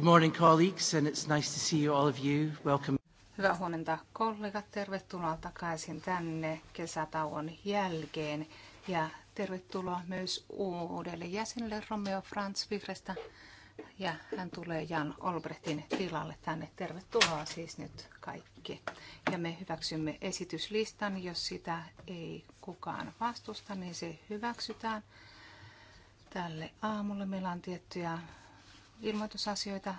Good morning, colleagues, and it's nice to see all of you. Welcome. Hyvää huomenta kollegat, tervetuloa takaisin tänne kesätauon jälkeen ja tervetuloa myös uudelle jäsenelle Romeo Franz Vihrestä ja hän tulee Jan Olbrechtin tilalle tänne. Tervetuloa siis nyt kaikki. Ja me hyväksymme esityslistan, jos sitä ei kukaan vastusta, niin se hyväksytään tälle aamulle. Meillä on tiettyjä ilmoitusasioita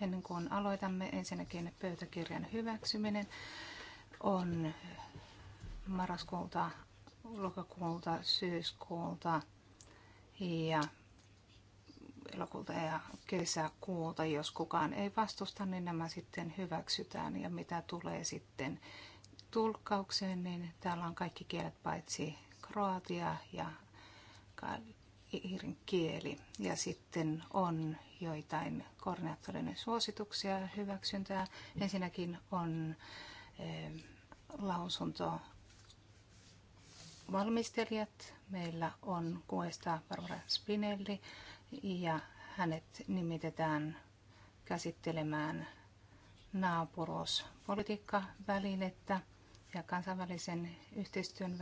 ennen kuin aloitamme. Ensinnäkin pöytäkirjan hyväksyminen on marraskuulta, lokakuulta, syyskuulta ja elokuulta ja kesäkuulta. Jos kukaan ei vastusta, niin nämä sitten hyväksytään. Ja mitä tulee sitten tulkkaukseen, niin täällä on kaikki kielet paitsi kroatia ja iirin kieli. Ja sitten on joitain koordinaattorin suosituksia hyväksyntää. Ensinnäkin on eh, lausunto valmistelijat. Meillä on kuesta Barbara Spinelli ja hänet nimitetään käsittelemään naapuruuspolitiikkavälinettä ja kansainvälisen yhteistyön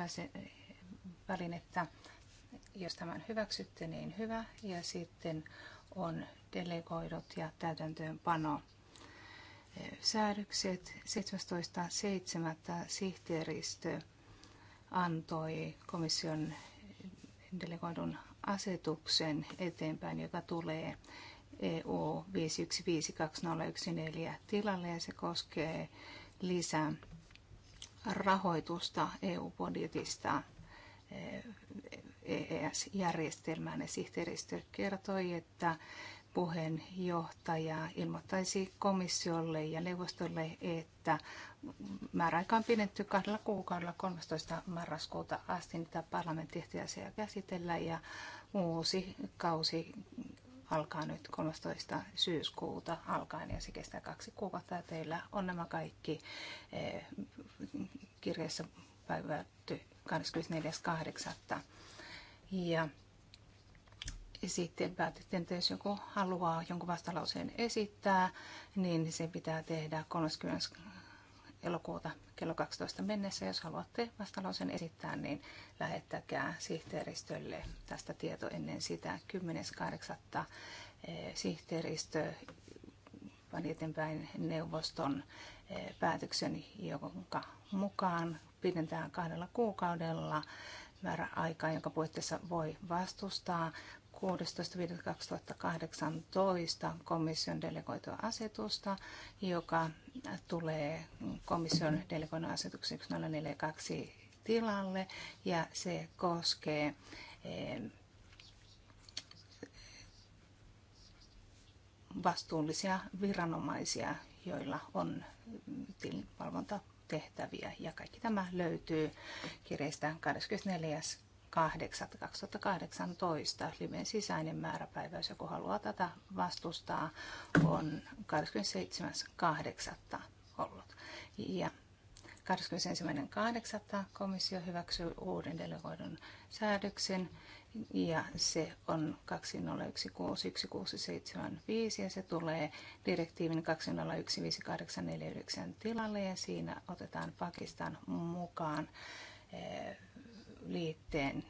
välinettä jos tämän hyväksytte, niin hyvä. Ja sitten on delegoidut ja täytäntöönpano eh, säädökset. 17.7. sihteeristö antoi komission delegoidun asetuksen eteenpäin, joka tulee EU 5152014 tilalle ja se koskee lisää rahoitusta EU-budjetista eh, EES-järjestelmään. Ja sihteeristö kertoi, että puheenjohtaja ilmoittaisi komissiolle ja neuvostolle, että määräaika on pidetty kahdella kuukaudella 13. marraskuuta asti, niitä parlamentti ehti asiaa käsitellä ja uusi kausi alkaa nyt 13. syyskuuta alkaen ja se kestää kaksi kuukautta ja teillä on nämä kaikki eh, kirjassa päivätty 24.8. Ja sitten päätettiin, että jos joku haluaa jonkun vastalauseen esittää, niin se pitää tehdä 30 elokuuta kello 12 mennessä. Jos haluatte vastalauseen esittää, niin lähettäkää sihteeristölle tästä tieto ennen sitä 10.8. Eh, sihteeristö pani eteenpäin neuvoston eh, päätöksen, jonka mukaan pidentää kahdella kuukaudella määrä aikaa, jonka puitteissa voi vastustaa 16.5.2018 komission delegoitua asetusta, joka tulee komission delegoinnin asetuksen 1042 tilalle ja se koskee eh, vastuullisia viranomaisia, joilla on tilinvalvonta tehtäviä. Ja kaikki tämä löytyy kirjeistä 24.8.2018. Limen sisäinen määräpäivä, jos joku haluaa tätä vastustaa, on 27.8. ollut. Ja 21.8. komissio hyväksyy uuden delegoidun säädöksen ja se on 20161675 ja se tulee direktiivin 2015849 tilalle ja siinä otetaan Pakistan mukaan eh, liitteen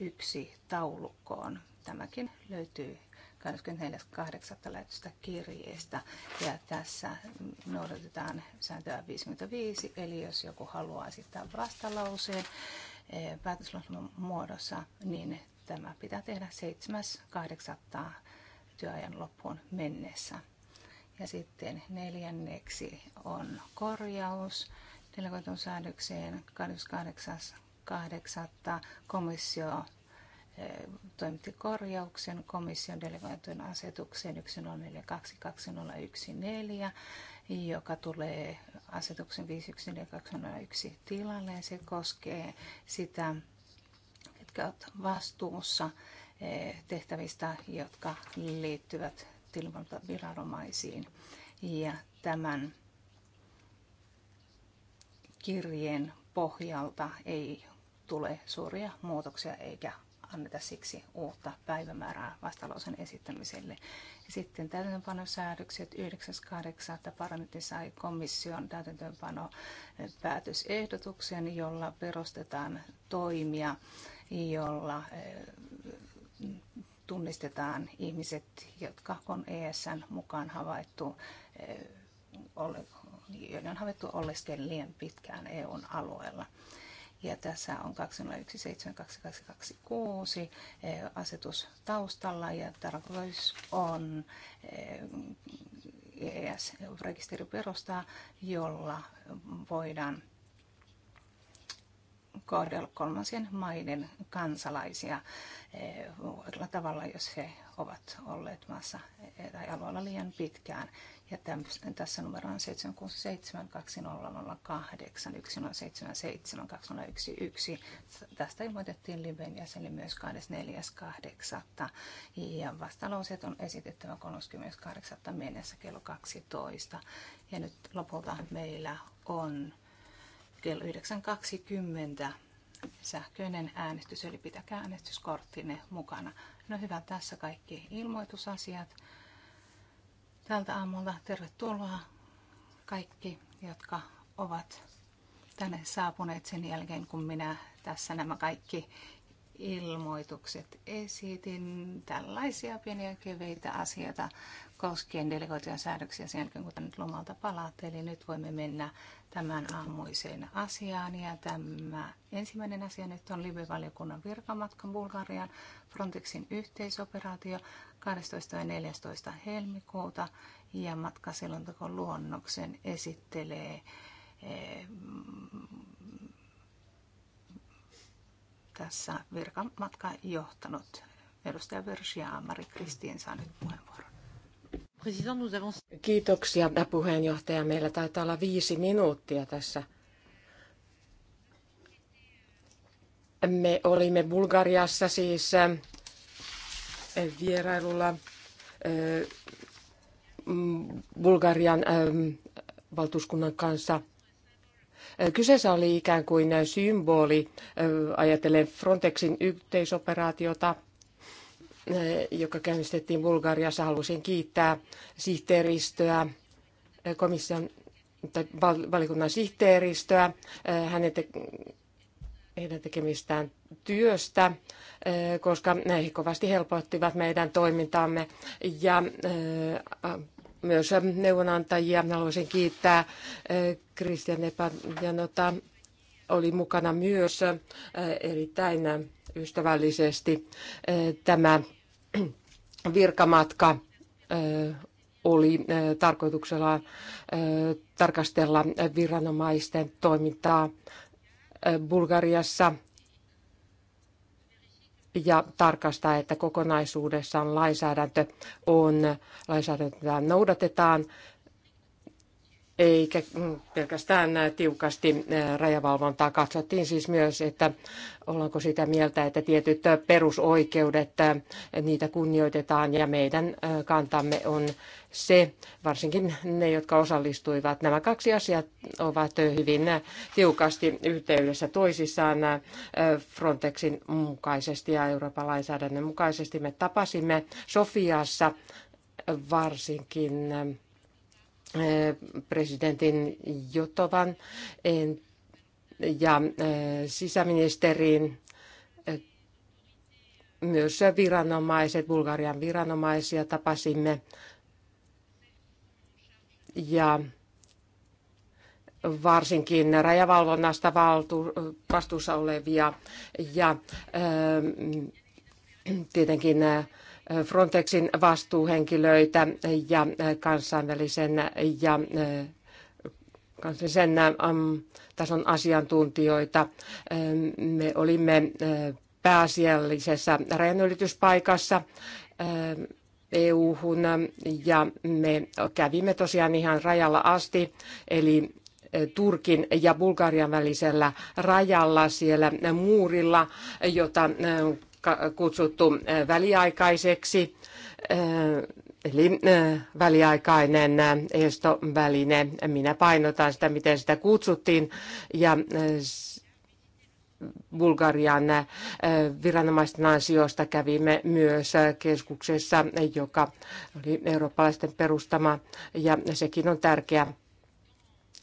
yksi taulukkoon. Tämäkin löytyy 24.8. lähetystä kirjeestä. Ja tässä noudatetaan sääntöä 55, eli jos joku haluaa esittää vastalauseen, Eh, päätöslauselman muodossa, niin tämä pitää tehdä 7.8. työajan loppuun mennessä. Ja sitten neljänneksi on korjaus delegoitun säädökseen 28.8. komissio eh, toimitti korjauksen komission delegoitujen asetukseen 1042201 joka tulee asetuksen 5141 tilalle ja se koskee sitä, ketkä ovat vastuussa eh, tehtävistä, jotka liittyvät tilinvalvontaviranomaisiin. Ja tämän kirjeen pohjalta ei tule suuria muutoksia eikä anneta siksi uutta päivämäärää vastalausen esittämiselle. Sitten täytäntöönpanosäädökset 9.8. parlamentti sai komission eh, päätösehdotuksen, jolla perustetaan toimia, jolla eh, tunnistetaan ihmiset, jotka on ESN mukaan havaittu eh, joiden on havaittu oleskeen liian pitkään EUn alueella. Ja tässä on 2017-2226 eh, asetus taustalla ja tarkoitus on EES-rekisteri eh, perustaa, jolla voidaan kohdella kolmansien maiden kansalaisia eh, tavalla, jos he ovat olleet maassa tai alueella liian pitkään. Ja tämän, tässä numero on 767-2008-177-2011. Tästä ilmoitettiin liveen jäseni myös 24.8. Ja vastalauseet on esitettävä 38. mennessä kello 12. Ja nyt lopulta meillä on kello 9.20 sähköinen äänestys, eli pitäkää äänestyskorttinne mukana. No hyvä, tässä kaikki ilmoitusasiat tältä aamulta. Tervetuloa kaikki, jotka ovat tänne saapuneet sen jälkeen, kun minä tässä nämä kaikki ilmoitukset esitin. Tällaisia pieniä keveitä asioita koskien delegoituja säädöksiä sen jälkeen, kun nyt lomalta palaatte. Eli nyt voimme mennä tämän aamuiseen asiaan. Ja tämä ensimmäinen asia nyt on Libyvaliokunnan virkamatka Bulgarian Frontexin yhteisoperaatio 12. ja 14. helmikuuta. Ja matkaselontakon luonnoksen esittelee eh, tässä virkamatka johtanut. Edustaja Virsia Mari Kristiin saa nyt puheenvuoron. Kiitoksia puheenjohtaja. Meillä taitaa olla viisi minuuttia tässä. Me olimme Bulgariassa siis äh, vierailulla äh, Bulgarian ähm, valtuuskunnan kanssa – Kyseessä oli ikään kuin symboli, ajatellen Frontexin yhteisoperaatiota, joka käynnistettiin Bulgariassa. Haluaisin kiittää sihteeristöä, komission tai valikunnan sihteeristöä, hänen te- heidän tekemistään työstä, koska he kovasti helpottivat meidän toimintaamme ja myös neuvonantajia. Haluaisin kiittää Kristian eh, Epäjanota. Oli mukana myös eh, erittäin ystävällisesti eh, tämä virkamatka oli tarkoituksella tarkastella viranomaisten toimintaa Bulgariassa ja tarkastaa, että kokonaisuudessaan lainsäädäntö on, lainsäädäntöä noudatetaan eikä mm, pelkästään äh, tiukasti äh, rajavalvontaa. Katsottiin siis myös, että ollaanko sitä mieltä, että tietyt äh, perusoikeudet, niitä kunnioitetaan ja meidän kantamme on se, varsinkin ne, jotka osallistuivat. Nämä kaksi asiaa ovat hyvin tiukasti yhteydessä toisissaan Frontexin mukaisesti ja Euroopan lainsäädännön mukaisesti. Me tapasimme Sofiassa varsinkin presidentin Jotovan ja sisäministeriin myös viranomaiset, Bulgarian viranomaisia tapasimme. Ja varsinkin rajavalvonnasta valtu, vastuussa olevia ja tietenkin Frontexin vastuuhenkilöitä ja äh, kansainvälisen ja äh, kansallisen ähm, tason asiantuntijoita. Ähm, me olimme äh, pääasiallisessa rajanylityspaikassa EU-hun ja me kävimme tosiaan ihan rajalla asti, eli Turkin ja Bulgarian välisellä rajalla siellä muurilla, jota kutsuttu äh, väliaikaiseksi, äh, eli äh, väliaikainen estoväline. Minä painotan sitä, miten sitä kutsuttiin, ja Bulgarian viranomaisten ansiosta kävimme myös keskuksessa, joka oli eurooppalaisten perustama, ja sekin on tärkeä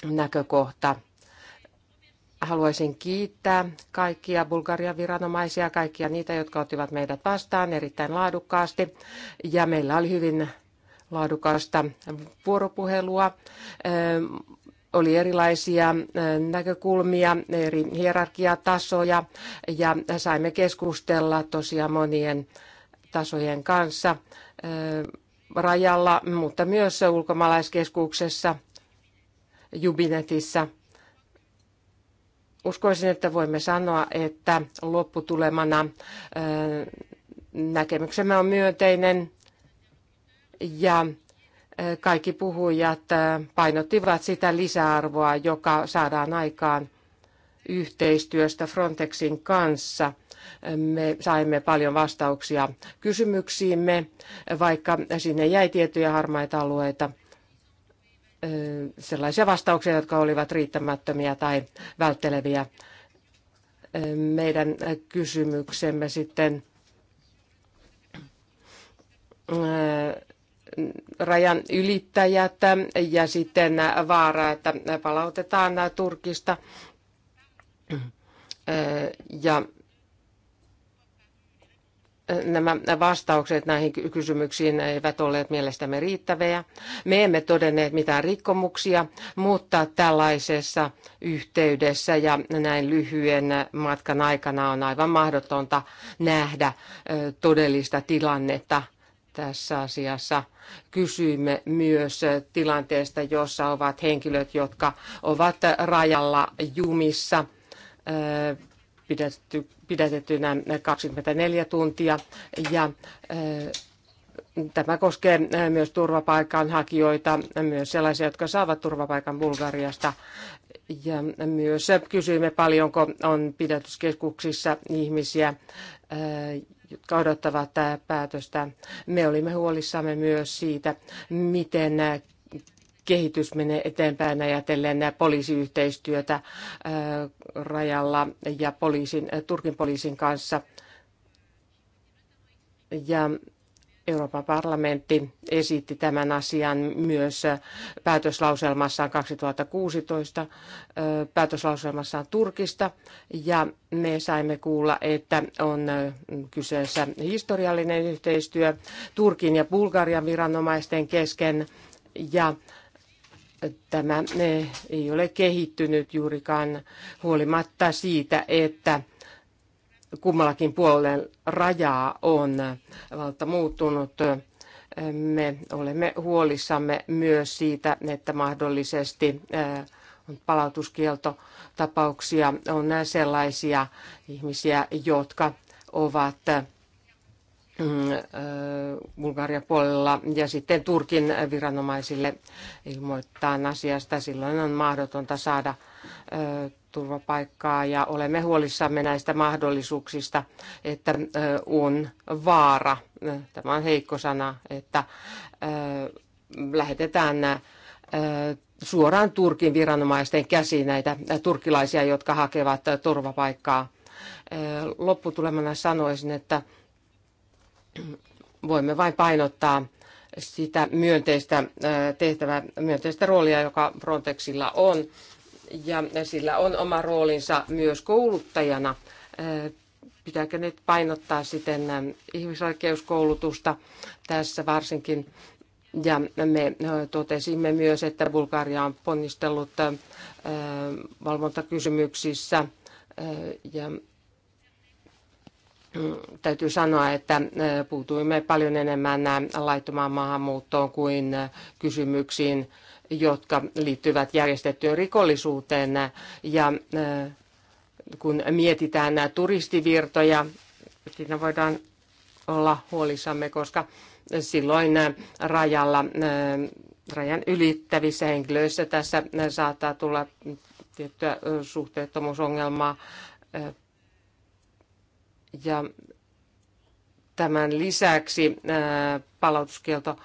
näkökohta haluaisin kiittää kaikkia Bulgarian viranomaisia, kaikkia niitä, jotka ottivat meidät vastaan erittäin laadukkaasti. Ja meillä oli hyvin laadukasta vuoropuhelua. Oli erilaisia näkökulmia, eri hierarkiatasoja ja saimme keskustella tosiaan monien tasojen kanssa rajalla, mutta myös ulkomaalaiskeskuksessa, Jubinetissä – uskoisin, että voimme sanoa, että lopputulemana äh, näkemyksemme on myönteinen ja äh, kaikki puhujat äh, painottivat sitä lisäarvoa, joka saadaan aikaan yhteistyöstä Frontexin kanssa. Me saimme paljon vastauksia kysymyksiimme, vaikka sinne jäi tiettyjä harmaita alueita – sellaisia vastauksia, jotka olivat riittämättömiä tai vältteleviä. Meidän kysymyksemme sitten rajan ylittäjät ja sitten vaara, että palautetaan Turkista. Ja nämä vastaukset näihin kysymyksiin eivät olleet mielestämme riittäviä. Me emme todenneet mitään rikkomuksia, mutta tällaisessa yhteydessä ja näin lyhyen matkan aikana on aivan mahdotonta nähdä todellista tilannetta tässä asiassa. Kysyimme myös tilanteesta, jossa ovat henkilöt, jotka ovat rajalla jumissa pidätetty, pidätettynä 24 tuntia ja eh, Tämä koskee eh, myös turvapaikanhakijoita, myös sellaisia, jotka saavat turvapaikan Bulgariasta. Ja myös kysyimme, paljonko on pidätyskeskuksissa ihmisiä, eh, jotka odottavat päätöstä. Me olimme huolissamme myös siitä, miten kehitys menee eteenpäin ajatellen poliisiyhteistyötä äh, rajalla ja poliisin, äh, Turkin poliisin kanssa. Ja Euroopan parlamentti esitti tämän asian myös äh, päätöslauselmassaan 2016, päätöslauselmassaan Turkista, ja me saimme kuulla, että on kyseessä historiallinen yhteistyö Turkin ja Bulgarian viranomaisten kesken, ja Tämä eh, ei ole kehittynyt juurikaan huolimatta siitä, että kummallakin puolen rajaa on valta muuttunut. Me olemme huolissamme myös siitä, että mahdollisesti eh, on palautuskieltotapauksia, on sellaisia ihmisiä, jotka ovat Mm, Bulgarian puolella ja sitten Turkin viranomaisille ilmoittaa asiasta. Silloin on mahdotonta saada turvapaikkaa ja olemme huolissamme näistä mahdollisuuksista, että on vaara, tämä on heikko sana, että lähetetään suoraan Turkin viranomaisten käsiin näitä turkilaisia, jotka hakevat turvapaikkaa. Lopputulemana sanoisin, että voimme vain painottaa sitä myönteistä tehtävää, myönteistä roolia, joka Frontexilla on. Ja sillä on oma roolinsa myös kouluttajana. Pitääkö nyt painottaa sitten ihmisoikeuskoulutusta tässä varsinkin? Ja me totesimme myös, että Bulgaria on ponnistellut valvontakysymyksissä ja täytyy sanoa, että puutuimme paljon enemmän laittomaan maahanmuuttoon kuin kysymyksiin, jotka liittyvät järjestettyyn rikollisuuteen. Ja kun mietitään nämä turistivirtoja, siinä voidaan olla huolissamme, koska silloin rajalla, rajan ylittävissä henkilöissä tässä saattaa tulla tiettyä suhteettomuusongelmaa ja tämän lisäksi palautuskielto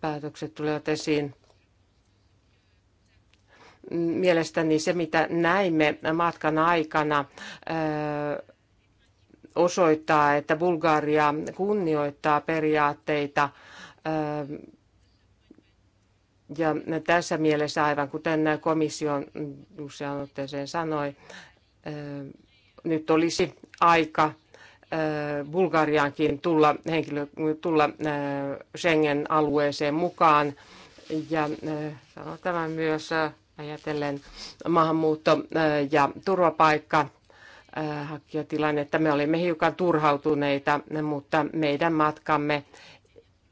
päätökset tulevat esiin. Mielestäni se, mitä näimme matkan aikana, osoittaa, että Bulgaria kunnioittaa periaatteita. Ja tässä mielessä, aivan kuten komission usean otteeseen sanoi, nyt olisi aika äh, Bulgariaankin tulla, henkilö, tulla äh, Schengen-alueeseen mukaan. Ja äh, sanon tämän myös ajatellen maahanmuutto- ja turvapaikka että Me olimme hiukan turhautuneita, mutta meidän matkamme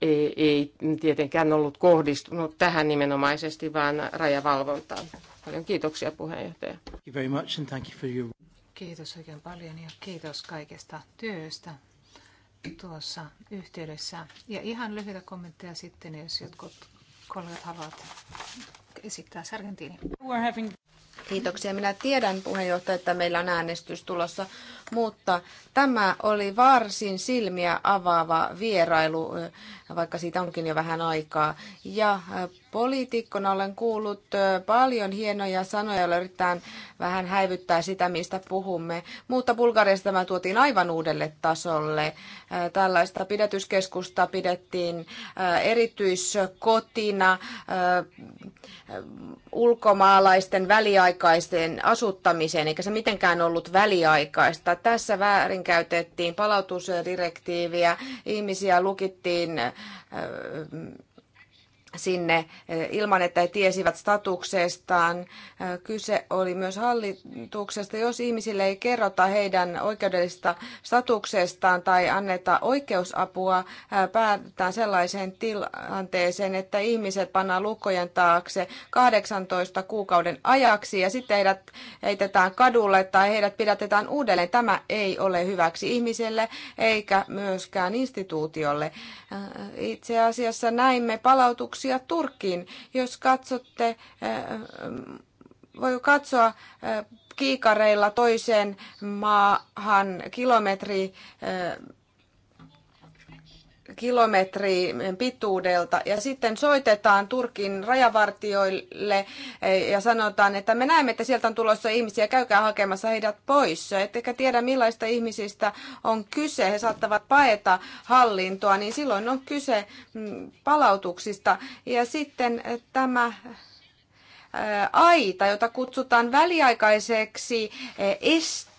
ei, ei tietenkään ollut kohdistunut tähän nimenomaisesti, vaan rajavalvontaan. Paljon kiitoksia puheenjohtaja. Kiitos oikein paljon ja kiitos kaikesta työstä tuossa yhteydessä. Ja ihan lyhyitä kommentteja sitten, jos jotkut kollegat haluavat esittää Sargentini. Kiitoksia. Minä tiedän puheenjohtaja, että meillä on äänestys tulossa, mutta tämä oli varsin silmiä avaava vierailu, vaikka siitä onkin jo vähän aikaa. Ja Poliitikkona olen kuullut paljon hienoja sanoja, joilla yritetään vähän häivyttää sitä, mistä puhumme. Mutta Bulgariassa tämä tuotiin aivan uudelle tasolle. Tällaista pidätyskeskusta pidettiin erityiskotina ulkomaalaisten väliaikaisten asuttamiseen, eikä se mitenkään ollut väliaikaista. Tässä väärinkäytettiin palautusdirektiiviä, ihmisiä lukittiin sinne ilman, että he tiesivät statuksestaan. Kyse oli myös hallituksesta. Jos ihmisille ei kerrota heidän oikeudellista statuksestaan tai anneta oikeusapua, päätetään sellaiseen tilanteeseen, että ihmiset pannaan lukkojen taakse 18 kuukauden ajaksi ja sitten heidät heitetään kadulle tai heidät pidätetään uudelleen. Tämä ei ole hyväksi ihmiselle eikä myöskään instituutiolle. Itse asiassa näimme palautuksia vaikutuksia Turkkiin. Jos katsotte, eh, voi katsoa eh, kiikareilla toiseen maahan kilometri eh, kilometrin pituudelta ja sitten soitetaan Turkin rajavartioille eh, ja sanotaan, että me näemme, että sieltä on tulossa ihmisiä, käykää hakemassa heidät pois. Ettekä tiedä, millaista ihmisistä on kyse, he saattavat paeta hallintoa, niin silloin on kyse mm, palautuksista. Ja sitten eh, tämä eh, aita, jota kutsutaan väliaikaiseksi este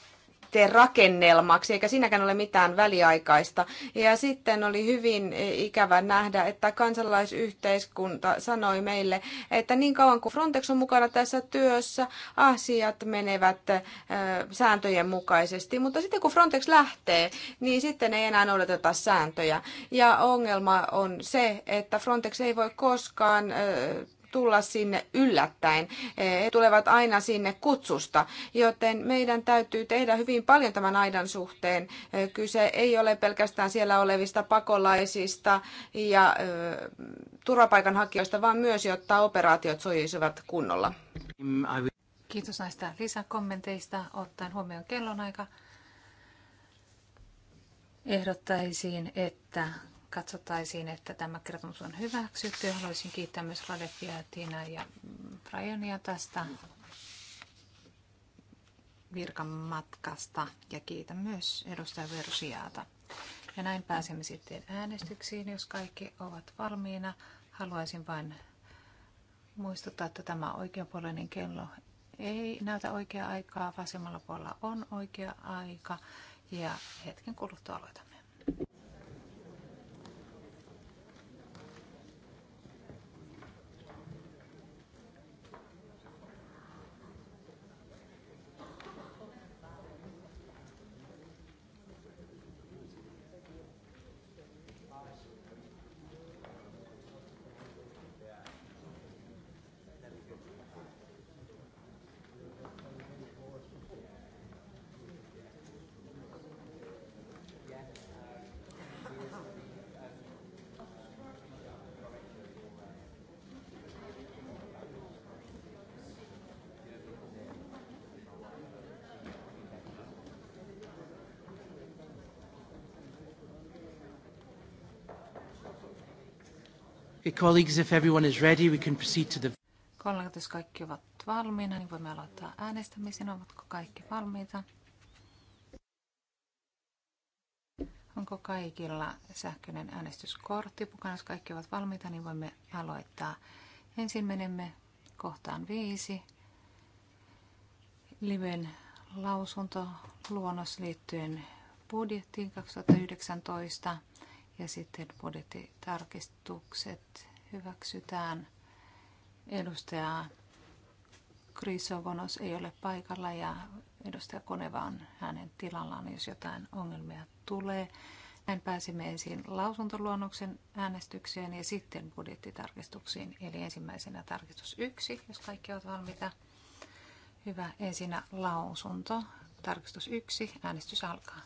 tee rakennelmaksi, eikä siinäkään ole mitään väliaikaista. Ja sitten oli hyvin e, ikävä nähdä, että kansalaisyhteiskunta sanoi meille, että niin kauan kuin Frontex on mukana tässä työssä, asiat menevät e, sääntöjen mukaisesti. Mutta sitten kun Frontex lähtee, niin sitten ei enää noudateta sääntöjä. Ja ongelma on se, että Frontex ei voi koskaan e, tulla sinne yllättäen. He tulevat aina sinne kutsusta, joten meidän täytyy tehdä hyvin paljon tämän aidan suhteen. Kyse ei ole pelkästään siellä olevista pakolaisista ja turvapaikanhakijoista, vaan myös, jotta operaatiot sujuisivat kunnolla. Kiitos näistä lisäkommenteista. Ottaen huomioon kellonaika ehdottaisin, että katsottaisiin, että tämä kertomus on hyväksytty. Haluaisin kiittää myös Radefia, Tiina ja Briania tästä virkamatkasta ja kiitän myös edustaja Versiaata. Ja näin pääsemme sitten äänestyksiin, jos kaikki ovat valmiina. Haluaisin vain muistuttaa, että tämä oikeapuolinen kello ei näytä oikea aikaa, vasemmalla puolella on oikea aika ja hetken kuluttua aloitamme. Colleagues, if everyone is ready, we can proceed to the... Kollegat, jos kaikki ovat valmiina, niin voimme aloittaa äänestämisen. Ovatko kaikki valmiita? Onko kaikilla sähköinen äänestyskortti? Mukana jos kaikki ovat valmiita, niin voimme aloittaa. Ensin menemme kohtaan viisi. Liven lausunto luonnos liittyen budjettiin 2019 ja sitten budjettitarkistukset hyväksytään. Edustaja Krisovonos ei ole paikalla ja edustaja Koneva on hänen tilallaan, jos jotain ongelmia tulee. Näin pääsimme ensin lausuntoluonnoksen äänestykseen ja sitten budjettitarkistuksiin. Eli ensimmäisenä tarkistus yksi, jos kaikki ovat valmiita. Hyvä. Ensinnä lausunto. Tarkistus yksi. Äänestys alkaa.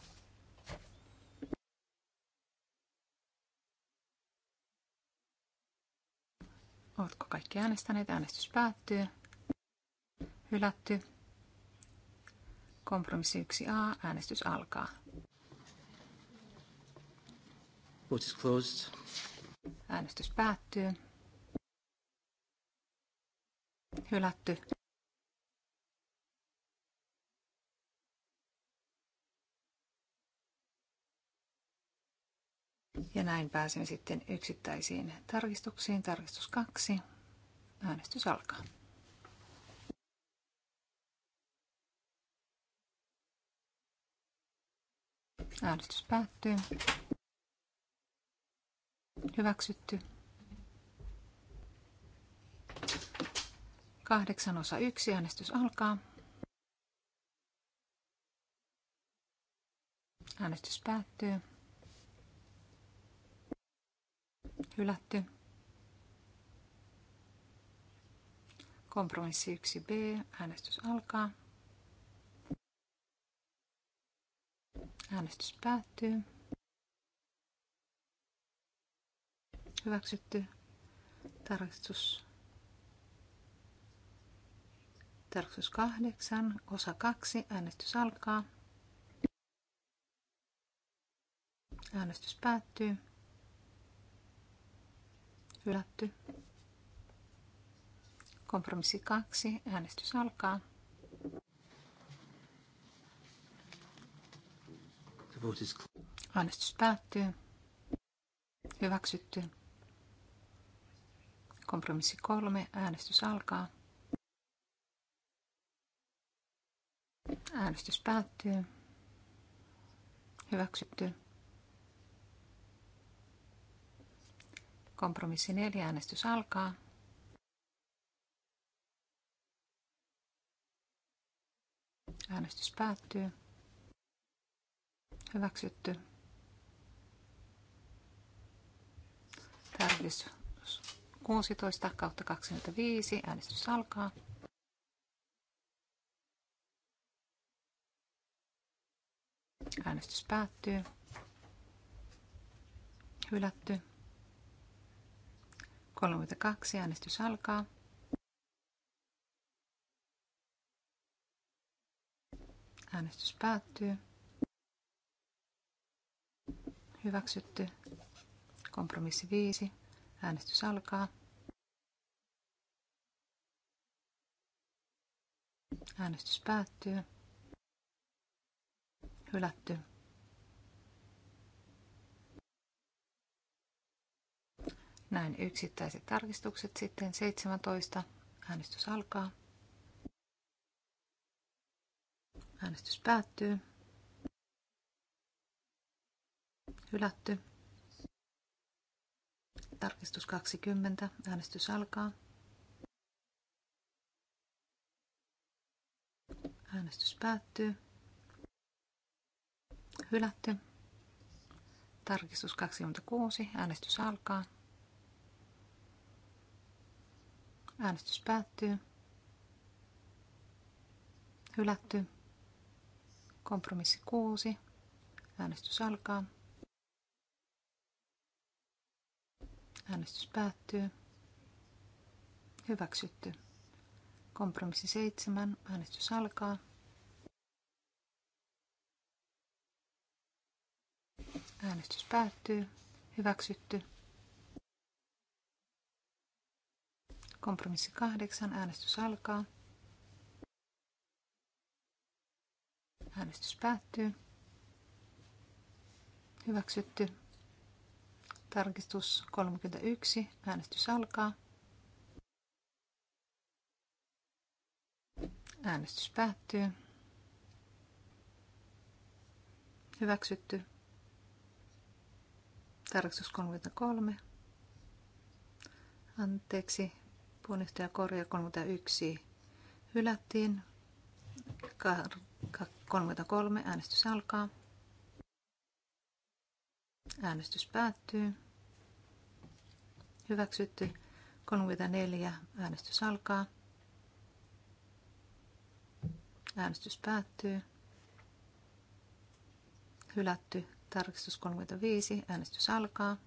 Oletko kaikki äänestäneet? Äänestys päättyy. Hylätty. Kompromissi 1a. Äänestys alkaa. Vote is closed. Äänestys päättyy. Hylätty. Ja näin pääsin sitten yksittäisiin tarkistuksiin. Tarkistus 2. Äänestys alkaa. Äänestys päättyy. Hyväksytty. Kahdeksan osa yksi. Äänestys alkaa. Äänestys päättyy. hylätty. Kompromissi 1b, äänestys alkaa. Äänestys päättyy. Hyväksytty. Tarkistus. Tarkistus 8, osa 2, äänestys alkaa. Äänestys päättyy hylätty. Kompromissi 2. Äänestys alkaa. Äänestys päättyy. Hyväksytty. Kompromissi 3. Äänestys alkaa. Äänestys päättyy. Hyväksytty. Kompromissi 4. Äänestys alkaa. Äänestys päättyy. Hyväksytty. Tarkistus 16 kautta 25. Äänestys alkaa. Äänestys päättyy. Hylätty. 32. Äänestys alkaa. Äänestys päättyy. Hyväksytty. Kompromissi 5. Äänestys alkaa. Äänestys päättyy. Hylätty. Näin yksittäiset tarkistukset. Sitten 17. Äänestys alkaa. Äänestys päättyy. Hylätty. Tarkistus 20. Äänestys alkaa. Äänestys päättyy. Hylätty. Tarkistus 26. Äänestys alkaa. Äänestys päättyy. Hylätty. Kompromissi 6. Äänestys alkaa. Äänestys päättyy. Hyväksytty. Kompromissi 7. Äänestys alkaa. Äänestys päättyy. Hyväksytty. Kompromissi kahdeksan. Äänestys alkaa. Äänestys päättyy. Hyväksytty. Tarkistus 31. Äänestys alkaa. Äänestys päättyy. Hyväksytty. Tarkistus 33. Anteeksi, Puolesta korja 31 hylättiin. 33 äänestys alkaa. Äänestys päättyy. Hyväksytty. 34 äänestys alkaa. Äänestys päättyy. Hylätty. Tarkistus 35. Äänestys alkaa.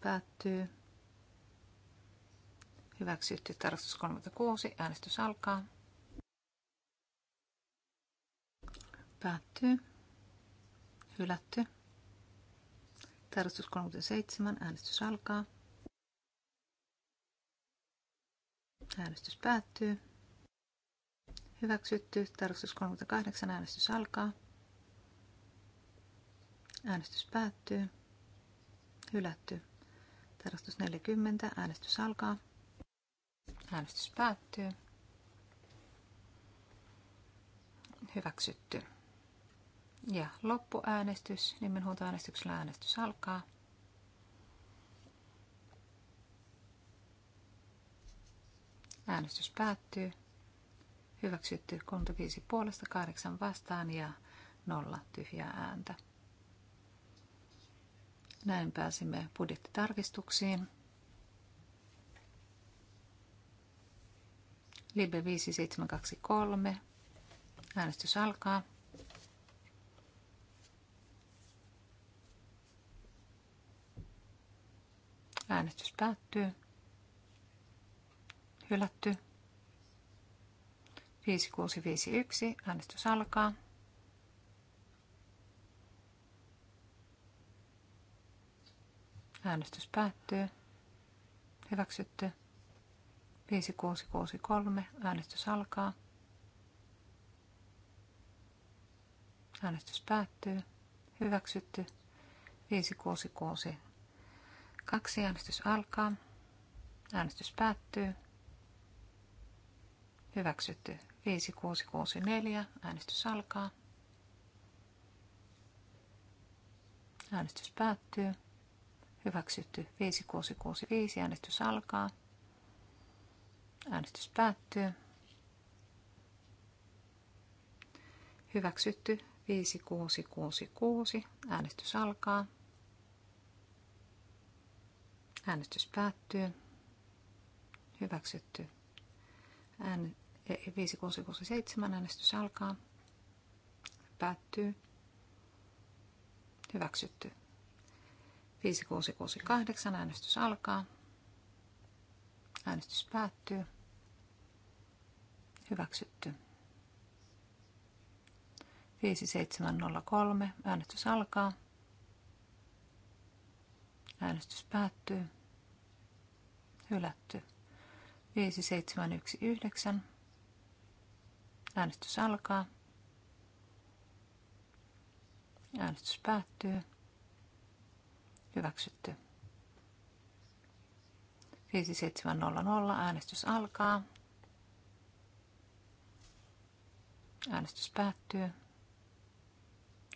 Päättyy. Hyväksytty tarkastus 36. Äänestys alkaa. Päättyy. Hylätty. Tarkastus 37. Äänestys alkaa. Äänestys päättyy. Hyväksytty. Tarkastus 38. Äänestys alkaa. Äänestys päättyy. Hylätty. Tarkastus 40. Äänestys alkaa. Äänestys päättyy. Hyväksytty. Ja loppuäänestys, nimenhuutoäänestyksellä äänestys alkaa. Äänestys päättyy. Hyväksytty 35 puolesta, 8 vastaan ja 0 tyhjää ääntä. Näin pääsimme budjettitarkistuksiin. Libe 5723. Äänestys alkaa. Äänestys päättyy. Hylätty. 5651. Äänestys alkaa. Äänestys päättyy. Hyväksytty. 5663. Äänestys alkaa. Äänestys päättyy. Hyväksytty. 5662. Äänestys alkaa. Äänestys päättyy. Hyväksytty. 5664. Äänestys alkaa. Äänestys päättyy. Hyväksytty. 5665. Äänestys alkaa. Äänestys päättyy. Hyväksytty 5666. Äänestys alkaa. Äänestys päättyy. Hyväksytty. Ään... 5667 e- e- äänestys alkaa. Päättyy. Hyväksytty. 5668 äänestys alkaa. Äänestys päättyy. Hyväksytty. 5703. Äänestys alkaa. Äänestys päättyy. Hylätty. 5719. Äänestys alkaa. Äänestys päättyy. Hyväksytty. 5700. Äänestys alkaa. Äänestys päättyy.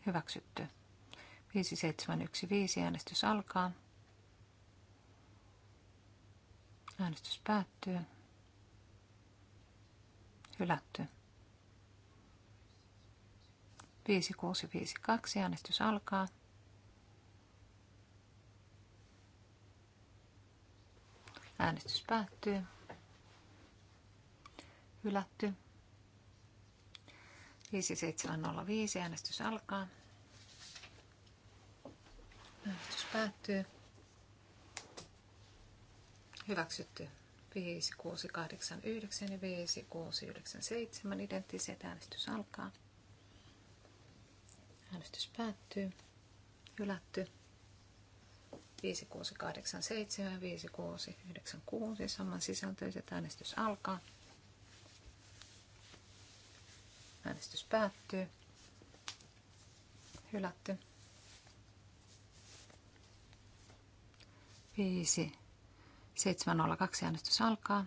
Hyväksytty. 5715. Äänestys alkaa. Äänestys päättyy. Hylätty. 5652. Äänestys alkaa. Äänestys päättyy. Hylätty. 5705 äänestys alkaa. Äänestys päättyy. Hyväksytty. 5689 ja 5697 identtiset äänestys alkaa. Äänestys päättyy. Hylätty. 5687 ja 5696 saman sisältöiset. Äänestys alkaa. Äänestys päättyy. Hylätty. 5. 7, 0, 2, äänestys alkaa.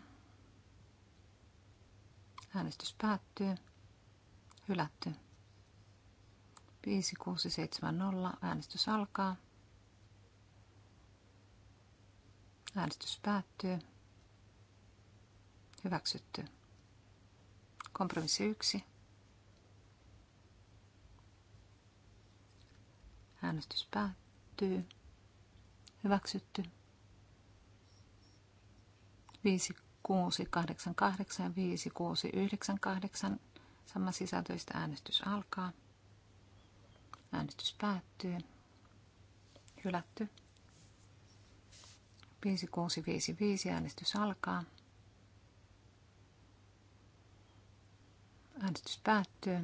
Äänestys päättyy. Hylätty. 5670 äänestys alkaa. Äänestys päättyy. Hyväksytty. Kompromissi 1. Äänestys päättyy. Hyväksytty. 5, 6, 8, 8, ja 5, 6, 9, 8. Sama sisältöistä äänestys alkaa. Äänestys päättyy. Hylätty. 5655 äänestys alkaa. Äänestys päättyy.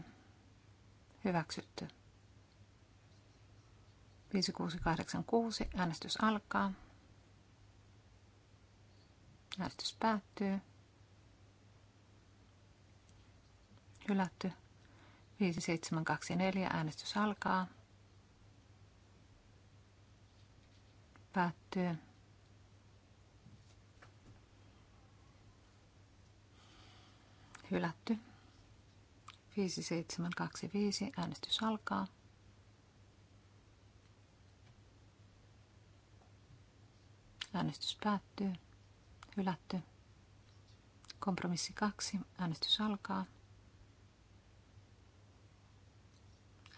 Hyväksytty. 5686 äänestys alkaa. Äänestys päättyy. Hylätty. 5724 äänestys alkaa. Päättyy. Hylätty. 5725. Äänestys alkaa. Äänestys päättyy. Hylätty. Kompromissi 2. Äänestys alkaa.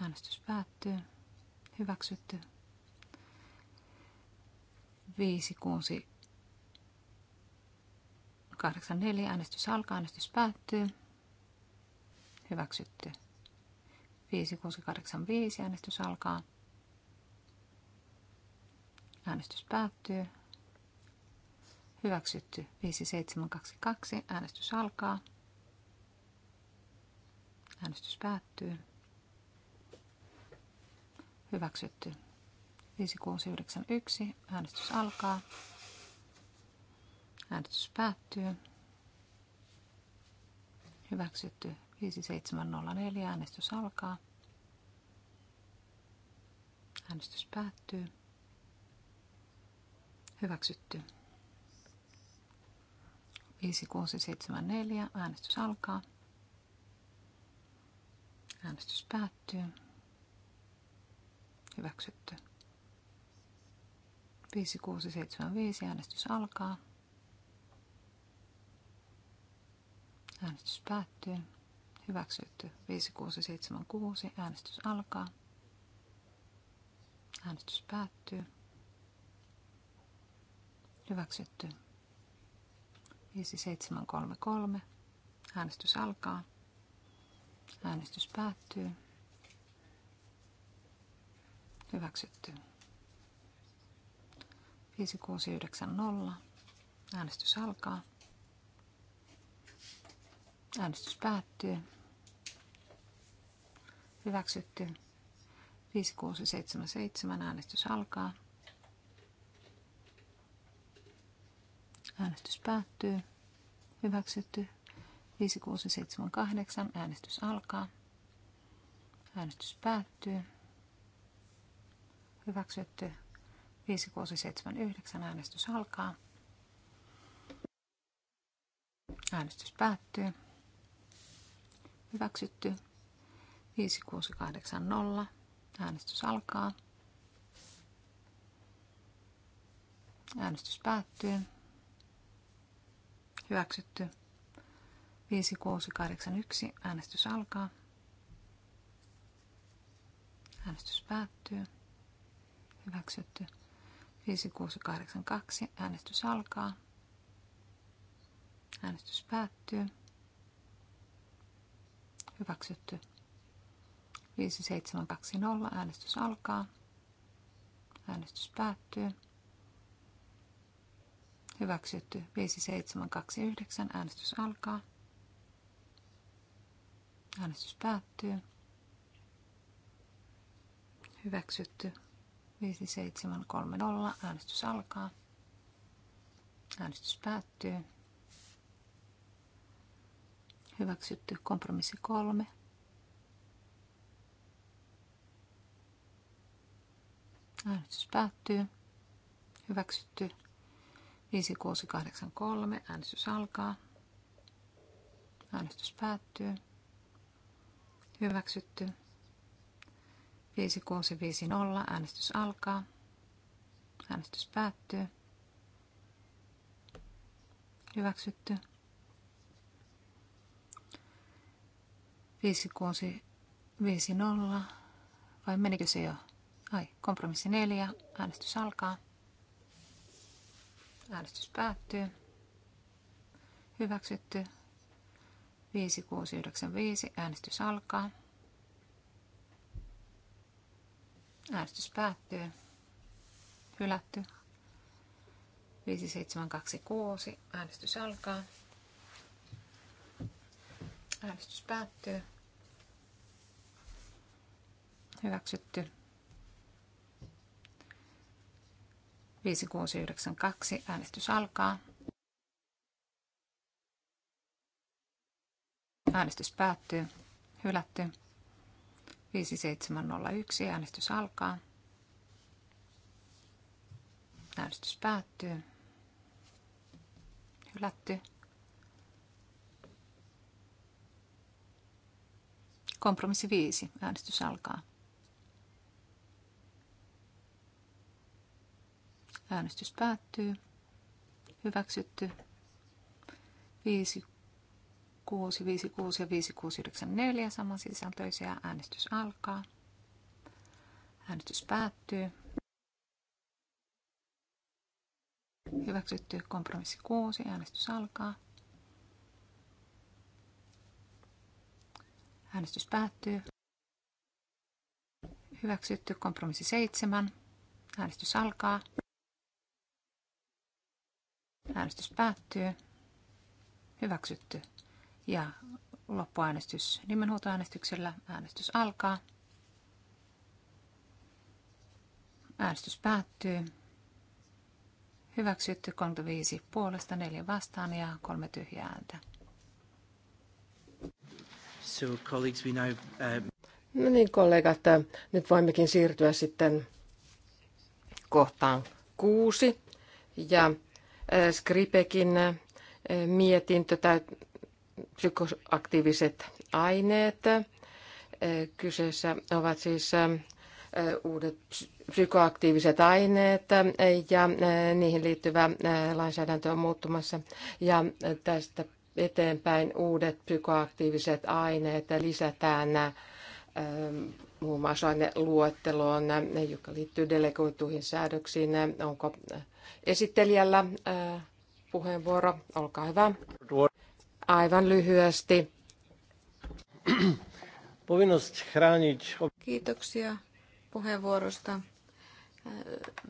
Äänestys päättyy. Hyväksytty. 5, 6, 84 äänestys alkaa, äänestys päättyy. Hyväksytty. 5685 äänestys alkaa. Äänestys päättyy. Hyväksytty. 5722 äänestys alkaa. Äänestys päättyy. Hyväksytty. 5691 äänestys alkaa. Äänestys päättyy. Hyväksytty 5704. Äänestys alkaa. Äänestys päättyy. Hyväksytty. 5674. Äänestys alkaa. Äänestys päättyy. Hyväksytty. 5675. Äänestys alkaa. Äänestys päättyy. Hyväksytty. 5676. Äänestys alkaa. Äänestys päättyy. Hyväksytty. 5733. Äänestys alkaa. Äänestys päättyy. Hyväksytty. 5690. Äänestys alkaa. Äänestys päättyy. Hyväksytty. 5677 äänestys alkaa. Äänestys päättyy. Hyväksytty. 5678 äänestys alkaa. Äänestys päättyy. Hyväksytty. 5679 äänestys alkaa. Äänestys päättyy. Hyväksytty. 5680. Äänestys alkaa. Äänestys päättyy. Hyväksytty. 5681. Äänestys alkaa. Äänestys päättyy. Hyväksytty. 5682. Äänestys alkaa. Äänestys päättyy. Hyväksytty. 5720. Äänestys alkaa. Äänestys päättyy. Hyväksytty. 5729. Äänestys alkaa. Äänestys päättyy. Hyväksytty. 5730. Äänestys alkaa. Äänestys päättyy. Hyväksytty kompromissi kolme. Äänestys päättyy. Hyväksytty 5683. Äänestys alkaa. Äänestys päättyy. Hyväksytty 5650. Äänestys alkaa. Äänestys päättyy. Hyväksytty 50, vai menikö se jo? Ai, kompromissi 4. Äänestys alkaa. Äänestys päättyy. Hyväksytty. 5695. Äänestys alkaa. Äänestys päättyy. Hylätty. 5726. Äänestys alkaa. Äänestys päättyy. Hyväksytty. 5692. Äänestys alkaa. Äänestys päättyy. Hylätty. 5701. Äänestys alkaa. Äänestys päättyy. Hylätty. Kompromissi 5. Äänestys alkaa. Äänestys päättyy. Hyväksytty. 5, 6, 5, 6 ja 5, 6, 9, 4 samansisältöisiä. Äänestys alkaa. Äänestys päättyy. Hyväksytty kompromissi 6. Äänestys alkaa. Äänestys päättyy. Hyväksytty kompromissi 7. Äänestys alkaa. Äänestys päättyy. Hyväksytty. Ja loppuäänestys nimenhuutoäänestyksellä. Äänestys alkaa. Äänestys päättyy. Hyväksytty 35 puolesta, 4 vastaan ja 3 tyhjää ääntä. So, colleagues, we now, um... No niin, kollegat, äh, nyt voimmekin siirtyä sitten kohtaan kuusi. Ja Skripekin e, mietintö tai psykoaktiiviset aineet. E, kyseessä ovat siis e, uudet psykoaktiiviset aineet ja niihin liittyvä lainsäädäntö on muuttumassa ja tästä eteenpäin uudet psykoaktiiviset aineet lisätään muun muassa luetteloon, joka liittyy delegoituihin säädöksiin, onko esittelijällä äh, puheenvuoro. Olkaa hyvä. Aivan lyhyesti. Kiitoksia puheenvuorosta. Äh,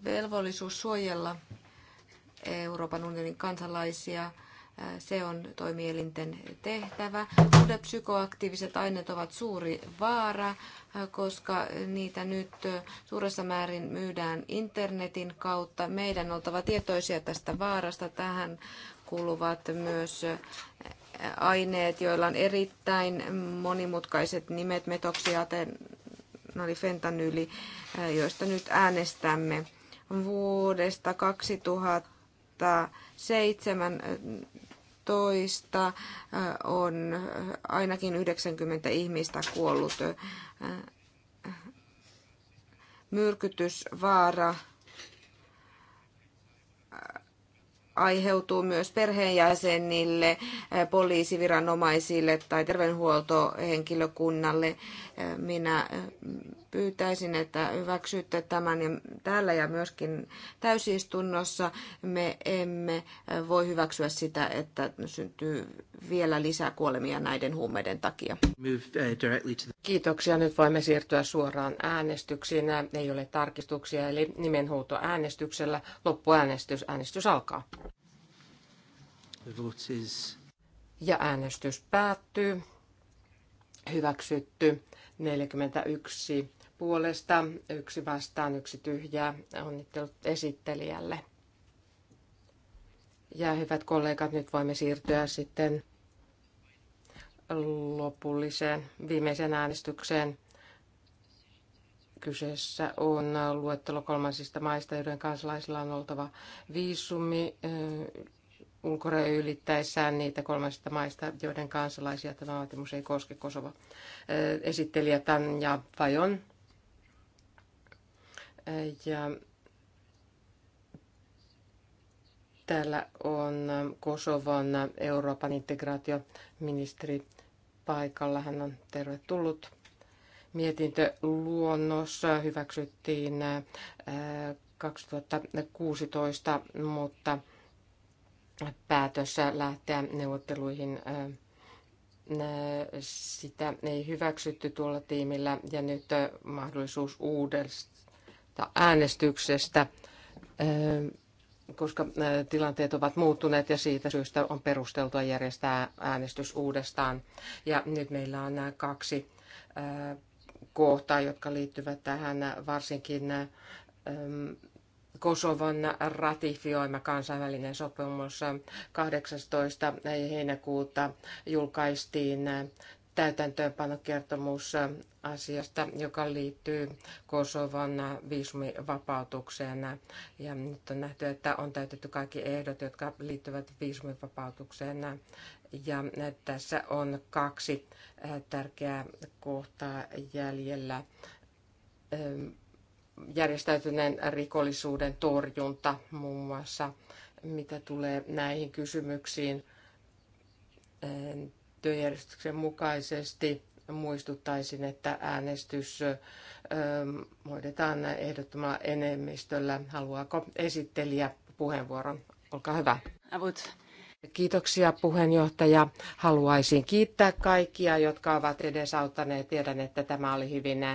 velvollisuus suojella Euroopan unionin kansalaisia – se on toimielinten tehtävä. Uudet psykoaktiiviset aineet ovat suuri vaara, koska niitä nyt suuressa määrin myydään internetin kautta. Meidän on oltava tietoisia tästä vaarasta. Tähän kuuluvat myös aineet, joilla on erittäin monimutkaiset nimet, metoksiatenali, fentanyli, joista nyt äänestämme. Vuodesta 2007 toista äh, on äh, ainakin 90 ihmistä kuollut. Äh, myrkytysvaara aiheutuu myös perheenjäsenille, poliisiviranomaisille tai terveydenhuoltohenkilökunnalle. Minä pyytäisin, että hyväksytte tämän ja täällä ja myöskin täysistunnossa. Me emme voi hyväksyä sitä, että syntyy vielä lisää kuolemia näiden huumeiden takia. Uh, Kiitoksia. Nyt voimme siirtyä suoraan äänestyksiin. Ei ole tarkistuksia, eli nimenhuuto äänestyksellä. Loppuäänestys. Äänestys alkaa. Ja äänestys päättyy. Hyväksytty. 41 puolesta, yksi vastaan, yksi tyhjää. Onnittelut esittelijälle. Ja hyvät kollegat, nyt voimme siirtyä sitten lopulliseen viimeiseen äänestykseen. Kyseessä on luettelo kolmansista maista, joiden kansalaisilla on oltava viisumi eh, ulkorajoja ylittäessään niitä kolmansista maista, joiden kansalaisia tämä vaatimus ei koske Kosova. Eh, esittelijä Tanja Fajon ja täällä on Kosovon Euroopan integraatioministeri paikalla. Hän on tervetullut. Mietintö luonnos hyväksyttiin 2016, äh, mutta päätössä lähteä neuvotteluihin äh, äh, sitä ei hyväksytty tuolla tiimillä ja nyt mahdollisuus äänestyksestä, eh, koska eh, tilanteet ovat muuttuneet ja siitä syystä on perusteltua järjestää äänestys uudestaan. Ja nyt meillä on nämä eh, kaksi kohtaa, jotka liittyvät tähän varsinkin mm, Kosovon ratifioima kansainvälinen sopimus 18. heinäkuuta julkaistiin täytäntöönpanokertomus asiasta, joka liittyy Kosovan viisumivapautukseen. Ja nyt on nähty, että on täytetty kaikki ehdot, jotka liittyvät viisumivapautukseen. Ja tässä on kaksi tärkeää kohtaa jäljellä. Järjestäytyneen rikollisuuden torjunta muun muassa, mitä tulee näihin kysymyksiin työjärjestyksen mukaisesti muistuttaisin, että äänestys hoidetaan ehdottomalla enemmistöllä. Haluaako esittelijä puheenvuoron? Olkaa hyvä. Kiitoksia puheenjohtaja. Haluaisin kiittää kaikkia, jotka ovat edesauttaneet. Tiedän, että tämä oli hyvin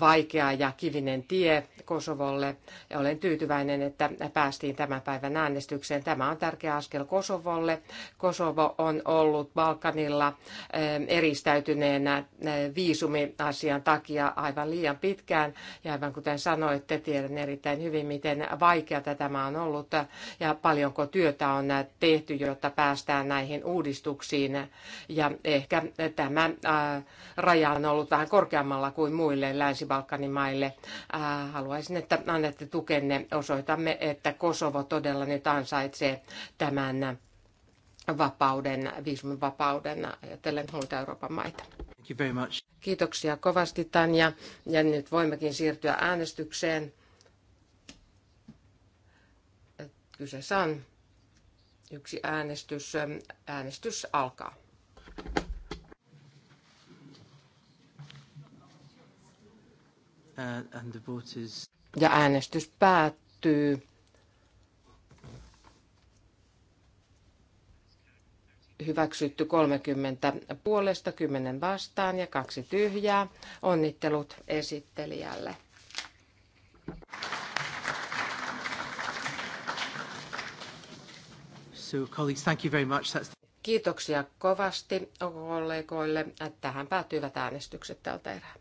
vaikea ja kivinen tie Kosovolle. Olen tyytyväinen, että päästiin tämän päivän äänestykseen. Tämä on tärkeä askel Kosovolle. Kosovo on ollut Balkanilla eristäytyneenä viisumiasian takia aivan liian pitkään. Ja aivan kuten sanoitte, tiedän erittäin hyvin, miten vaikeata tämä on ollut ja paljonko työtä on tehty tehty, jotta päästään näihin uudistuksiin. Ja ehkä tämä äh, raja on ollut vähän korkeammalla kuin muille Länsi-Balkanin maille. Äh, haluaisin, että annatte tukenne. Osoitamme, että Kosovo todella nyt ansaitsee tämän vapauden, viisumivapauden ajatellen muita Euroopan maita. Thank you very much. Kiitoksia kovasti Tanja ja nyt voimmekin siirtyä äänestykseen. Kyseessä on Yksi äänestys. Äänestys alkaa. Uh, and the vote is... Ja äänestys päättyy. Hyväksytty 30 puolesta, 10 vastaan ja kaksi tyhjää. Onnittelut esittelijälle. Kiitoksia kovasti kollegoille. Tähän päätyivät äänestykset tältä erää.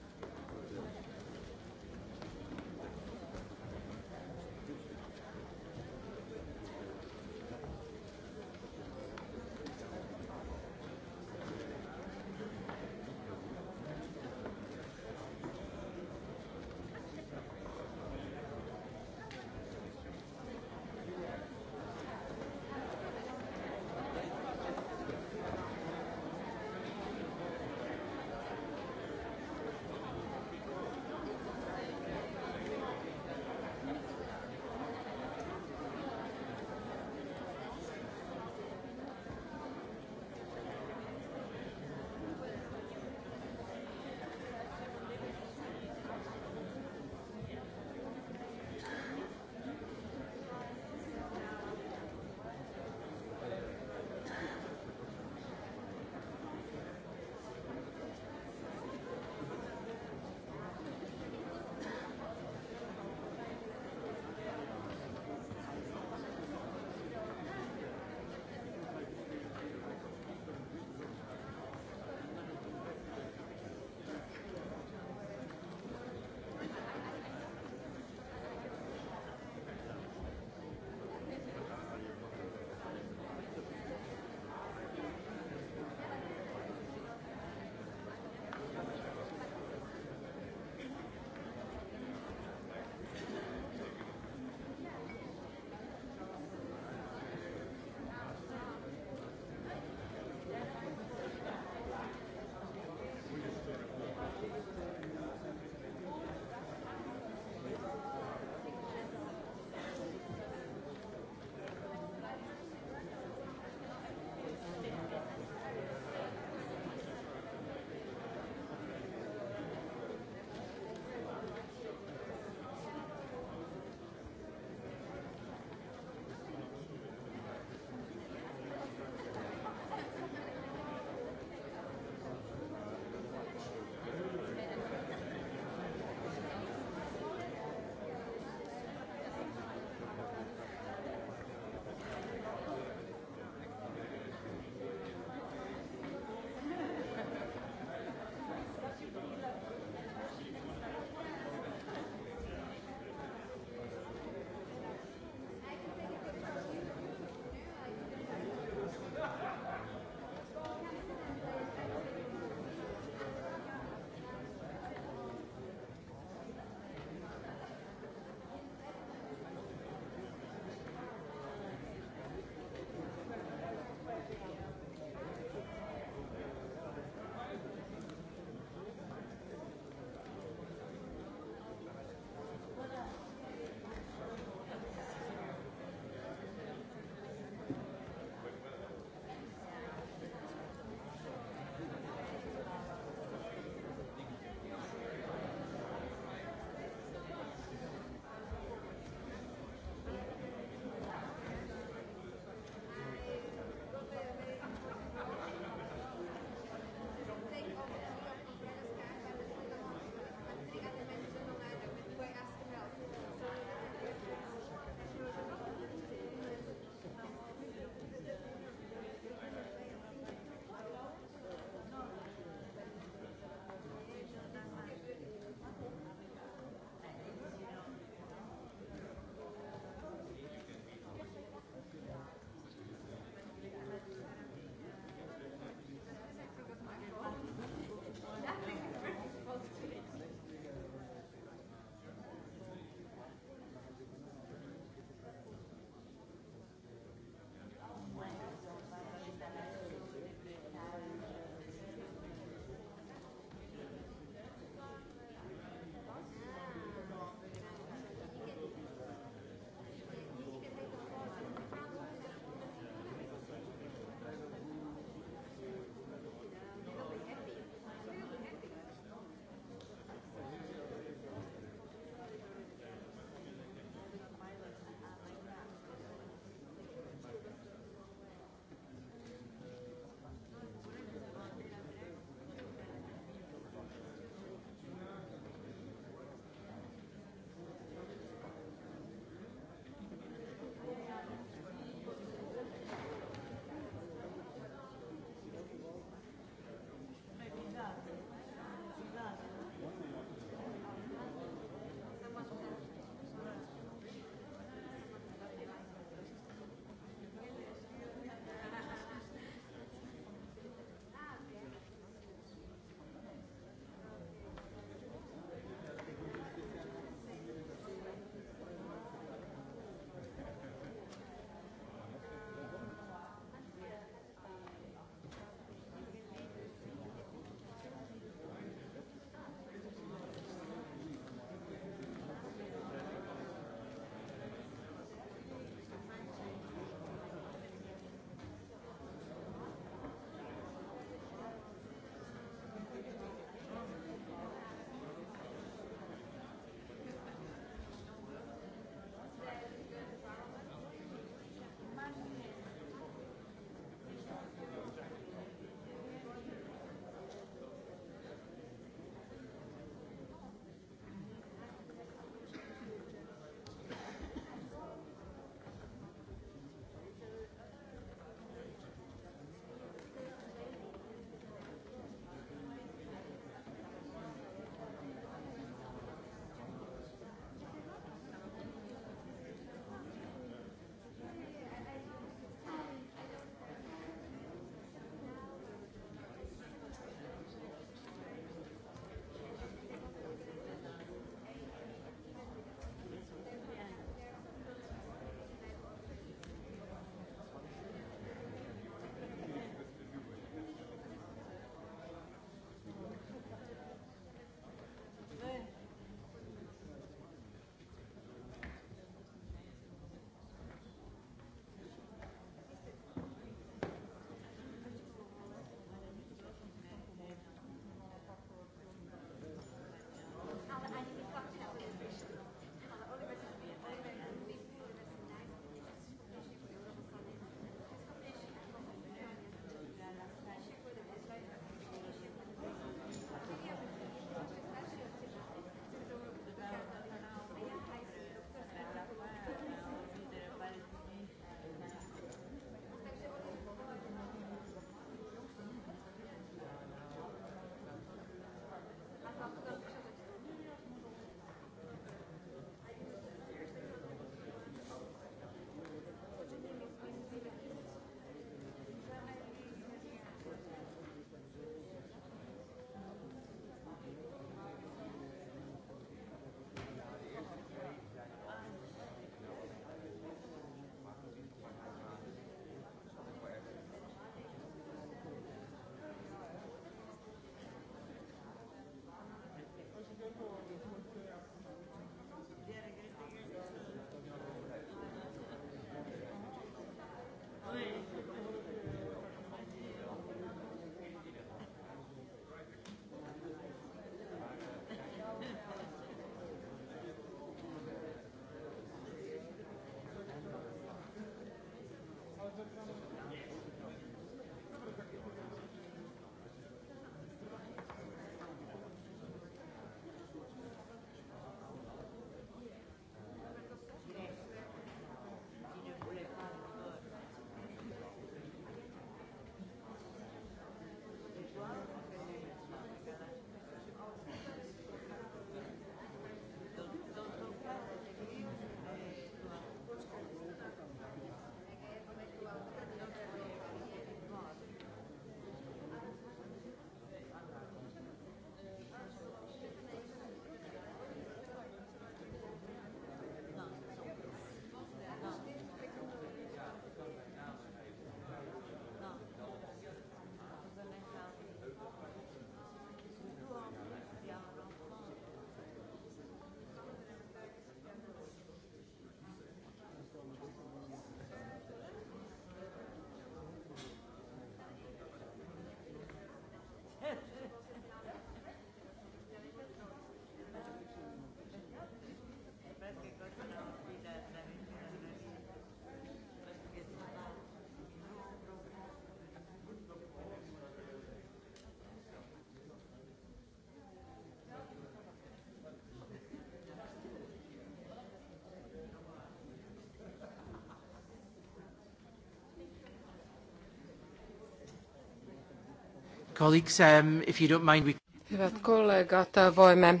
Colleagues, um, if you don't mind, we... Hyvät kollegat, voimme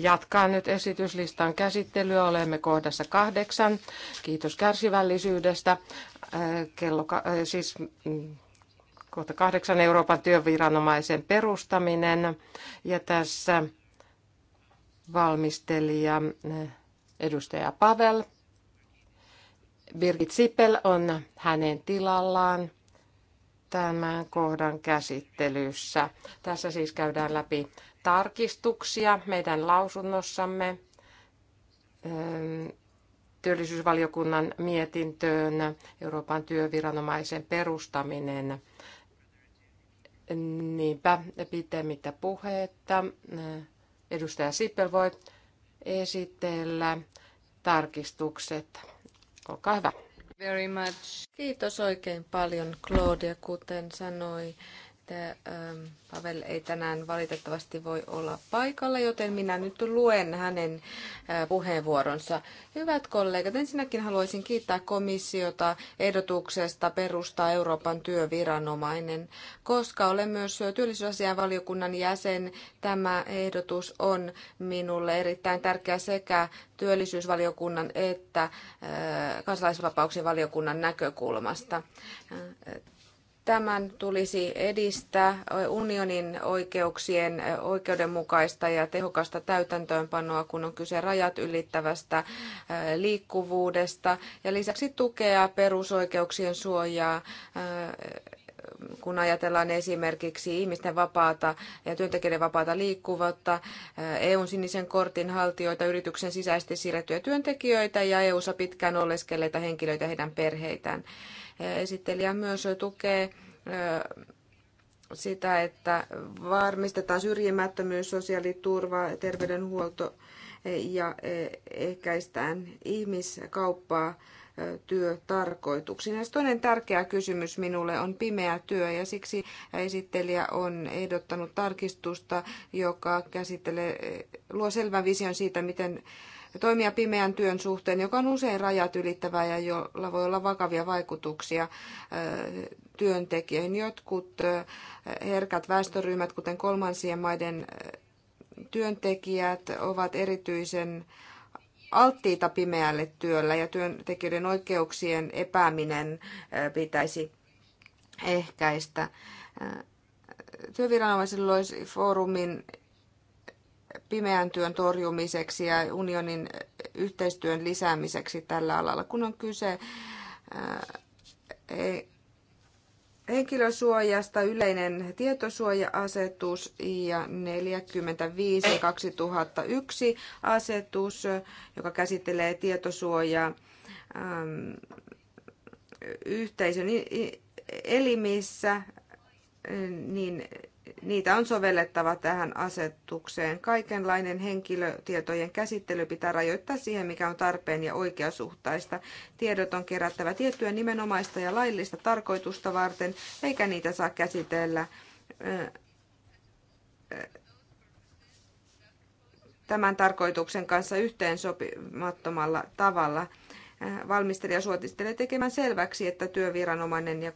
jatkaa nyt esityslistan käsittelyä. Olemme kohdassa kahdeksan. Kiitos kärsivällisyydestä. Äh, kello, äh, siis mm, kohta kahdeksan Euroopan työviranomaisen perustaminen. Ja tässä valmistelija äh, edustaja Pavel. Birgit Sipel on hänen tilallaan tämän kohdan käsittelyssä. Tässä siis käydään läpi tarkistuksia meidän lausunnossamme ähm, työllisyysvaliokunnan mietintöön Euroopan työviranomaisen perustaminen. Niinpä pitemmittä puhetta. Äh, edustaja Sippel voi esitellä tarkistukset. Olkaa hyvä. Very much. Kiitos oikein paljon, Claudia. Kuten sanoi että ähm, Pavel ei tänään valitettavasti voi olla paikalla, joten minä nyt luen hänen äh, puheenvuoronsa. Hyvät kollegat, ensinnäkin haluaisin kiittää komissiota ehdotuksesta perustaa Euroopan työviranomainen. Koska olen myös valiokunnan jäsen, tämä ehdotus on minulle erittäin tärkeä sekä työllisyysvaliokunnan että äh, kansalaisvapauksien valiokunnan näkökulmasta. Äh, Tämän tulisi edistää unionin oikeuksien oikeudenmukaista ja tehokasta täytäntöönpanoa, kun on kyse rajat ylittävästä äh, liikkuvuudesta ja lisäksi tukea perusoikeuksien suojaa äh, kun ajatellaan esimerkiksi ihmisten vapaata ja työntekijöiden vapaata liikkuvuutta, äh, EUn sinisen kortin haltijoita, yrityksen sisäisesti siirrettyjä työntekijöitä ja EU-ssa pitkään oleskelleita henkilöitä ja heidän perheitään. Esittelijä myös tukee sitä, että varmistetaan syrjimättömyys, sosiaaliturva, terveydenhuolto e, ja e, ehkäistään ihmiskauppaa työtarkoituksiin. toinen tärkeä kysymys minulle on pimeä työ ja siksi esittelijä on ehdottanut tarkistusta, joka käsittelee, e, luo selvän vision siitä, miten toimia pimeän työn suhteen, joka on usein rajat ylittävää ja jolla voi olla vakavia vaikutuksia työntekijöihin. Jotkut herkät väestöryhmät, kuten kolmansien maiden työntekijät, ovat erityisen alttiita pimeälle työllä ja työntekijöiden oikeuksien epääminen pitäisi ehkäistä. Työviranomaisilla olisi foorumin pimeän työn torjumiseksi ja unionin yhteistyön lisäämiseksi tällä alalla, kun on kyse e- henkilösuojasta yleinen tietosuoja-asetus ja 45 2001 asetus, joka käsittelee tietosuojaa yhteisön elimissä, niin niitä on sovellettava tähän asetukseen. Kaikenlainen henkilötietojen käsittely pitää rajoittaa siihen, mikä on tarpeen ja oikeasuhtaista. Tiedot on kerättävä tiettyä nimenomaista ja laillista tarkoitusta varten, eikä niitä saa käsitellä tämän tarkoituksen kanssa yhteensopimattomalla tavalla. Valmistelija suotistelee tekemään selväksi, että työviranomainen ja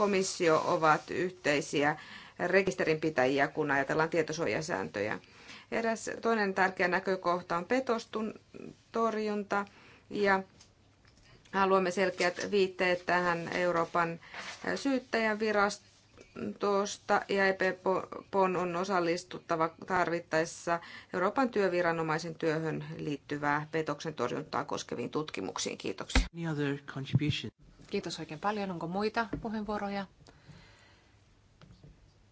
komissio ovat yhteisiä rekisterinpitäjiä, kun ajatellaan tietosuojasääntöjä. Eräs toinen tärkeä näkökohta on petostun torjunta ja haluamme selkeät viitteet tähän Euroopan syyttäjän virastosta ja EPPON on osallistuttava tarvittaessa Euroopan työviranomaisen työhön liittyvää petoksen torjuntaa koskeviin tutkimuksiin. Kiitoksia. Kiitos oikein paljon. Onko muita puheenvuoroja?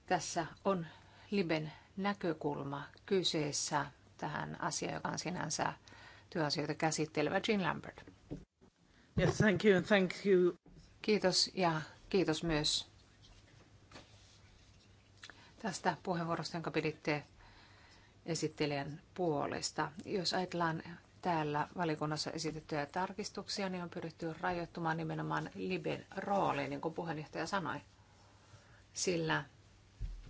Tässä on Liben näkökulma kyseessä tähän asiaan, joka on sinänsä työasioita käsittelevä Jean Lambert. Yes, thank you, thank you. Kiitos ja kiitos myös tästä puheenvuorosta, jonka piditte esittelijän puolesta. Jos ajatellaan täällä valikunnassa esitettyjä tarkistuksia, niin on pyritty rajoittumaan nimenomaan Liben rooliin, niin kuin puheenjohtaja sanoi. Sillä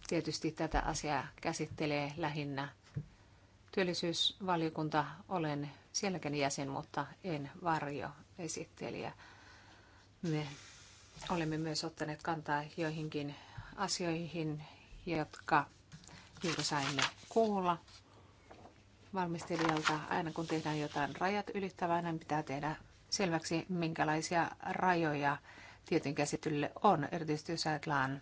tietysti tätä asiaa käsittelee lähinnä työllisyysvaliokunta. Olen sielläkin jäsen, mutta en varjo esittelijä. Me olemme myös ottaneet kantaa joihinkin asioihin, jotka juuri niin saimme kuulla valmistelijalta. Aina kun tehdään jotain rajat ylittävää, niin pitää tehdä selväksi, minkälaisia rajoja tietyn käsitylle on, erityisesti jos ajatellaan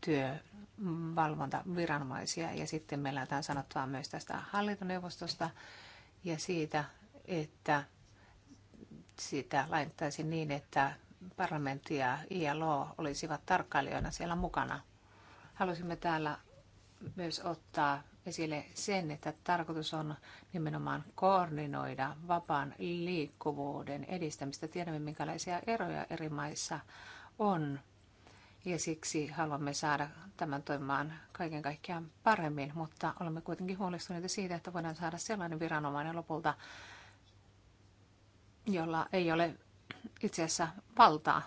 työvalvontaviranomaisia. Ja sitten meillä on jotain sanottavaa myös tästä hallintoneuvostosta ja siitä, että sitä laittaisin niin, että parlamentti ja ILO olisivat tarkkailijoina siellä mukana. Halusimme täällä myös ottaa esille sen, että tarkoitus on nimenomaan koordinoida vapaan liikkuvuuden edistämistä. Tiedämme, minkälaisia eroja eri maissa on ja siksi haluamme saada tämän toimimaan kaiken kaikkiaan paremmin, mutta olemme kuitenkin huolestuneita siitä, että voidaan saada sellainen viranomainen lopulta, jolla ei ole itse asiassa valtaa.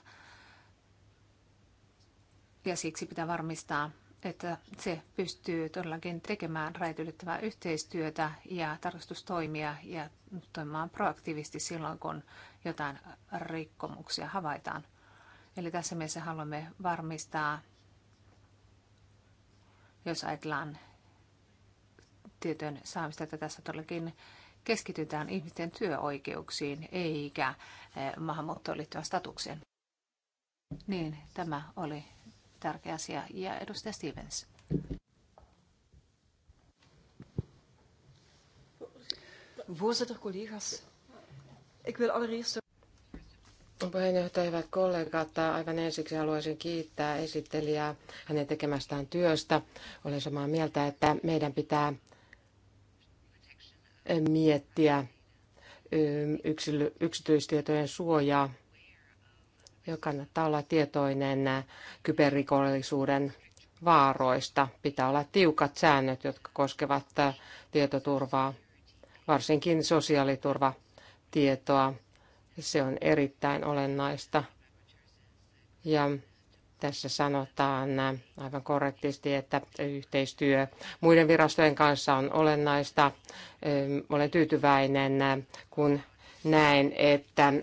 Ja siksi pitää varmistaa, että se pystyy todellakin tekemään rajat yhteistyötä ja tarkastustoimia ja toimimaan proaktiivisesti silloin, kun jotain rikkomuksia havaitaan. Eli tässä mielessä haluamme varmistaa, jos ajatellaan tietojen saamista, että tässä todellakin keskitytään ihmisten työoikeuksiin eikä eh, maahanmuuttoon liittyvän statukseen. Niin, tämä oli tärkeä asia. Ja edustaja Stevens. Voorzitter, collega's. Ik wil allereerst Puheenjohtaja, hyvät kollegat, aivan ensiksi haluaisin kiittää esittelijää hänen tekemästään työstä. Olen samaa mieltä, että meidän pitää miettiä yksityistietojen suojaa ja kannattaa olla tietoinen kyberrikollisuuden vaaroista. Pitää olla tiukat säännöt, jotka koskevat tietoturvaa, varsinkin sosiaaliturvatietoa. Se on erittäin olennaista. Ja tässä sanotaan aivan korrektisti, että yhteistyö muiden virastojen kanssa on olennaista. Olen tyytyväinen, kun näen, että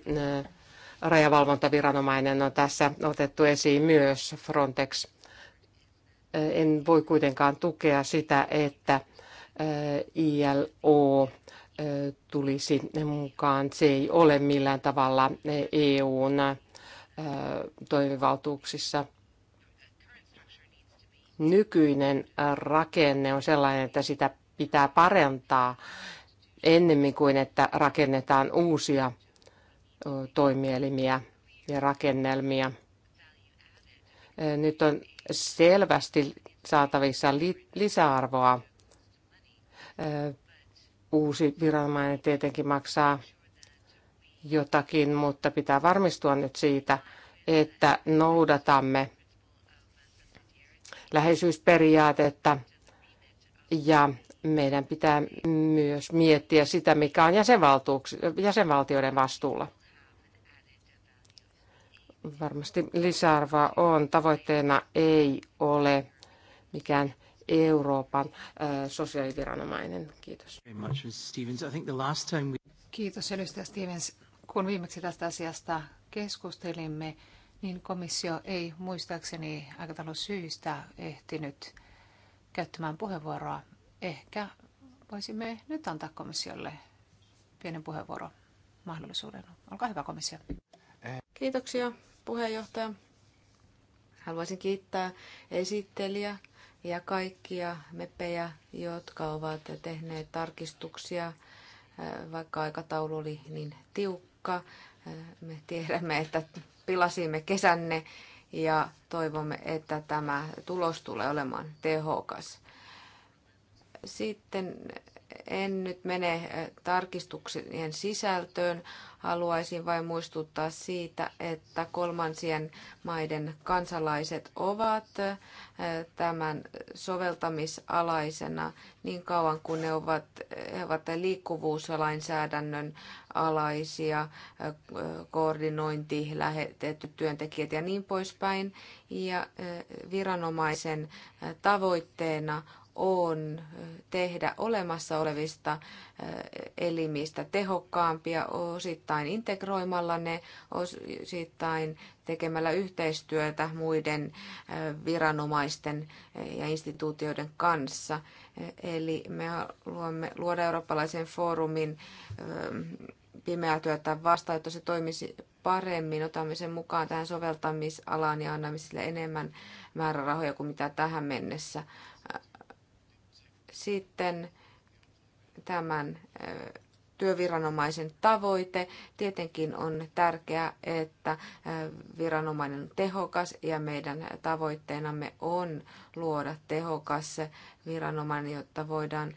rajavalvontaviranomainen on tässä otettu esiin myös Frontex. En voi kuitenkaan tukea sitä, että ILO tulisi mukaan. Se ei ole millään tavalla EUn toimivaltuuksissa. Nykyinen rakenne on sellainen, että sitä pitää parantaa ennemmin kuin että rakennetaan uusia toimielimiä ja rakennelmia. Nyt on selvästi saatavissa lisäarvoa. Uusi viranomainen tietenkin maksaa jotakin, mutta pitää varmistua nyt siitä, että noudatamme läheisyysperiaatetta ja meidän pitää myös miettiä sitä, mikä on jäsenvaltioiden vastuulla. Varmasti lisäarvoa on. Tavoitteena ei ole mikään Euroopan sosiaaliviranomainen. Kiitos. Kiitos edustaja Stevens. Kun viimeksi tästä asiasta keskustelimme, niin komissio ei muistaakseni syistä ehtinyt käyttämään puheenvuoroa. Ehkä voisimme nyt antaa komissiolle pienen puheenvuoron mahdollisuuden. Olkaa hyvä komissio. Kiitoksia puheenjohtaja. Haluaisin kiittää esittelijä ja kaikkia meppejä, jotka ovat tehneet tarkistuksia, äh, vaikka aikataulu oli niin tiukka. Äh, me tiedämme, että pilasimme kesänne ja toivomme, että tämä tulos tulee olemaan tehokas. Sitten en nyt mene eh, tarkistuksien sisältöön. Haluaisin vain muistuttaa siitä, että kolmansien maiden kansalaiset ovat eh, tämän soveltamisalaisena niin kauan kuin ne ovat, eh, he ovat liikkuvuuslainsäädännön alaisia, koordinointi, lähetetty työntekijät ja niin poispäin. Ja viranomaisen tavoitteena on tehdä olemassa olevista elimistä tehokkaampia osittain integroimalla ne, osittain tekemällä yhteistyötä muiden viranomaisten ja instituutioiden kanssa. Eli me haluamme luoda eurooppalaisen foorumin pimeää työtä vastaan, jotta se toimisi paremmin. Otamme sen mukaan tähän soveltamisalaan ja annamme sille enemmän määrärahoja kuin mitä tähän mennessä sitten tämän työviranomaisen tavoite. Tietenkin on tärkeää, että viranomainen on tehokas ja meidän tavoitteenamme on luoda tehokas viranomainen, jotta voidaan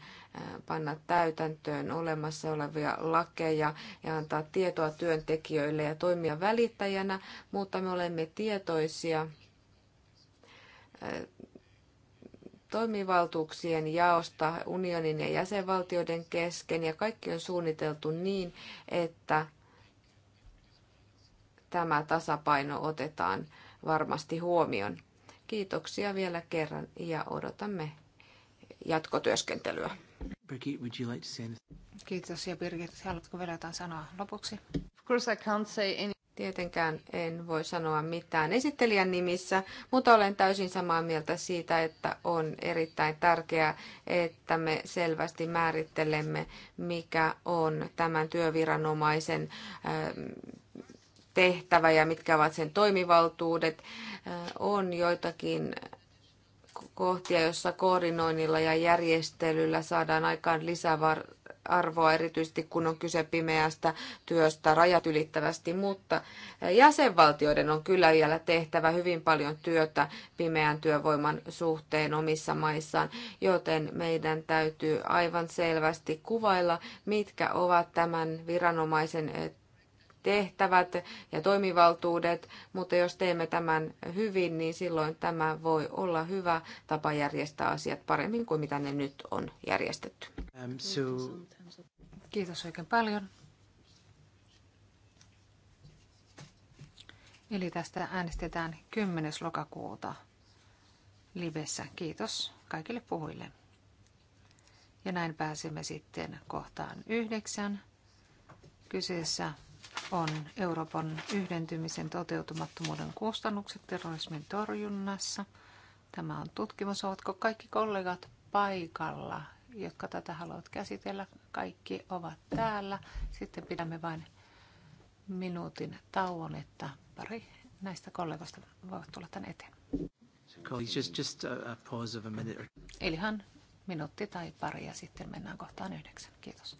panna täytäntöön olemassa olevia lakeja ja antaa tietoa työntekijöille ja toimia välittäjänä, mutta me olemme tietoisia toimivaltuuksien jaosta unionin ja jäsenvaltioiden kesken ja kaikki on suunniteltu niin, että tämä tasapaino otetaan varmasti huomioon. Kiitoksia vielä kerran ja odotamme jatkotyöskentelyä. Birgit, would you like to say Kiitos ja Birgit, haluatko vielä jotain sanoa lopuksi? Of course I can't say any... Tietenkään en voi sanoa mitään esittelijän nimissä, mutta olen täysin samaa mieltä siitä, että on erittäin tärkeää, että me selvästi määrittelemme, mikä on tämän työviranomaisen ähm, tehtävä ja mitkä ovat sen toimivaltuudet. Äh, on joitakin kohtia, jossa koordinoinnilla ja järjestelyllä saadaan aikaan lisävar- arvoa, erityisesti kun on kyse pimeästä työstä rajat ylittävästi, mutta jäsenvaltioiden on kyllä vielä tehtävä hyvin paljon työtä pimeän työvoiman suhteen omissa maissaan, joten meidän täytyy aivan selvästi kuvailla, mitkä ovat tämän viranomaisen tehtävät ja toimivaltuudet, mutta jos teemme tämän hyvin, niin silloin tämä voi olla hyvä tapa järjestää asiat paremmin kuin mitä ne nyt on järjestetty. Um, so Kiitos oikein paljon. Eli tästä äänestetään 10. lokakuuta livessä. Kiitos kaikille puhujille. Ja näin pääsemme sitten kohtaan yhdeksän. Kyseessä on Euroopan yhdentymisen toteutumattomuuden kustannukset terrorismin torjunnassa. Tämä on tutkimus. Ovatko kaikki kollegat paikalla, jotka tätä haluavat käsitellä? Kaikki ovat täällä. Sitten pidämme vain minuutin tauon, että pari näistä kollegoista voivat tulla tänne eteen. Eli ihan Elihan minuutti tai pari ja sitten mennään kohtaan yhdeksän. Kiitos.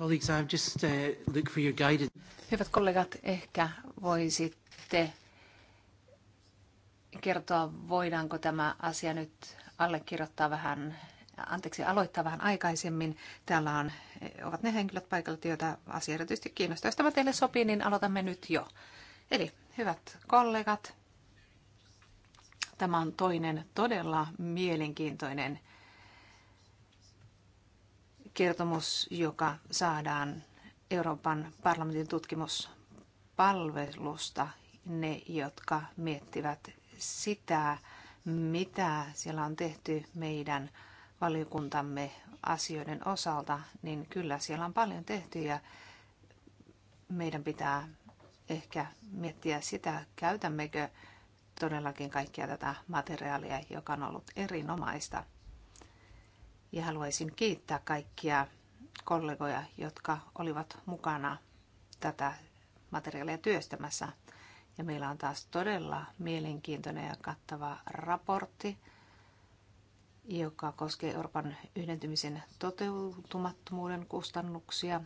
Uh, hyvät kollegat, ehkä voisitte kertoa, voidaanko tämä asia nyt allekirjoittaa vähän, anteeksi, aloittaa vähän aikaisemmin. Täällä on, eh, ovat ne henkilöt paikalla, joita asia erityisesti kiinnostaa. Jos tämä teille sopii, niin aloitamme nyt jo. Eli hyvät kollegat, tämä on toinen todella mielenkiintoinen kertomus, joka saadaan Euroopan parlamentin tutkimuspalvelusta, ne, jotka miettivät sitä, mitä siellä on tehty meidän valiokuntamme asioiden osalta, niin kyllä siellä on paljon tehty ja meidän pitää ehkä miettiä sitä, käytämmekö todellakin kaikkia tätä materiaalia, joka on ollut erinomaista ja haluaisin kiittää kaikkia kollegoja, jotka olivat mukana tätä materiaalia työstämässä. Ja meillä on taas todella mielenkiintoinen ja kattava raportti, joka koskee Euroopan yhdentymisen toteutumattomuuden kustannuksia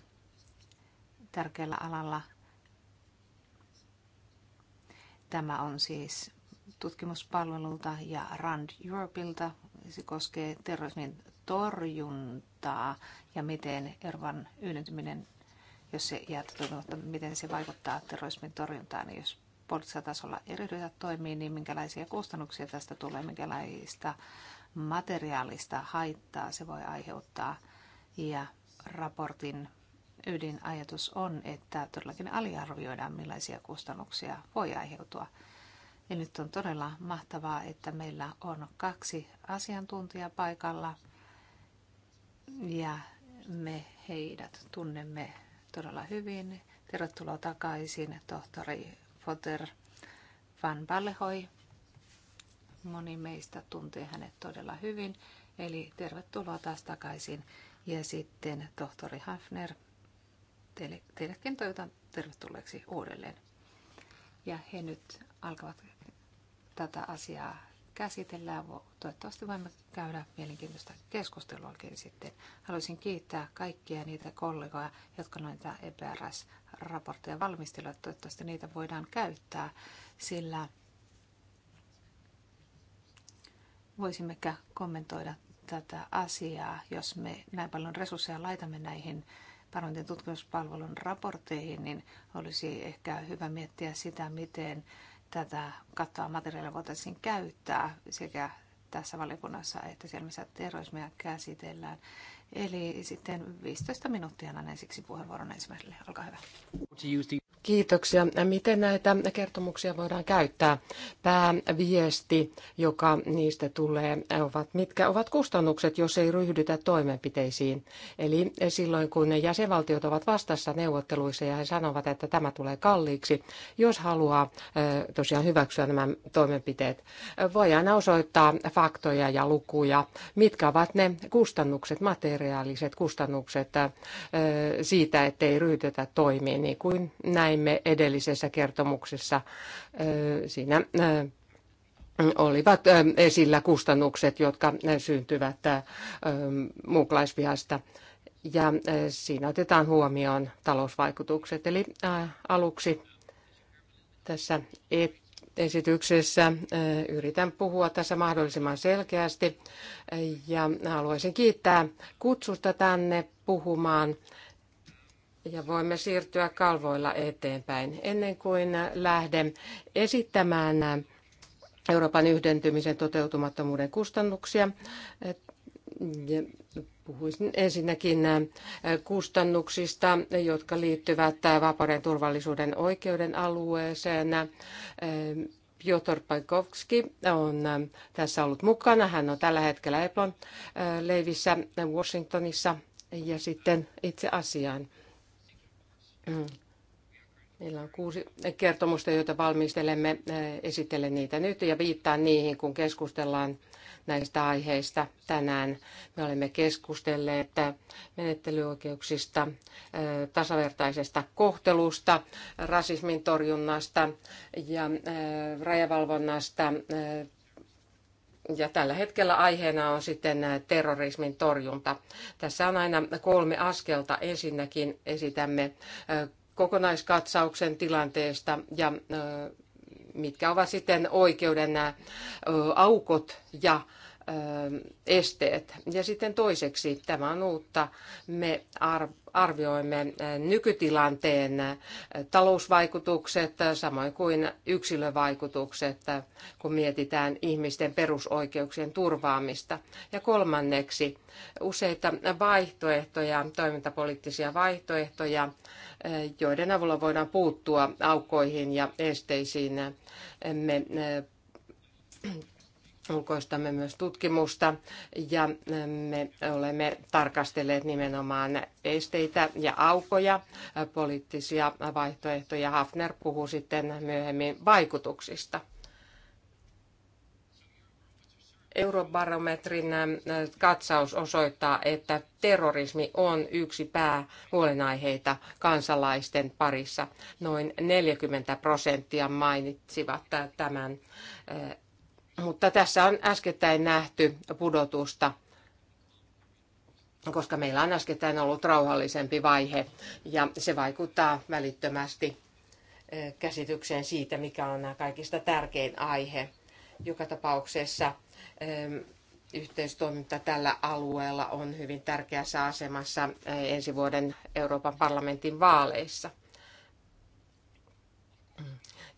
tärkeällä alalla. Tämä on siis tutkimuspalvelulta ja Rand Europeilta. Se koskee terrorismin torjuntaa ja miten Ervan yhdentyminen, jos se jää toimimatta, miten se vaikuttaa terrorismin torjuntaan, niin jos poliittisella tasolla eriydytä toimii, niin minkälaisia kustannuksia tästä tulee, minkälaista materiaalista haittaa se voi aiheuttaa. Ja raportin ydinajatus on, että todellakin aliarvioidaan, millaisia kustannuksia voi aiheutua. Ja nyt on todella mahtavaa, että meillä on kaksi asiantuntijaa paikalla – ja me heidät tunnemme todella hyvin. Tervetuloa takaisin, tohtori Potter van Ballehoi. Moni meistä tuntee hänet todella hyvin, eli tervetuloa taas takaisin. Ja sitten tohtori Hafner, teille, teillekin toivotan tervetulleeksi uudelleen. Ja he nyt alkavat tätä asiaa käsitellään. Toivottavasti voimme käydä mielenkiintoista keskusteluakin sitten. Haluaisin kiittää kaikkia niitä kollegoja, jotka noita EPRS-raportteja valmistelevat. Toivottavasti niitä voidaan käyttää, sillä voisimmekä kommentoida tätä asiaa, jos me näin paljon resursseja laitamme näihin parlamentin tutkimuspalvelun raportteihin, niin olisi ehkä hyvä miettiä sitä, miten tätä kattaa materiaalia voitaisiin käyttää sekä tässä valiokunnassa että siellä, missä terrorismia käsitellään. Eli sitten 15 minuuttia annan ensiksi puheenvuoron ensimmäiselle. Olkaa hyvä. Kiitoksia. Miten näitä kertomuksia voidaan käyttää? Pääviesti, joka niistä tulee, ovat, mitkä ovat kustannukset, jos ei ryhdytä toimenpiteisiin. Eli silloin, kun ne jäsenvaltiot ovat vastassa neuvotteluissa ja he sanovat, että tämä tulee kalliiksi, jos haluaa tosiaan hyväksyä nämä toimenpiteet, voi aina osoittaa faktoja ja lukuja, mitkä ovat ne kustannukset materiaaleja materiaaliset kustannukset äh, siitä, ettei ryhdytä toimiin, niin kuin näimme edellisessä kertomuksessa. Äh, siinä äh, olivat esillä kustannukset, jotka syntyvät muukalaisvihasta. Ja siinä otetaan huomioon talousvaikutukset. Eli aluksi tässä et, esityksessä. Yritän puhua tässä mahdollisimman selkeästi ja haluaisin kiittää kutsusta tänne puhumaan ja voimme siirtyä kalvoilla eteenpäin. Ennen kuin lähden esittämään Euroopan yhdentymisen toteutumattomuuden kustannuksia, Puhuisin ensinnäkin äh, kustannuksista, jotka liittyvät äh, vapauden turvallisuuden oikeuden alueeseen. Äh, Piotr Pankowski on tässä ollut mukana. Hän on tällä hetkellä Eplon leivissä Washingtonissa ja sitten itse asiaan. Meillä on kuusi kertomusta, joita valmistelemme. Esittelen niitä nyt ja viittaan niihin, kun keskustellaan näistä aiheista tänään. Me olemme keskustelleet menettelyoikeuksista, tasavertaisesta kohtelusta, rasismin torjunnasta ja rajavalvonnasta. Ja tällä hetkellä aiheena on sitten terrorismin torjunta. Tässä on aina kolme askelta. Ensinnäkin esitämme kokonaiskatsauksen tilanteesta ja mitkä ovat sitten oikeuden aukot ja esteet. Ja sitten toiseksi, tämä on uutta, me arvioimme eh, nykytilanteen eh, talousvaikutukset, eh, samoin kuin yksilövaikutukset, kun mietitään ihmisten perusoikeuksien turvaamista. Ja kolmanneksi useita vaihtoehtoja, toimintapoliittisia vaihtoehtoja, joiden avulla voidaan puuttua aukkoihin ja esteisiin. Me ulkoistamme myös tutkimusta ja me olemme tarkastelleet nimenomaan esteitä ja aukoja, poliittisia vaihtoehtoja. Hafner puhuu sitten myöhemmin vaikutuksista. Eurobarometrin katsaus osoittaa, että terrorismi on yksi päähuolenaiheita kansalaisten parissa. Noin 40 prosenttia mainitsivat tämän mutta tässä on äskettäin nähty pudotusta, koska meillä on äskettäin ollut rauhallisempi vaihe ja se vaikuttaa välittömästi eh, käsitykseen siitä, mikä on kaikista tärkein aihe. Joka tapauksessa eh, yhteistoiminta tällä alueella on hyvin tärkeässä asemassa eh, ensi vuoden Euroopan parlamentin vaaleissa.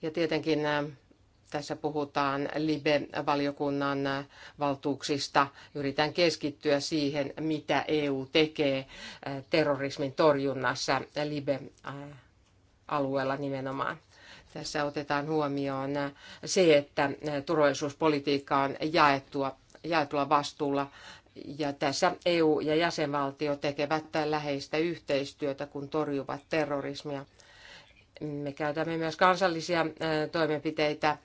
Ja tietenkin tässä puhutaan LIBE-valiokunnan valtuuksista. Yritän keskittyä siihen, mitä EU tekee eh, terrorismin torjunnassa LIBE-alueella nimenomaan. Tässä otetaan huomioon se, että turvallisuuspolitiikka on jaettua, jaetulla vastuulla ja tässä EU ja jäsenvaltio tekevät läheistä yhteistyötä, kun torjuvat terrorismia. Me käytämme myös kansallisia toimenpiteitä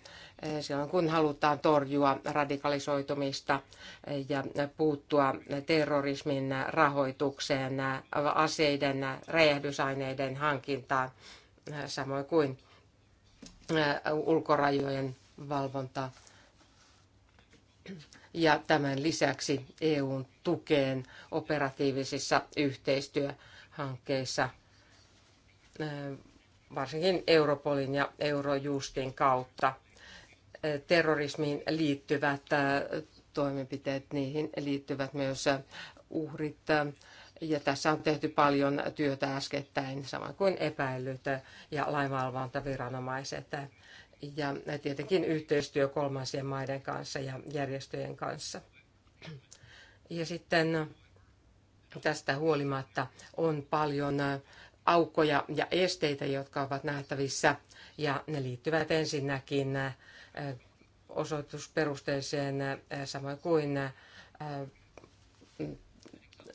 silloin, kun halutaan torjua radikalisoitumista ja puuttua terrorismin rahoitukseen, aseiden, räjähdysaineiden hankintaan, samoin kuin ulkorajojen valvonta Ja tämän lisäksi EUn tukeen operatiivisissa yhteistyöhankkeissa varsinkin Europolin ja Eurojustin kautta eh, terrorismiin liittyvät eh, toimenpiteet, niihin liittyvät myös eh, uhrit. Ja tässä on tehty paljon työtä äskettäin, samoin kuin epäilyt ja lainvalvontaviranomaiset. Ja tietenkin yhteistyö kolmansien maiden kanssa ja järjestöjen kanssa. Ja sitten tästä huolimatta on paljon aukkoja ja esteitä, jotka ovat nähtävissä, ja ne liittyvät ensinnäkin äh, osoitusperusteeseen, äh, samoin kuin äh,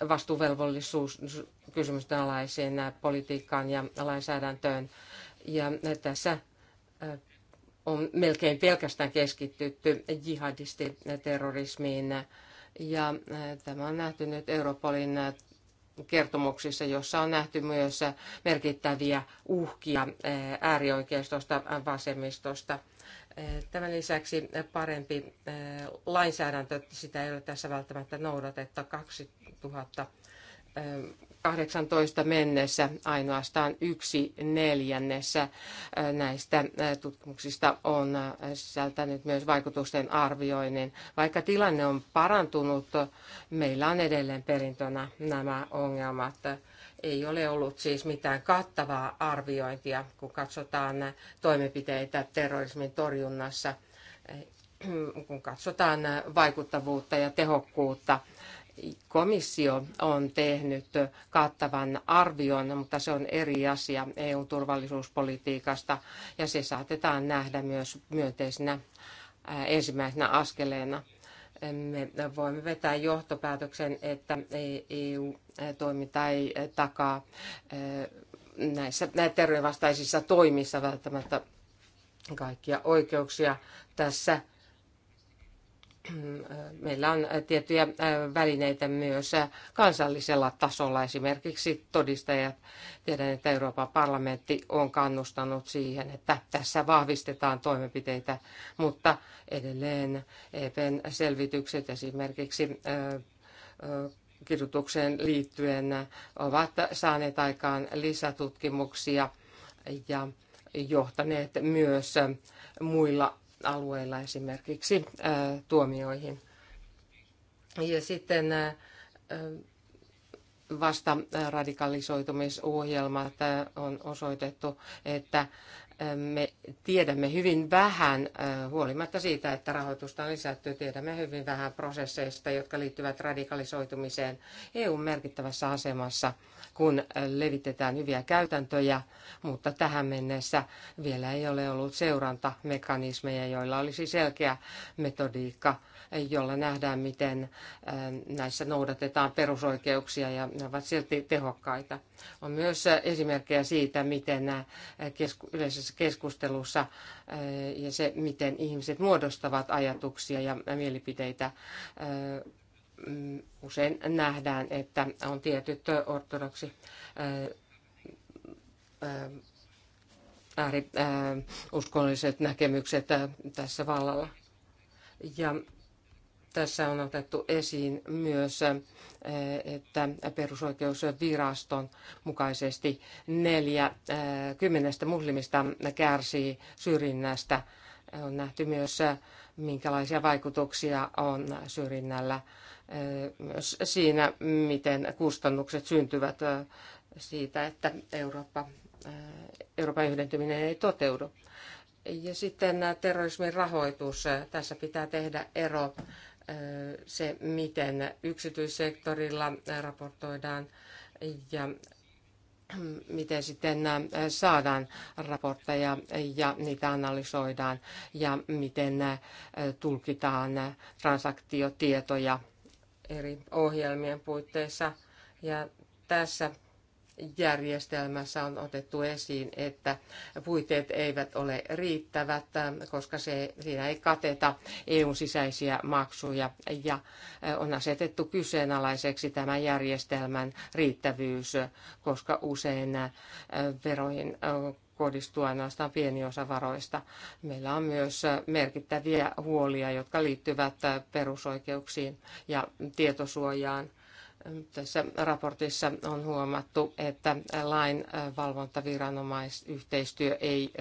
vastuuvelvollisuuskysymysten alaiseen politiikkaan ja lainsäädäntöön. Ja tässä on melkein pelkästään keskittytty jihadisti terrorismiin. Ja tämä on nähty nyt Europolin kertomuksissa, jossa on nähty myös merkittäviä uhkia eh, äärioikeistosta, vasemmistosta. Eh, tämän lisäksi parempi eh, lainsäädäntö, sitä ei ole tässä välttämättä noudatettu. 2000 2018 mennessä ainoastaan yksi neljännessä äh, näistä äh, tutkimuksista on äh, sisältänyt myös vaikutusten arvioinnin. Vaikka tilanne on parantunut, meillä on edelleen perintönä nämä ongelmat. Ei ole ollut siis mitään kattavaa arviointia, kun katsotaan toimenpiteitä terrorismin torjunnassa, kun katsotaan vaikuttavuutta ja tehokkuutta – Komissio on tehnyt kattavan arvion, mutta se on eri asia EU-turvallisuuspolitiikasta ja se saatetaan nähdä myös myönteisenä ensimmäisenä askeleena me voimme vetää johtopäätöksen, että EU-toiminta e ei takaa näissä terrorin toimissa välttämättä kaikkia oikeuksia. Tässä meillä on äh, tiettyjä äh, välineitä myös äh, kansallisella tasolla, esimerkiksi todistajat. Tiedän, että Euroopan parlamentti on kannustanut siihen, että tässä vahvistetaan toimenpiteitä, mutta edelleen EPn selvitykset esimerkiksi kirjoitukseen liittyen ovat saaneet aikaan lisätutkimuksia ja johtaneet myös muilla alueilla esimerkiksi tuomioihin. Ja sitten vasta radikalisoitumisohjelmat on osoitettu, että me tiedämme hyvin vähän, huolimatta siitä, että rahoitusta on lisätty, tiedämme hyvin vähän prosesseista, jotka liittyvät radikalisoitumiseen EUn merkittävässä asemassa, kun levitetään hyviä käytäntöjä, mutta tähän mennessä vielä ei ole ollut seurantamekanismeja, joilla olisi selkeä metodiikka jolla nähdään, miten äh, näissä noudatetaan perusoikeuksia ja ne ovat silti tehokkaita. On myös äh, esimerkkejä siitä, miten äh, kesku- yleisessä keskustelussa ja se, miten ihmiset muodostavat ajatuksia ja mielipiteitä mm, usein nähdään, että on tietyt ortodoksi ääriuskonnolliset näkemykset tässä vallalla. Ja tässä on otettu esiin myös, että perusoikeusviraston mukaisesti neljä kymmenestä muslimista kärsii syrjinnästä. On nähty myös, minkälaisia vaikutuksia on syrjinnällä myös siinä, miten kustannukset syntyvät siitä, että Eurooppa, Euroopan yhdentyminen ei toteudu. Ja sitten terrorismin rahoitus. Tässä pitää tehdä ero se, miten yksityissektorilla raportoidaan ja miten sitten äh, saadaan raportteja ja niitä analysoidaan ja miten äh, tulkitaan transaktiotietoja eri ohjelmien puitteissa. Ja tässä järjestelmässä on otettu esiin, että puitteet eivät ole riittävät, koska se, siinä ei kateta EUn sisäisiä maksuja ja eh, on asetettu kyseenalaiseksi tämän järjestelmän riittävyys, koska usein eh, veroihin eh, kohdistuu ainoastaan pieni osa varoista. Meillä on myös merkittäviä huolia, jotka liittyvät perusoikeuksiin ja tietosuojaan tässä raportissa on huomattu, että lainvalvontaviranomaisyhteistyö ei,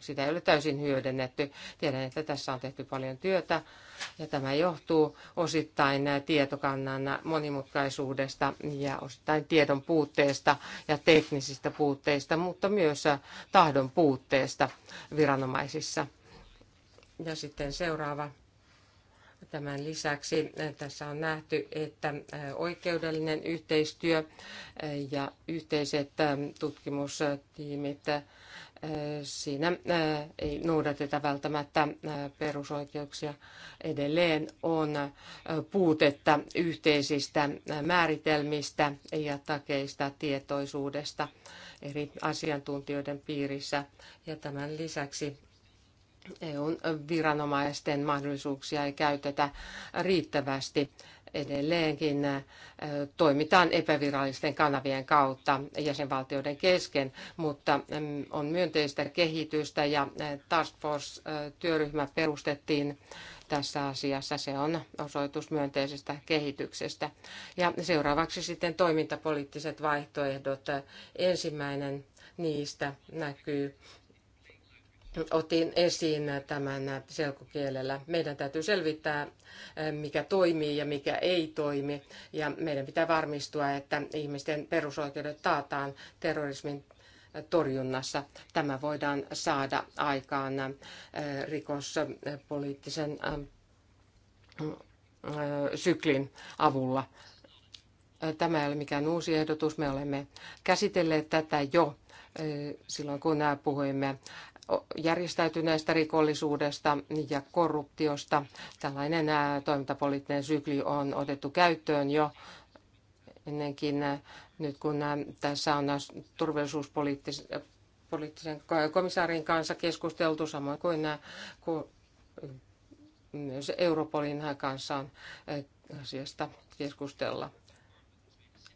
sitä ei ole täysin hyödynnetty. Tiedän, että tässä on tehty paljon työtä ja tämä johtuu osittain tietokannan monimutkaisuudesta ja osittain tiedon puutteesta ja teknisistä puutteista, mutta myös tahdon puutteesta viranomaisissa. Ja sitten seuraava Tämän lisäksi eh, tässä on nähty, että eh, oikeudellinen yhteistyö eh, ja yhteiset tutkimustiimit siinä ei noudateta välttämättä perusoikeuksia. Edelleen on puutetta yhteisistä määritelmistä ja takeista tietoisuudesta eri asiantuntijoiden piirissä. Ja tämän lisäksi EUn viranomaisten mahdollisuuksia ei käytetä riittävästi. Edelleenkin toimitaan epävirallisten kanavien kautta jäsenvaltioiden kesken, mutta mm, on myönteistä kehitystä ja Task Force-työryhmä perustettiin tässä asiassa. Se on osoitus myönteisestä kehityksestä. Ja seuraavaksi sitten toimintapoliittiset vaihtoehdot. Ensimmäinen niistä näkyy otin esiin tämän selkokielellä. Meidän täytyy selvittää, mikä toimii ja mikä ei toimi. Ja meidän pitää varmistua, että ihmisten perusoikeudet taataan terrorismin torjunnassa. Tämä voidaan saada aikaan äh, rikospoliittisen äh, äh, syklin avulla. Tämä ei ole mikään uusi ehdotus. Me olemme käsitelleet tätä jo silloin, kun puhuimme järjestäytyneestä rikollisuudesta ja korruptiosta. Tällainen toimintapoliittinen sykli on otettu käyttöön jo ennenkin, nyt kun tässä on turvallisuuspoliittisen komissaarin kanssa keskusteltu, samoin kuin myös Europolin kanssa on asiasta keskustella.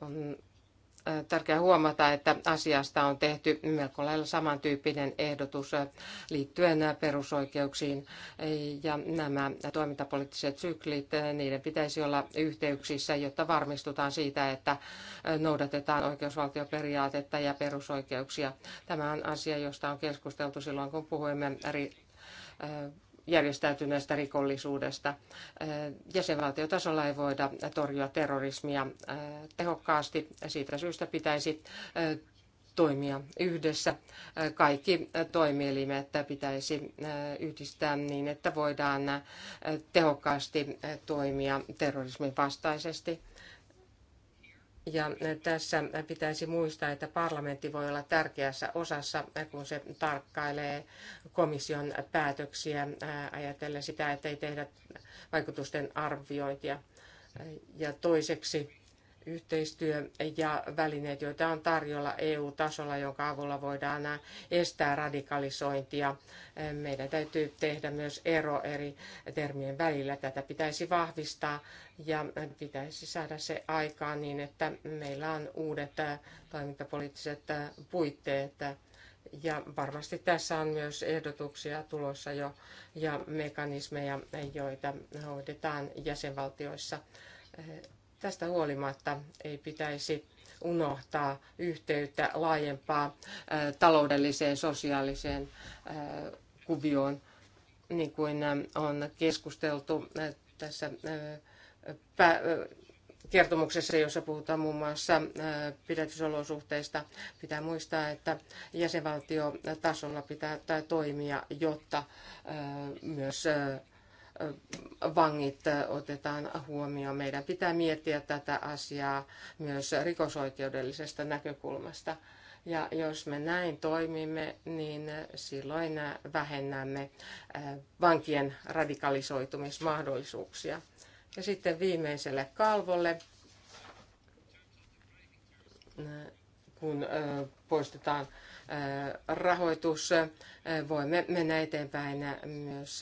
On tärkeää huomata, että asiasta on tehty melko lailla samantyyppinen ehdotus liittyen perusoikeuksiin. Ja nämä toimintapoliittiset syklit, niiden pitäisi olla yhteyksissä, jotta varmistutaan siitä, että noudatetaan oikeusvaltioperiaatetta ja perusoikeuksia. Tämä on asia, josta on keskusteltu silloin, kun puhuimme järjestäytyneestä rikollisuudesta. Jäsenvaltiotasolla ei voida torjua terrorismia tehokkaasti. Siitä syystä pitäisi toimia yhdessä. Kaikki toimielimet pitäisi yhdistää niin, että voidaan tehokkaasti toimia terrorismin vastaisesti. Ja tässä pitäisi muistaa, että parlamentti voi olla tärkeässä osassa, kun se tarkkailee komission päätöksiä ajatellen sitä, että ei tehdä vaikutusten arviointia. Ja toiseksi yhteistyö ja välineet, joita on tarjolla EU-tasolla, jonka avulla voidaan estää radikalisointia. Meidän täytyy tehdä myös ero eri termien välillä. Tätä pitäisi vahvistaa ja pitäisi saada se aikaan niin, että meillä on uudet toimintapoliittiset puitteet ja varmasti tässä on myös ehdotuksia tulossa jo ja mekanismeja, joita hoidetaan jäsenvaltioissa Tästä huolimatta ei pitäisi unohtaa yhteyttä laajempaa taloudelliseen, sosiaaliseen kuvioon, niin kuin on keskusteltu tässä kertomuksessa, jossa puhutaan muun muassa pidätysolosuhteista, pitää muistaa, että jäsenvaltiotasolla pitää toimia, jotta myös vangit otetaan huomioon. Meidän pitää miettiä tätä asiaa myös rikosoikeudellisesta näkökulmasta. Ja jos me näin toimimme, niin silloin vähennämme vankien radikalisoitumismahdollisuuksia. Ja sitten viimeiselle kalvolle, kun poistetaan rahoitus, voimme mennä eteenpäin myös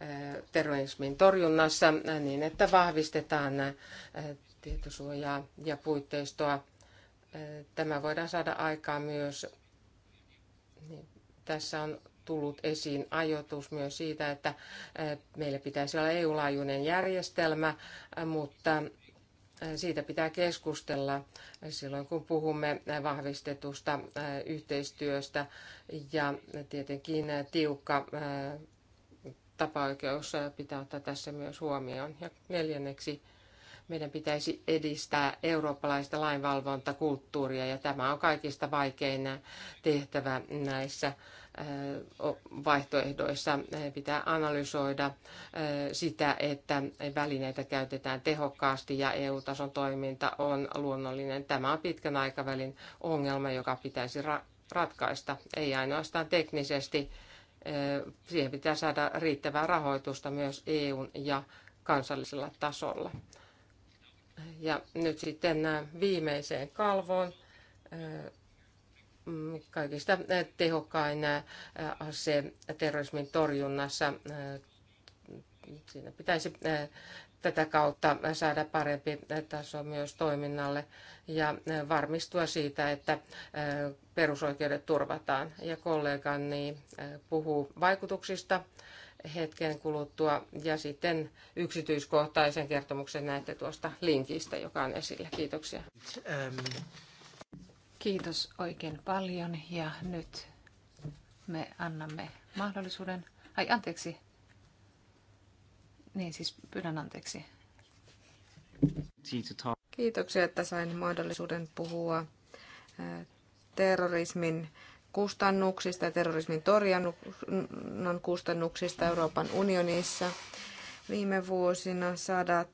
Eh, terrorismin torjunnassa niin, että vahvistetaan eh, tietosuojaa ja puitteistoa. Eh, tämä voidaan saada aikaan myös. Niin, tässä on tullut esiin ajoitus myös siitä, että meillä pitäisi olla EU-laajuinen järjestelmä, mutta siitä pitää keskustella silloin, kun puhumme vahvistetusta yhteistyöstä ja tietenkin tiukka tapaoikeus pitää ottaa tässä myös huomioon. Ja neljänneksi meidän pitäisi edistää eurooppalaista lainvalvontakulttuuria ja tämä on kaikista vaikein tehtävä näissä vaihtoehdoissa. Pitää analysoida sitä, että välineitä käytetään tehokkaasti ja EU-tason toiminta on luonnollinen. Tämä on pitkän aikavälin ongelma, joka pitäisi ratkaista, ei ainoastaan teknisesti, siihen pitää saada riittävää rahoitusta myös EUn ja kansallisella tasolla. Ja nyt sitten viimeiseen kalvoon kaikista tehokkain se terrorismin torjunnassa. Siinä pitäisi tätä kautta saada parempi taso myös toiminnalle ja varmistua siitä, että perusoikeudet turvataan. Ja kollegani puhuu vaikutuksista hetken kuluttua ja sitten yksityiskohtaisen kertomuksen näette tuosta linkistä, joka on esillä. Kiitoksia. Ähm. Kiitos oikein paljon ja nyt me annamme mahdollisuuden, ai anteeksi, niin siis pyydän anteeksi. Kiitoksia, että sain mahdollisuuden puhua terrorismin kustannuksista ja terrorismin torjunnan kustannuksista Euroopan unionissa. Viime vuosina sadat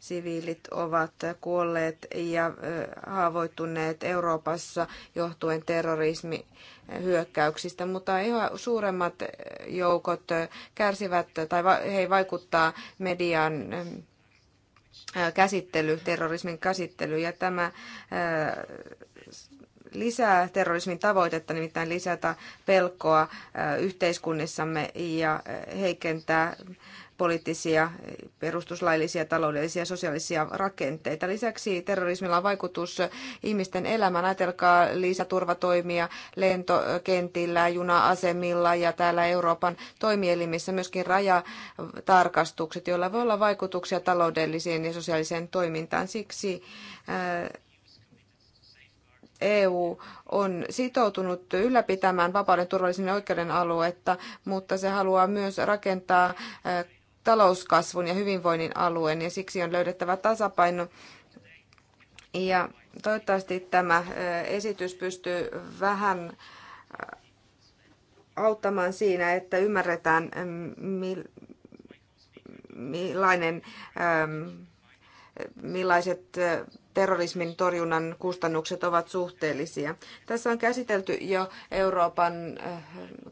siviilit ovat kuolleet ja haavoittuneet Euroopassa johtuen terrorismi hyökkäyksistä, mutta yhä suuremmat joukot kärsivät tai he vaikuttaa median käsittely, terrorismin käsittely ja tämä lisää terrorismin tavoitetta, nimittäin lisätä pelkoa yhteiskunnissamme ja heikentää poliittisia, perustuslaillisia, taloudellisia ja sosiaalisia rakenteita. Lisäksi terrorismilla on vaikutus ihmisten elämään. Ajatelkaa lisäturvatoimia lentokentillä, juna-asemilla ja täällä Euroopan toimielimissä myöskin rajatarkastukset, joilla voi olla vaikutuksia taloudelliseen ja sosiaaliseen toimintaan. Siksi EU on sitoutunut ylläpitämään vapauden, turvallisen oikeuden aluetta, mutta se haluaa myös rakentaa talouskasvun ja hyvinvoinnin alueen ja siksi on löydettävä tasapaino. Ja toivottavasti tämä esitys pystyy vähän auttamaan siinä, että ymmärretään, millainen millaiset terrorismin torjunnan kustannukset ovat suhteellisia. Tässä on käsitelty jo Euroopan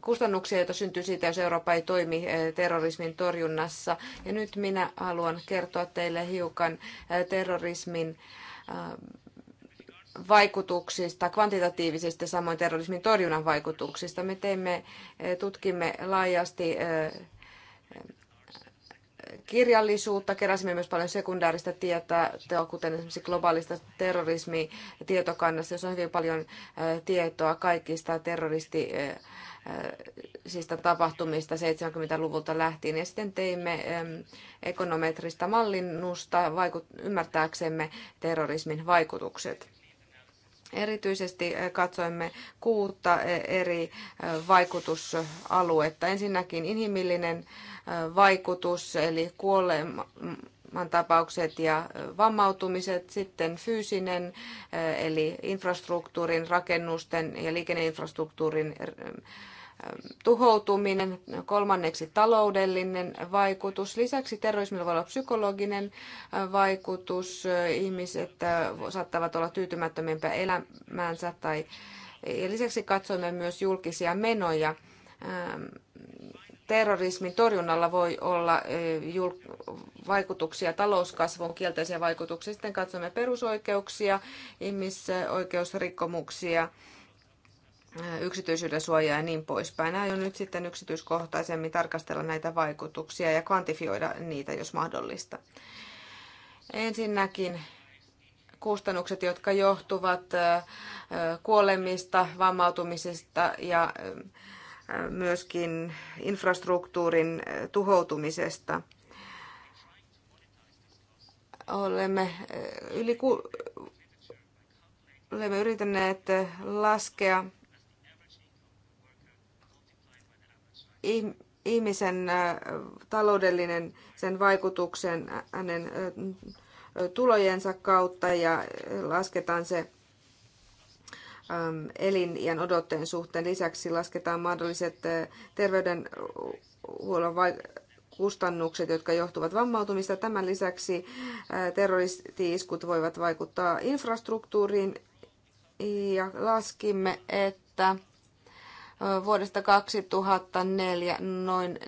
kustannuksia, joita syntyy siitä, jos Eurooppa ei toimi terrorismin torjunnassa. Ja nyt minä haluan kertoa teille hiukan terrorismin vaikutuksista, kvantitatiivisista, samoin terrorismin torjunnan vaikutuksista. Me teimme, tutkimme laajasti kirjallisuutta, keräsimme myös paljon sekundaarista tietoa, kuten esimerkiksi globaalista terrorismitietokannasta, jossa on hyvin paljon tietoa kaikista terroristi siis tapahtumista 70-luvulta lähtien. Ja sitten teimme ekonometrista mallinnusta vaikut- ymmärtääksemme terrorismin vaikutukset. Erityisesti eh, katsoimme kuutta eh, eri eh, vaikutusaluetta. Ensinnäkin inhimillinen vaikutus, eli kuoleman tapaukset ja vammautumiset, sitten fyysinen, eli infrastruktuurin, rakennusten ja liikenneinfrastruktuurin tuhoutuminen, kolmanneksi taloudellinen vaikutus. Lisäksi terrorismilla voi olla psykologinen äh, vaikutus. Äh, ihmiset äh, saattavat olla tyytymättömiä elämäänsä tai ja lisäksi katsoimme myös julkisia menoja. Ähm, terrorismin torjunnalla voi olla vaikutuksia talouskasvun kielteisiä vaikutuksia. Sitten katsomme perusoikeuksia, ihmisoikeusrikkomuksia yksityisyyden suojaa ja niin poispäin. Aion nyt sitten yksityiskohtaisemmin tarkastella näitä vaikutuksia ja kvantifioida niitä, jos mahdollista. Ensinnäkin kustannukset, jotka johtuvat kuolemista, vammautumisesta ja myöskin infrastruktuurin tuhoutumisesta. Olemme yli ku... olemme yrittäneet laskea ihmisen äh, taloudellinen sen vaikutuksen hänen tulojensa kautta ja lasketaan se elinjän odotteen suhteen. Lisäksi lasketaan mahdolliset terveydenhuollon kustannukset, jotka johtuvat vammautumista. Tämän lisäksi terroristi-iskut voivat vaikuttaa infrastruktuuriin ja laskimme, että vuodesta 2004 noin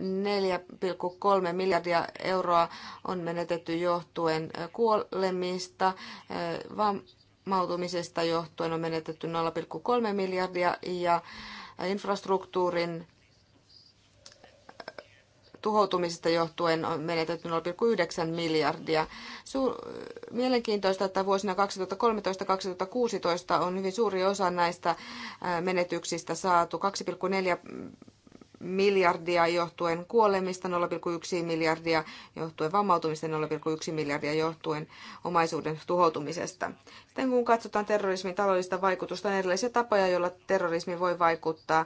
4,3 miljardia euroa on menetetty johtuen kuolemista. Vammautumisesta johtuen on menetetty 0,3 miljardia ja infrastruktuurin tuhoutumisesta johtuen on menetetty 0,9 miljardia. Suur- Mielenkiintoista, että vuosina 2013-2016 on hyvin suuri osa näistä menetyksistä saatu 2,4 miljardia johtuen kuolemista, 0,1 miljardia johtuen vammautumista, 0,1 miljardia johtuen omaisuuden tuhoutumisesta. Sitten kun katsotaan terrorismin taloudellista vaikutusta, on erilaisia tapoja, joilla terrorismi voi vaikuttaa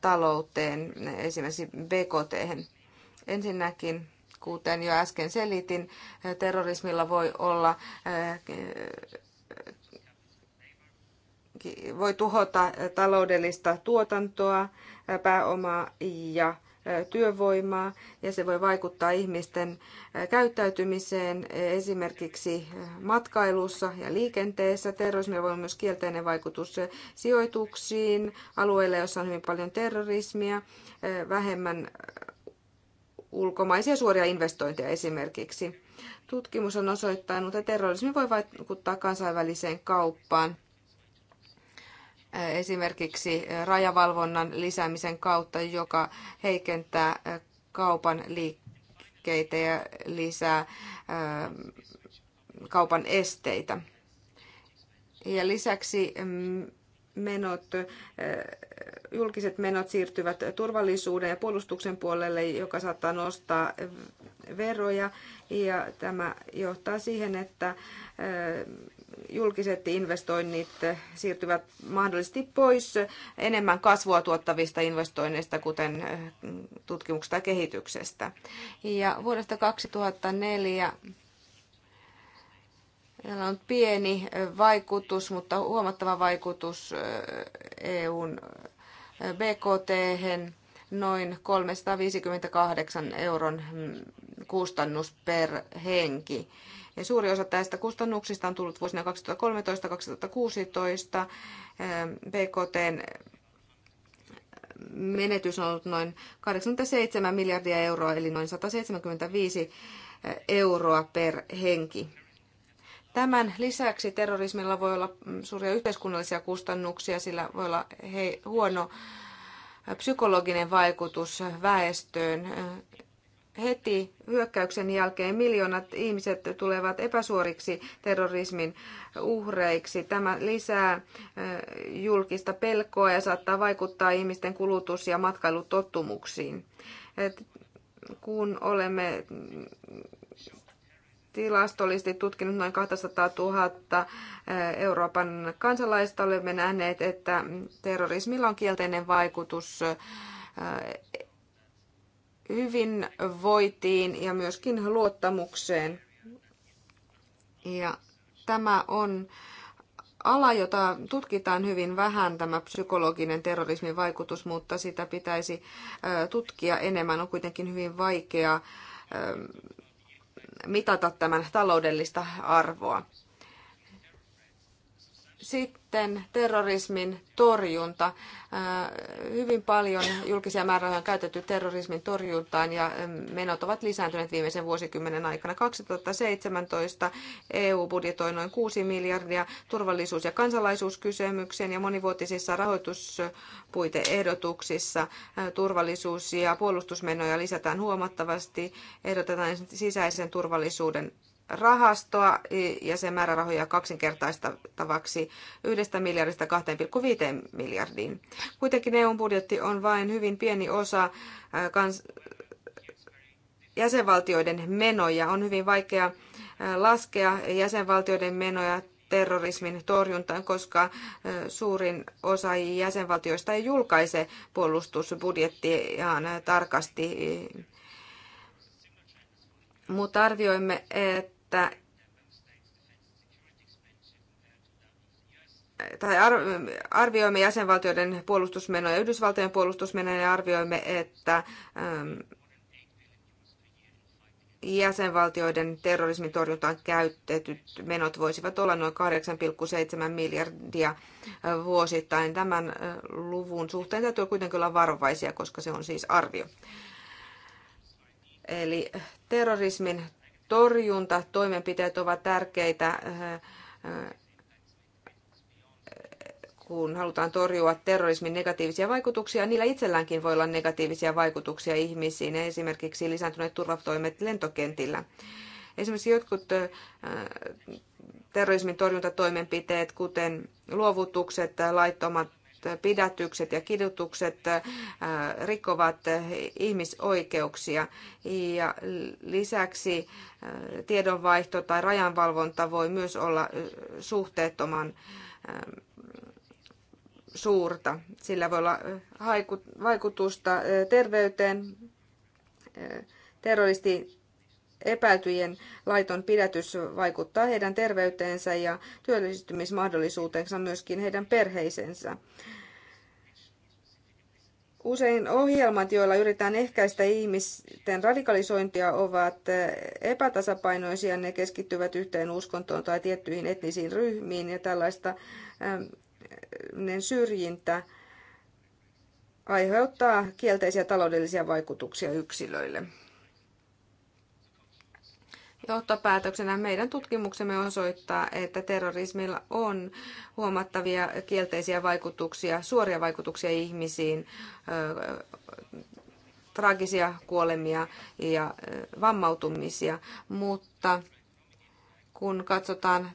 talouteen, esimerkiksi BKT. -hän. Ensinnäkin, kuten jo äsken selitin, terrorismilla voi olla voi tuhota taloudellista tuotantoa, pääomaa ja työvoimaa ja se voi vaikuttaa ihmisten käyttäytymiseen esimerkiksi matkailussa ja liikenteessä. Terrorismilla voi olla myös kielteinen vaikutus sijoituksiin alueille, joissa on hyvin paljon terrorismia, vähemmän ulkomaisia suoria investointeja esimerkiksi. Tutkimus on osoittanut, että terrorismi voi vaikuttaa kansainväliseen kauppaan esimerkiksi rajavalvonnan lisäämisen kautta, joka heikentää kaupan liikkeitä ja lisää kaupan esteitä. Ja lisäksi menot julkiset menot siirtyvät turvallisuuden ja puolustuksen puolelle, joka saattaa nostaa veroja. Ja tämä johtaa siihen, että eh, julkiset investoinnit siirtyvät mahdollisesti pois enemmän kasvua tuottavista investoinneista, kuten eh, tutkimuksesta ja kehityksestä. Ja vuodesta 2004 Meillä on pieni vaikutus, mutta huomattava vaikutus eh, EUn BKT noin 358 euron kustannus per henki. Ja suuri osa tästä kustannuksista on tullut vuosina 2013-2016 BKT menetys on ollut noin 87 miljardia euroa, eli noin 175 euroa per henki. Tämän lisäksi terrorismilla voi olla suuria yhteiskunnallisia kustannuksia, sillä voi olla hei, huono äh, psykologinen vaikutus väestöön. Äh, heti hyökkäyksen jälkeen miljoonat ihmiset tulevat epäsuoriksi terrorismin uhreiksi. Tämä lisää äh, julkista pelkoa ja saattaa vaikuttaa ihmisten kulutus- ja matkailutottumuksiin kun olemme tilastollisesti tutkinut noin 200 000 eh, Euroopan kansalaista. Olemme nähneet, että terrorismilla on kielteinen vaikutus eh, hyvinvointiin ja myöskin luottamukseen. Ja tämä on ala, jota tutkitaan hyvin vähän, tämä psykologinen terrorismin vaikutus, mutta sitä pitäisi eh, tutkia enemmän. On kuitenkin hyvin vaikea mitata tämän taloudellista arvoa. Sitten terrorismin torjunta. Äh, hyvin paljon julkisia määrärahoja on käytetty terrorismin torjuntaan ja ähm, menot ovat lisääntyneet viimeisen vuosikymmenen aikana. 2017 EU budjetoi noin 6 miljardia turvallisuus- ja kansalaisuuskysymykseen ja monivuotisissa rahoituspuiteehdotuksissa äh, turvallisuus- ja puolustusmenoja lisätään huomattavasti. Ehdotetaan sisäisen turvallisuuden rahastoa ja sen määrärahoja kaksinkertaistavaksi yhdestä miljardista 2,5 miljardiin. Kuitenkin EUn budjetti on vain hyvin pieni osa äh, kans- jäsenvaltioiden menoja. On hyvin vaikea äh, laskea jäsenvaltioiden menoja terrorismin torjuntaan, koska äh, suurin osa jäsenvaltioista ei julkaise puolustusbudjettiaan tarkasti mutta arvioimme, että että tai arvioimme jäsenvaltioiden puolustusmenoja ja Yhdysvaltojen puolustusmenoja ja arvioimme, että jäsenvaltioiden terrorismin torjuntaan käytetyt menot voisivat olla noin 8,7 miljardia vuosittain. Tämän luvun suhteen täytyy kuitenkin olla varovaisia, koska se on siis arvio. Eli terrorismin torjuntatoimenpiteet ovat tärkeitä, eh, eh, kun halutaan torjua terrorismin negatiivisia vaikutuksia. Niillä itselläänkin voi olla negatiivisia vaikutuksia ihmisiin, esimerkiksi lisääntyneet turvatoimet lentokentillä. Esimerkiksi jotkut eh, terrorismin torjuntatoimenpiteet, kuten luovutukset, laittomat pidätykset ja kidutukset äh, rikkovat ihmisoikeuksia. Ja lisäksi äh, tiedonvaihto tai rajanvalvonta voi myös olla äh, suhteettoman suurta. Sillä voi olla vaikutusta terveyteen, terroristi epäiltyjen laiton pidätys vaikuttaa heidän terveyteensä ja työllistymismahdollisuuteensa myöskin heidän perheisensä. Usein ohjelmat, joilla yritetään ehkäistä ihmisten radikalisointia, ovat epätasapainoisia. Ne keskittyvät yhteen uskontoon tai tiettyihin etnisiin ryhmiin ja tällaista ähm, syrjintä aiheuttaa kielteisiä taloudellisia vaikutuksia yksilöille johtopäätöksenä meidän tutkimuksemme osoittaa, että terrorismilla on huomattavia kielteisiä vaikutuksia, suoria vaikutuksia ihmisiin, traagisia kuolemia ja vammautumisia, mutta kun katsotaan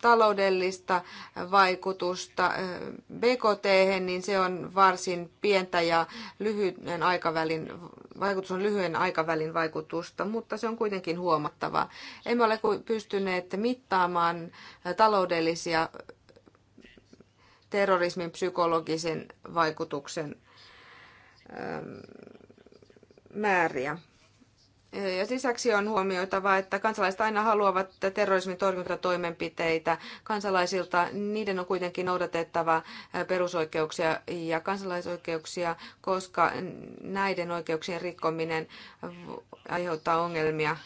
taloudellista vaikutusta BKT, niin se on varsin pientä ja lyhyen aikavälin, vaikutus on lyhyen aikavälin vaikutusta, mutta se on kuitenkin huomattava. Emme ole pystyneet mittaamaan taloudellisia terrorismin psykologisen vaikutuksen määriä. Ja lisäksi on huomioitava, että kansalaiset aina haluavat terrorismin torjuntatoimenpiteitä. Kansalaisilta niiden on kuitenkin noudatettava perusoikeuksia ja kansalaisoikeuksia, koska näiden oikeuksien rikkominen aiheuttaa ongelmia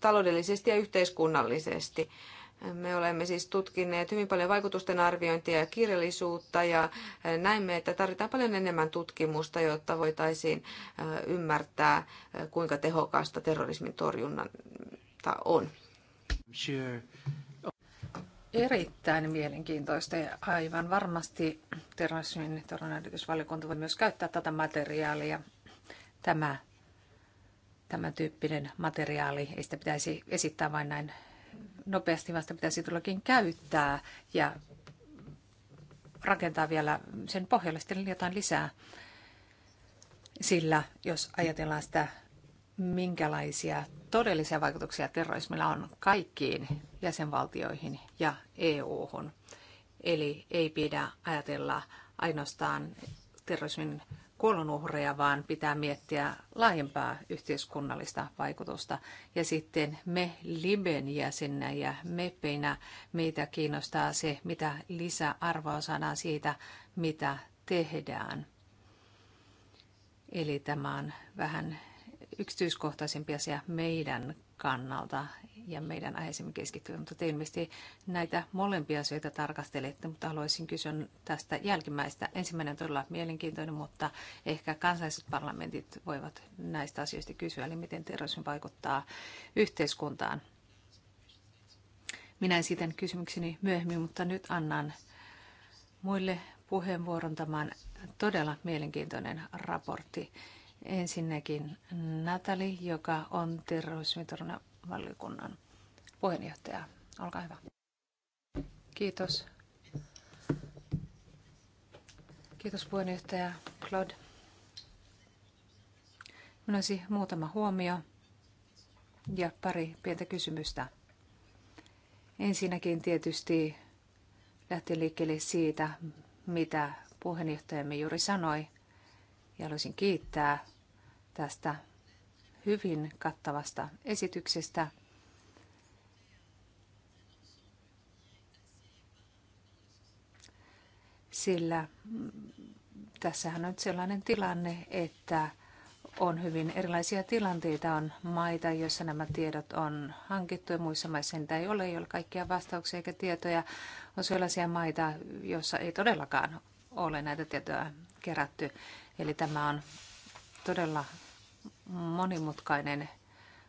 taloudellisesti ja yhteiskunnallisesti. Me olemme siis tutkineet hyvin paljon vaikutusten arviointia ja kirjallisuutta ja näimme, että tarvitaan paljon enemmän tutkimusta, jotta voitaisiin ymmärtää, kuinka tehokasta terrorismin torjunnanta on. Erittäin mielenkiintoista ja aivan varmasti terrorismin torjunnanyritysvaliokunta voi myös käyttää tätä materiaalia. Tämä, tämä tyyppinen materiaali, ei sitä pitäisi esittää vain näin nopeasti vasta pitäisi tullakin käyttää ja rakentaa vielä sen pohjalle sitten jotain lisää. Sillä jos ajatellaan sitä, minkälaisia todellisia vaikutuksia terrorismilla on kaikkiin jäsenvaltioihin ja EU-hun. Eli ei pidä ajatella ainoastaan terrorismin kuolonuhreja, vaan pitää miettiä laajempaa yhteiskunnallista vaikutusta. Ja sitten me Liben jäsenä ja MEPeinä meitä kiinnostaa se, mitä lisäarvoa saadaan siitä, mitä tehdään. Eli tämä on vähän yksityiskohtaisempi asia meidän kannalta, ja meidän aiheeseen keskittyvät, mutta te ilmeisesti näitä molempia asioita tarkastelette, mutta haluaisin kysyä tästä jälkimmäistä. Ensimmäinen on todella mielenkiintoinen, mutta ehkä kansalliset parlamentit voivat näistä asioista kysyä, eli miten terrorismi vaikuttaa yhteiskuntaan. Minä esitän kysymykseni myöhemmin, mutta nyt annan muille puheenvuoron. tämän todella mielenkiintoinen raportti. Ensinnäkin Natali, joka on terrorismitorjunnan valiokunnan puheenjohtaja. Olkaa hyvä. Kiitos. Kiitos puheenjohtaja Claude. Minulla olisi muutama huomio ja pari pientä kysymystä. Ensinnäkin tietysti lähti liikkeelle siitä, mitä puheenjohtajamme juuri sanoi. Ja haluaisin kiittää tästä hyvin kattavasta esityksestä. Sillä tässähän on nyt sellainen tilanne, että on hyvin erilaisia tilanteita. On maita, joissa nämä tiedot on hankittu ja muissa maissa niitä ei ole, ei ole kaikkia vastauksia eikä tietoja. On sellaisia maita, joissa ei todellakaan ole näitä tietoja kerätty. Eli tämä on todella monimutkainen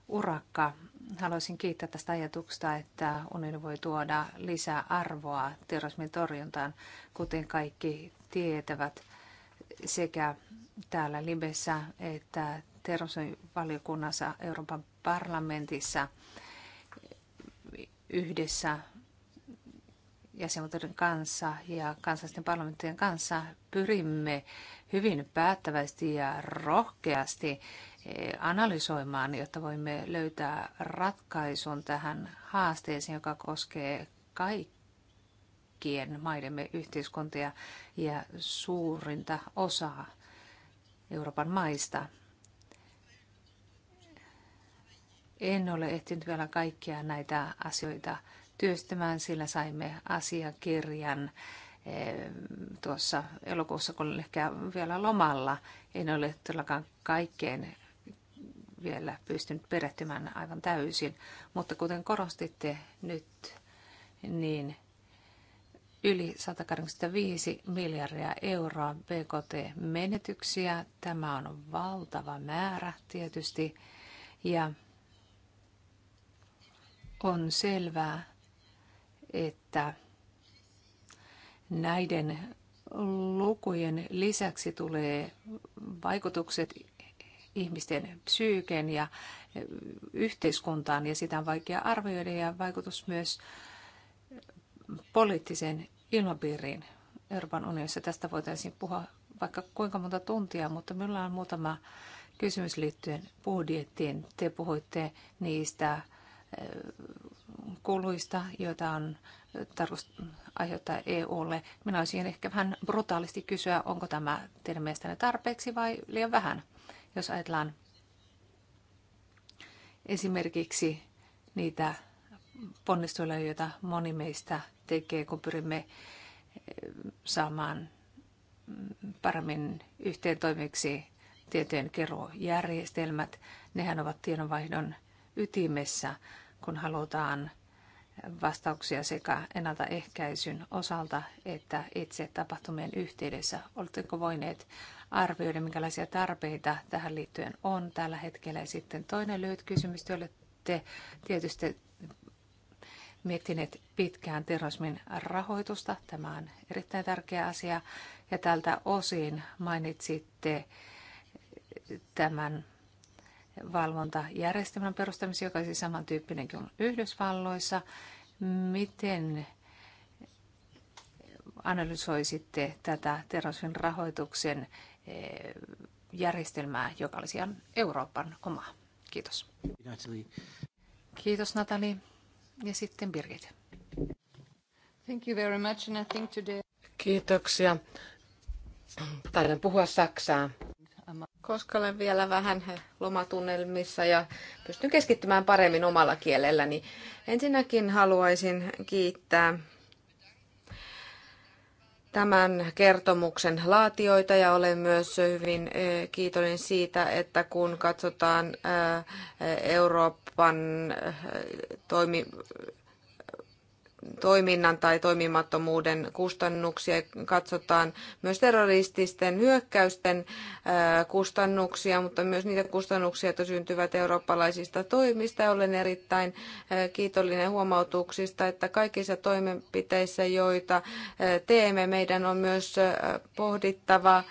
urakka. Haluaisin kiittää tästä ajatuksesta, että unioni voi tuoda lisää arvoa terrorismin torjuntaan, kuten kaikki tietävät sekä täällä Libessä että valiokunnassa Euroopan parlamentissa yhdessä jäsenvaltioiden kanssa ja kansallisten parlamenttien kanssa pyrimme hyvin päättävästi ja rohkeasti analysoimaan, jotta voimme löytää ratkaisun tähän haasteeseen, joka koskee kaikkien maidemme yhteiskuntia ja suurinta osaa Euroopan maista. En ole ehtinyt vielä kaikkia näitä asioita työstämään, sillä saimme asiakirjan eh, tuossa elokuussa, kun ehkä vielä lomalla. En ole todellakaan kaikkeen vielä pystynyt perehtymään aivan täysin. Mutta kuten korostitte nyt, niin yli 185 miljardia euroa BKT-menetyksiä. Tämä on valtava määrä tietysti ja on selvää, että näiden lukujen lisäksi tulee vaikutukset ihmisten psyyken ja yhteiskuntaan ja sitä on vaikea arvioida ja vaikutus myös poliittiseen ilmapiiriin Euroopan unionissa. Tästä voitaisiin puhua vaikka kuinka monta tuntia, mutta minulla on muutama kysymys liittyen budjettiin. Te puhuitte niistä kuluista, joita on tarkoitus aiheuttaa EUlle. Minä olisin ehkä vähän brutaalisti kysyä, onko tämä teidän mielestänne tarpeeksi vai liian vähän? Jos ajatellaan esimerkiksi niitä ponnisteluja, joita moni meistä tekee, kun pyrimme eh, saamaan paremmin yhteen toimiksi tietojen keruujärjestelmät. Nehän ovat tiedonvaihdon ytimessä, kun halutaan vastauksia sekä ennaltaehkäisyn osalta että itse tapahtumien yhteydessä. Oletteko voineet arvioida, minkälaisia tarpeita tähän liittyen on tällä hetkellä. Ja sitten toinen lyhyt kysymys, te olette tietysti miettineet pitkään terrorismin rahoitusta. Tämä on erittäin tärkeä asia. Ja tältä osin mainitsitte tämän valvontajärjestelmän perustamisen, joka on siis samantyyppinen kuin Yhdysvalloissa. Miten analysoisitte tätä terrorismin rahoituksen Eh, järjestelmää, joka olisi ihan Euroopan oma. Kiitos. Kiitos Natali. Ja sitten Birgit. Thank you very much and I think today... Kiitoksia. Taidan puhua saksaa. Koska olen vielä vähän lomatunnelmissa ja pystyn keskittymään paremmin omalla kielelläni. Ensinnäkin haluaisin kiittää tämän kertomuksen laatioita ja olen myös hyvin eh, kiitollinen siitä, että kun katsotaan eh, Euroopan eh, toimi, toiminnan tai toimimattomuuden kustannuksia. Katsotaan myös terrorististen hyökkäysten kustannuksia, mutta myös niitä kustannuksia, jotka syntyvät eurooppalaisista toimista. Olen erittäin kiitollinen huomautuksista, että kaikissa toimenpiteissä, joita teemme, meidän on myös pohdittava,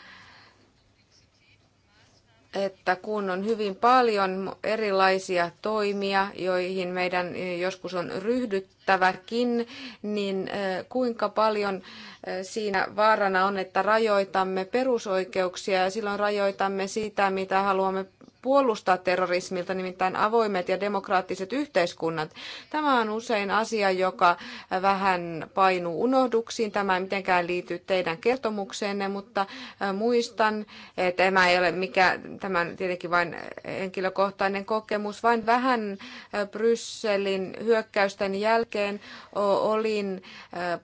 että kun on hyvin paljon erilaisia toimia, joihin meidän eh, joskus on ryhdyttäväkin, niin eh, kuinka paljon eh, siinä vaarana on, että rajoitamme perusoikeuksia ja silloin rajoitamme sitä, mitä haluamme puolustaa terrorismilta, nimittäin avoimet ja demokraattiset yhteiskunnat. Tämä on usein asia, joka vähän painuu unohduksiin. Tämä ei mitenkään liity teidän kertomukseenne, mutta muistan, että tämä ei ole mikä, tämä on tietenkin vain henkilökohtainen kokemus, vain vähän Brysselin hyökkäysten jälkeen olin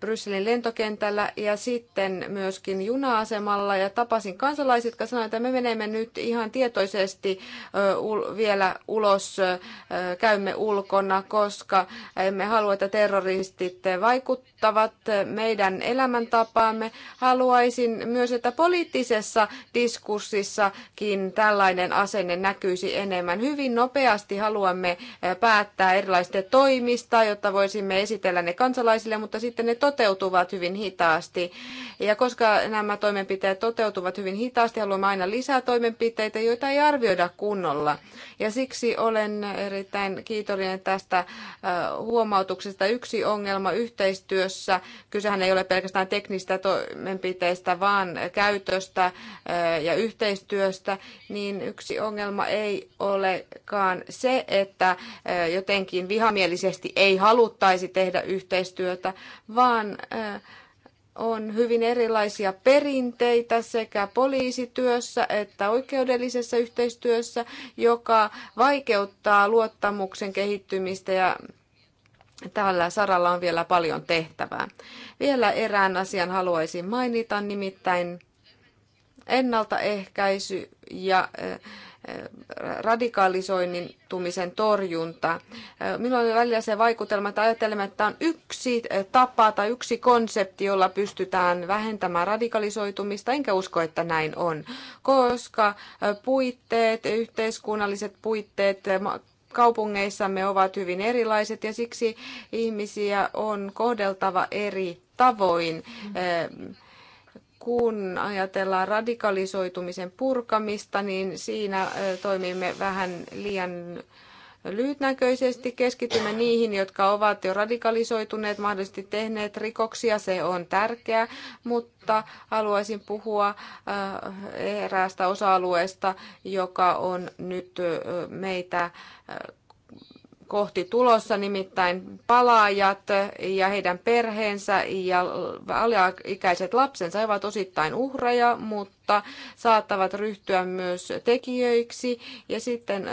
Brysselin lentokentällä ja sitten myöskin juna-asemalla ja tapasin kansalaiset, jotka sanoivat, että me menemme nyt ihan tietoisesti vielä ulos, käymme ulkona, koska emme halua, että terroristit vaikuttavat meidän elämäntapaamme. Haluaisin myös, että poliittisessa diskurssissakin tällainen asenne näkyisi enemmän. Hyvin nopeasti haluamme päättää erilaisista toimista, jotta voisimme esitellä ne kansalaisille, mutta sitten ne toteutuvat hyvin hitaasti. Ja koska nämä toimenpiteet toteutuvat hyvin hitaasti, haluamme aina lisää toimenpiteitä, joita ei arvioida kunnolla. Ja siksi olen erittäin kiitollinen tästä huomautuksesta. Yksi ongelma yhteistyössä, kysehän ei ole pelkästään teknistä toimenpiteistä, vaan käytöstä ja yhteistyöstä, niin yksi ongelma ei olekaan se, että jotenkin vihamielisesti ei haluttaisi tehdä yhteistyötä, vaan on hyvin erilaisia perinteitä sekä poliisityössä että oikeudellisessa yhteistyössä, joka vaikeuttaa luottamuksen kehittymistä ja tällä saralla on vielä paljon tehtävää. Vielä erään asian haluaisin mainita, nimittäin ennaltaehkäisy ja äh, tumisen torjunta. Minulla on välillä se vaikutelma, että ajattelemme, että on yksi tapa tai yksi konsepti, jolla pystytään vähentämään radikalisoitumista, enkä usko, että näin on, koska puitteet, yhteiskunnalliset puitteet, kaupungeissamme ovat hyvin erilaiset ja siksi ihmisiä on kohdeltava eri tavoin. Mm eh, kun ajatellaan radikalisoitumisen purkamista, niin siinä toimimme vähän liian lyhytnäköisesti. Keskitymme niihin, jotka ovat jo radikalisoituneet, mahdollisesti tehneet rikoksia, se on tärkeää, mutta haluaisin puhua eräästä osa-alueesta, joka on nyt meitä kohti tulossa, nimittäin palaajat ja heidän perheensä ja alaikäiset lapsensa ovat osittain uhreja, mutta saattavat ryhtyä myös tekijöiksi. Ja sitten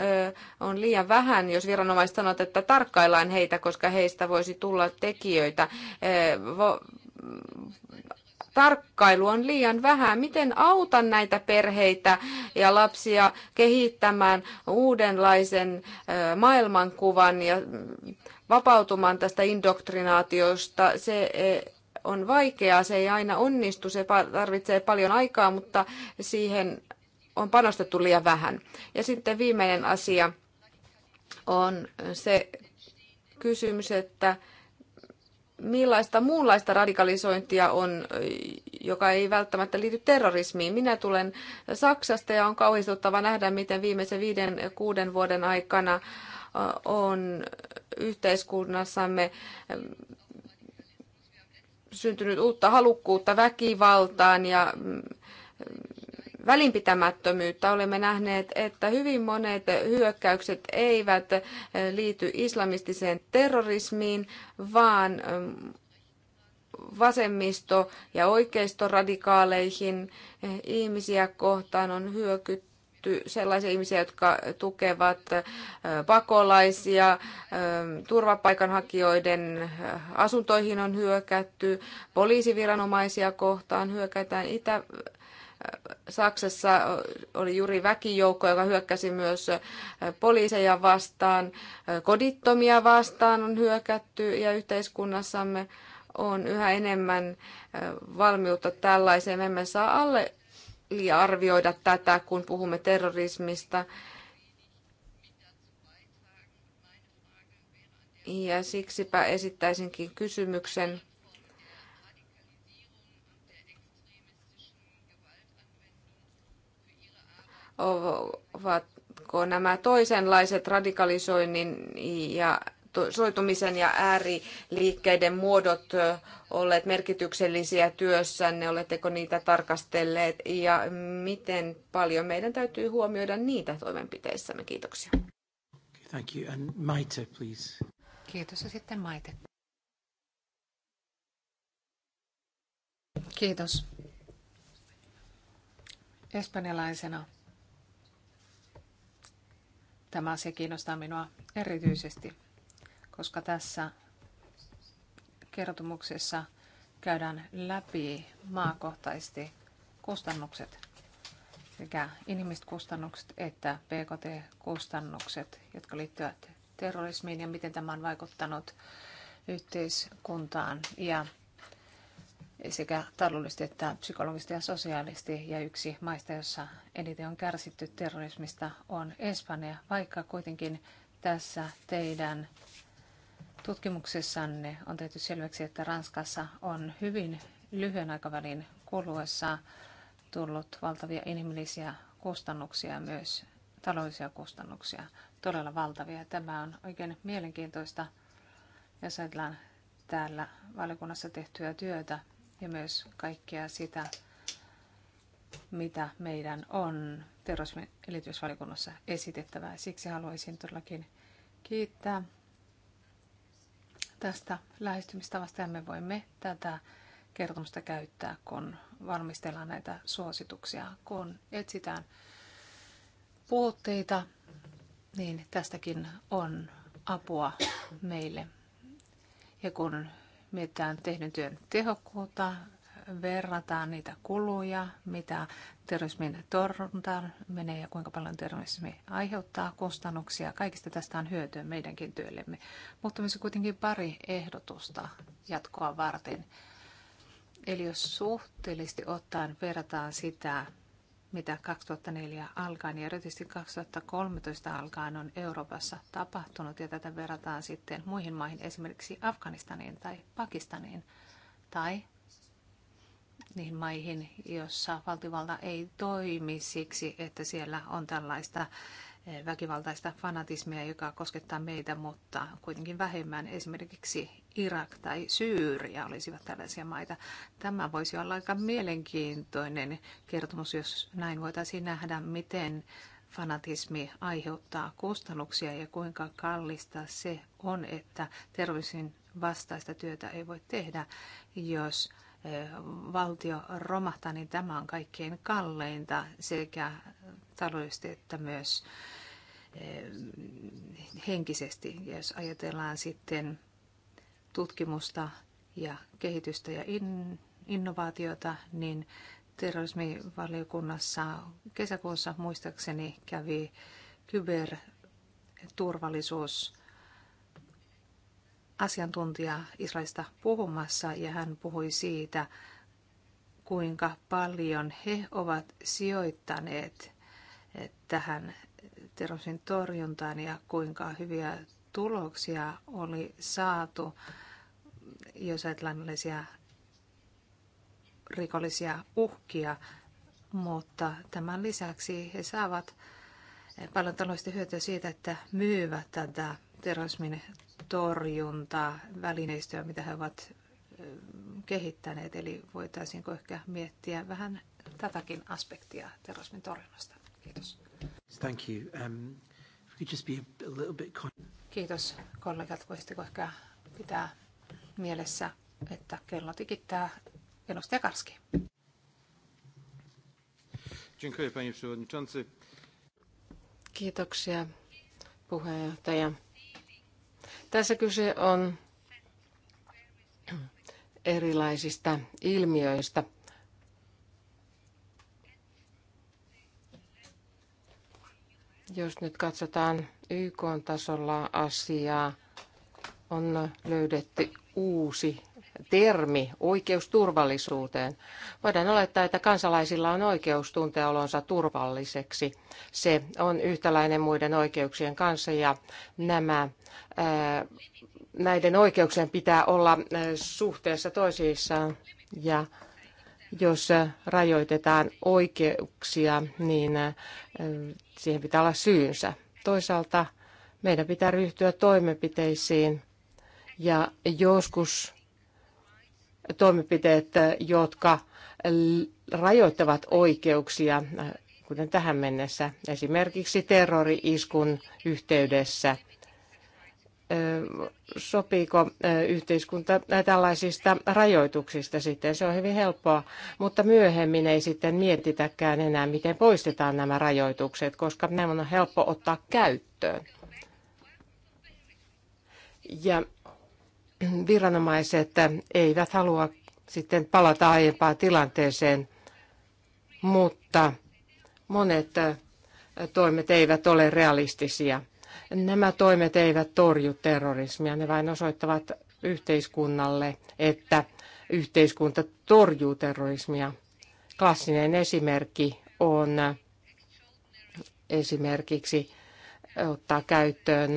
on liian vähän, jos viranomaiset sanovat, että tarkkaillaan heitä, koska heistä voisi tulla tekijöitä tarkkailu on liian vähän. Miten autan näitä perheitä ja lapsia kehittämään uudenlaisen maailmankuvan ja vapautumaan tästä indoktrinaatiosta? Se e, on vaikeaa, se ei aina onnistu, se tarvitsee paljon aikaa, mutta siihen on panostettu liian vähän. Ja sitten viimeinen asia on se kysymys, että millaista muunlaista radikalisointia on, joka ei välttämättä liity terrorismiin. Minä tulen Saksasta ja on kauhistuttava nähdä, miten viimeisen viiden, kuuden vuoden aikana on yhteiskunnassamme syntynyt uutta halukkuutta väkivaltaan ja mm, välinpitämättömyyttä. Olemme nähneet, että hyvin monet hyökkäykset eivät eh, liity islamistiseen terrorismiin, vaan mm, vasemmisto- ja oikeistoradikaaleihin eh, ihmisiä kohtaan on hyökytty sellaisia ihmisiä, jotka tukevat eh, pakolaisia, turvapaikanhakijoiden asuntoihin on hyökätty, poliisiviranomaisia kohtaan hyökätään Itä- Saksassa oli juuri väkijoukko, joka hyökkäsi myös poliiseja vastaan, kodittomia vastaan on hyökätty ja yhteiskunnassamme on yhä enemmän valmiutta tällaiseen. Me emme saa alle arvioida tätä, kun puhumme terrorismista. Ja siksipä esittäisinkin kysymyksen ovatko nämä toisenlaiset radikalisoinnin ja soitumisen ja ääriliikkeiden muodot olleet merkityksellisiä työssänne? Oletteko niitä tarkastelleet ja miten paljon meidän täytyy huomioida niitä toimenpiteissämme? Kiitoksia. Thank you. And Maite, please. Kiitos ja sitten Maite. Kiitos. Espanjalaisena Tämä asia kiinnostaa minua erityisesti, koska tässä kertomuksessa käydään läpi maakohtaisesti kustannukset, sekä inhimilliset kustannukset että PKT-kustannukset, jotka liittyvät terrorismiin ja miten tämä on vaikuttanut yhteiskuntaan ja sekä taloudellisesti että psykologisesti ja sosiaalisesti. Ja yksi maista, jossa eniten on kärsitty terrorismista, on Espanja, vaikka kuitenkin tässä teidän tutkimuksessanne on tehty selväksi, että Ranskassa on hyvin lyhyen aikavälin kuluessa tullut valtavia inhimillisiä kustannuksia, myös taloudellisia kustannuksia, todella valtavia. Tämä on oikein mielenkiintoista, jos ajatellaan täällä valiokunnassa tehtyä työtä ja myös kaikkea sitä, mitä meidän on terrorismin elitysvalikunnassa esitettävää. Siksi haluaisin todellakin kiittää tästä lähestymistavasta ja me voimme tätä kertomusta käyttää, kun valmistellaan näitä suosituksia, kun etsitään puutteita, niin tästäkin on apua meille. Ja kun mietitään tehdyn työn tehokkuutta, verrataan niitä kuluja, mitä terrorismin torjuntaan menee ja kuinka paljon terrorismi aiheuttaa kustannuksia. Kaikista tästä on hyötyä meidänkin työllemme. Mutta myös kuitenkin pari ehdotusta jatkoa varten. Eli jos suhteellisesti ottaen verrataan sitä, mitä 2004 alkaen ja erityisesti 2013 alkaen on Euroopassa tapahtunut ja tätä verrataan sitten muihin maihin, esimerkiksi Afganistaniin tai Pakistaniin tai niihin maihin, joissa valtiovalta ei toimi siksi, että siellä on tällaista väkivaltaista fanatismia, joka koskettaa meitä, mutta kuitenkin vähemmän esimerkiksi Irak tai Syyria olisivat tällaisia maita. Tämä voisi olla aika mielenkiintoinen kertomus, jos näin voitaisiin nähdä, miten fanatismi aiheuttaa kustannuksia ja kuinka kallista se on, että terrorismin vastaista työtä ei voi tehdä, jos eh, valtio romahtaa, niin tämä on kaikkein kalleinta sekä taloudellisesti että myös Eh, henkisesti. Ja jos ajatellaan sitten tutkimusta ja kehitystä ja in, innovaatiota, niin terrorismivaliokunnassa kesäkuussa muistaakseni kävi kyberturvallisuus asiantuntija Israelista puhumassa ja hän puhui siitä, kuinka paljon he ovat sijoittaneet eh, tähän terrorismin torjuntaan ja kuinka hyviä tuloksia oli saatu, jos ajatellaan rikollisia uhkia, mutta tämän lisäksi he saavat paljon taloudellista hyötyä siitä, että myyvät tätä terrorismin torjuntaa, välineistöä, mitä he ovat kehittäneet. Eli voitaisiinko ehkä miettiä vähän tätäkin aspektia terrorismin torjunnasta. Kiitos. Thank you. Um, if we could just be a little bit... Kiitos kollegat. Voisitteko ehkä pitää mielessä, että kello tikittää edustaja Karski. Dziękuję, panie przewodniczący. Kiitoksia, puheenjohtaja. Tässä kyse on erilaisista ilmiöistä – Jos nyt katsotaan YK-tasolla asiaa, on löydetty uusi termi oikeusturvallisuuteen. Voidaan olettaa, että kansalaisilla on oikeus tuntea olonsa turvalliseksi. Se on yhtäläinen muiden oikeuksien kanssa ja nämä, ää, näiden oikeuksien pitää olla suhteessa toisiinsa ja jos äh, rajoitetaan oikeuksia, niin äh, siihen pitää olla syynsä. Toisaalta meidän pitää ryhtyä toimenpiteisiin ja joskus toimenpiteet, äh, jotka rajoittavat oikeuksia, kuten tähän mennessä, esimerkiksi terrori-iskun yhteydessä – sopiiko yhteiskunta tällaisista rajoituksista sitten. Se on hyvin helppoa, mutta myöhemmin ei sitten mietitäkään enää, miten poistetaan nämä rajoitukset, koska nämä on helppo ottaa käyttöön. Ja viranomaiset eivät halua sitten palata aiempaan tilanteeseen, mutta monet toimet eivät ole realistisia – Nämä toimet eivät torju terrorismia, ne vain osoittavat yhteiskunnalle, että yhteiskunta torjuu terrorismia. Klassinen esimerkki on esimerkiksi ottaa käyttöön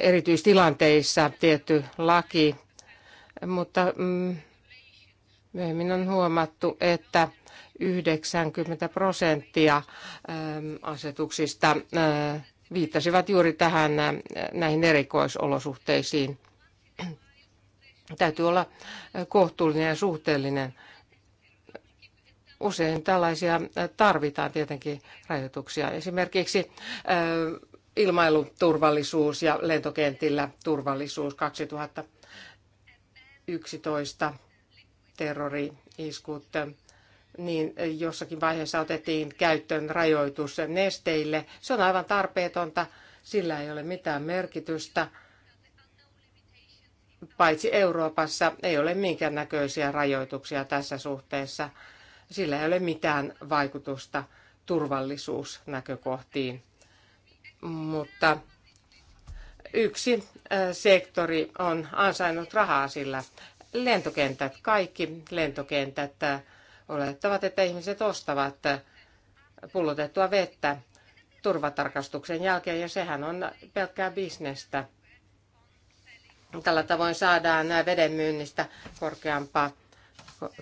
erityistilanteissa tietty laki, mutta mm, myöhemmin on huomattu, että 90 prosenttia ähm, asetuksista äh, viittasivat juuri tähän äh, näihin erikoisolosuhteisiin. Täytyy olla äh, kohtuullinen ja suhteellinen. Usein tällaisia tarvitaan tietenkin rajoituksia. Esimerkiksi ilmailuturvallisuus ja lentokentillä turvallisuus 2011 terrori-iskut niin jossakin vaiheessa otettiin käyttöön rajoitus nesteille. Se on aivan tarpeetonta, sillä ei ole mitään merkitystä. Paitsi Euroopassa ei ole minkäännäköisiä rajoituksia tässä suhteessa. Sillä ei ole mitään vaikutusta turvallisuusnäkökohtiin. Mutta yksi äh, sektori on ansainnut rahaa sillä. Lentokentät, kaikki lentokentät äh, olettavat, että ihmiset ostavat pullotettua vettä turvatarkastuksen jälkeen, ja sehän on pelkkää bisnestä. Tällä tavoin saadaan veden myynnistä korkeampaa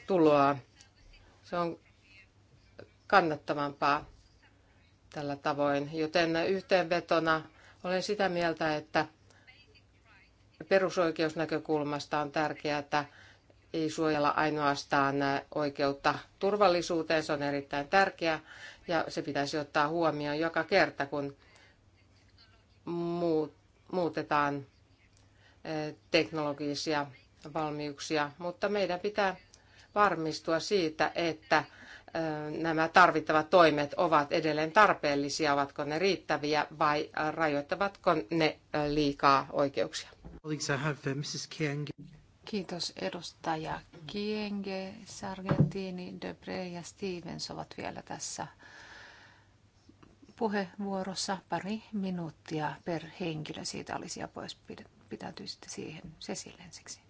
tuloa. Se on kannattavampaa tällä tavoin. Joten yhteenvetona olen sitä mieltä, että perusoikeusnäkökulmasta on tärkeää, että ei suojella ainoastaan oikeutta turvallisuuteen, se on erittäin tärkeä ja se pitäisi ottaa huomioon joka kerta, kun muutetaan eh, teknologisia valmiuksia, mutta meidän pitää varmistua siitä, että eh, nämä tarvittavat toimet ovat edelleen tarpeellisia, ovatko ne riittäviä vai rajoittavatko ne eh, liikaa oikeuksia. Kiitos edustaja Kienge, Sargentini, Debre ja Stevens ovat vielä tässä puheenvuorossa pari minuuttia per henkilö. Siitä olisi ja pois pitäytyisitte siihen Cecil ensiksi.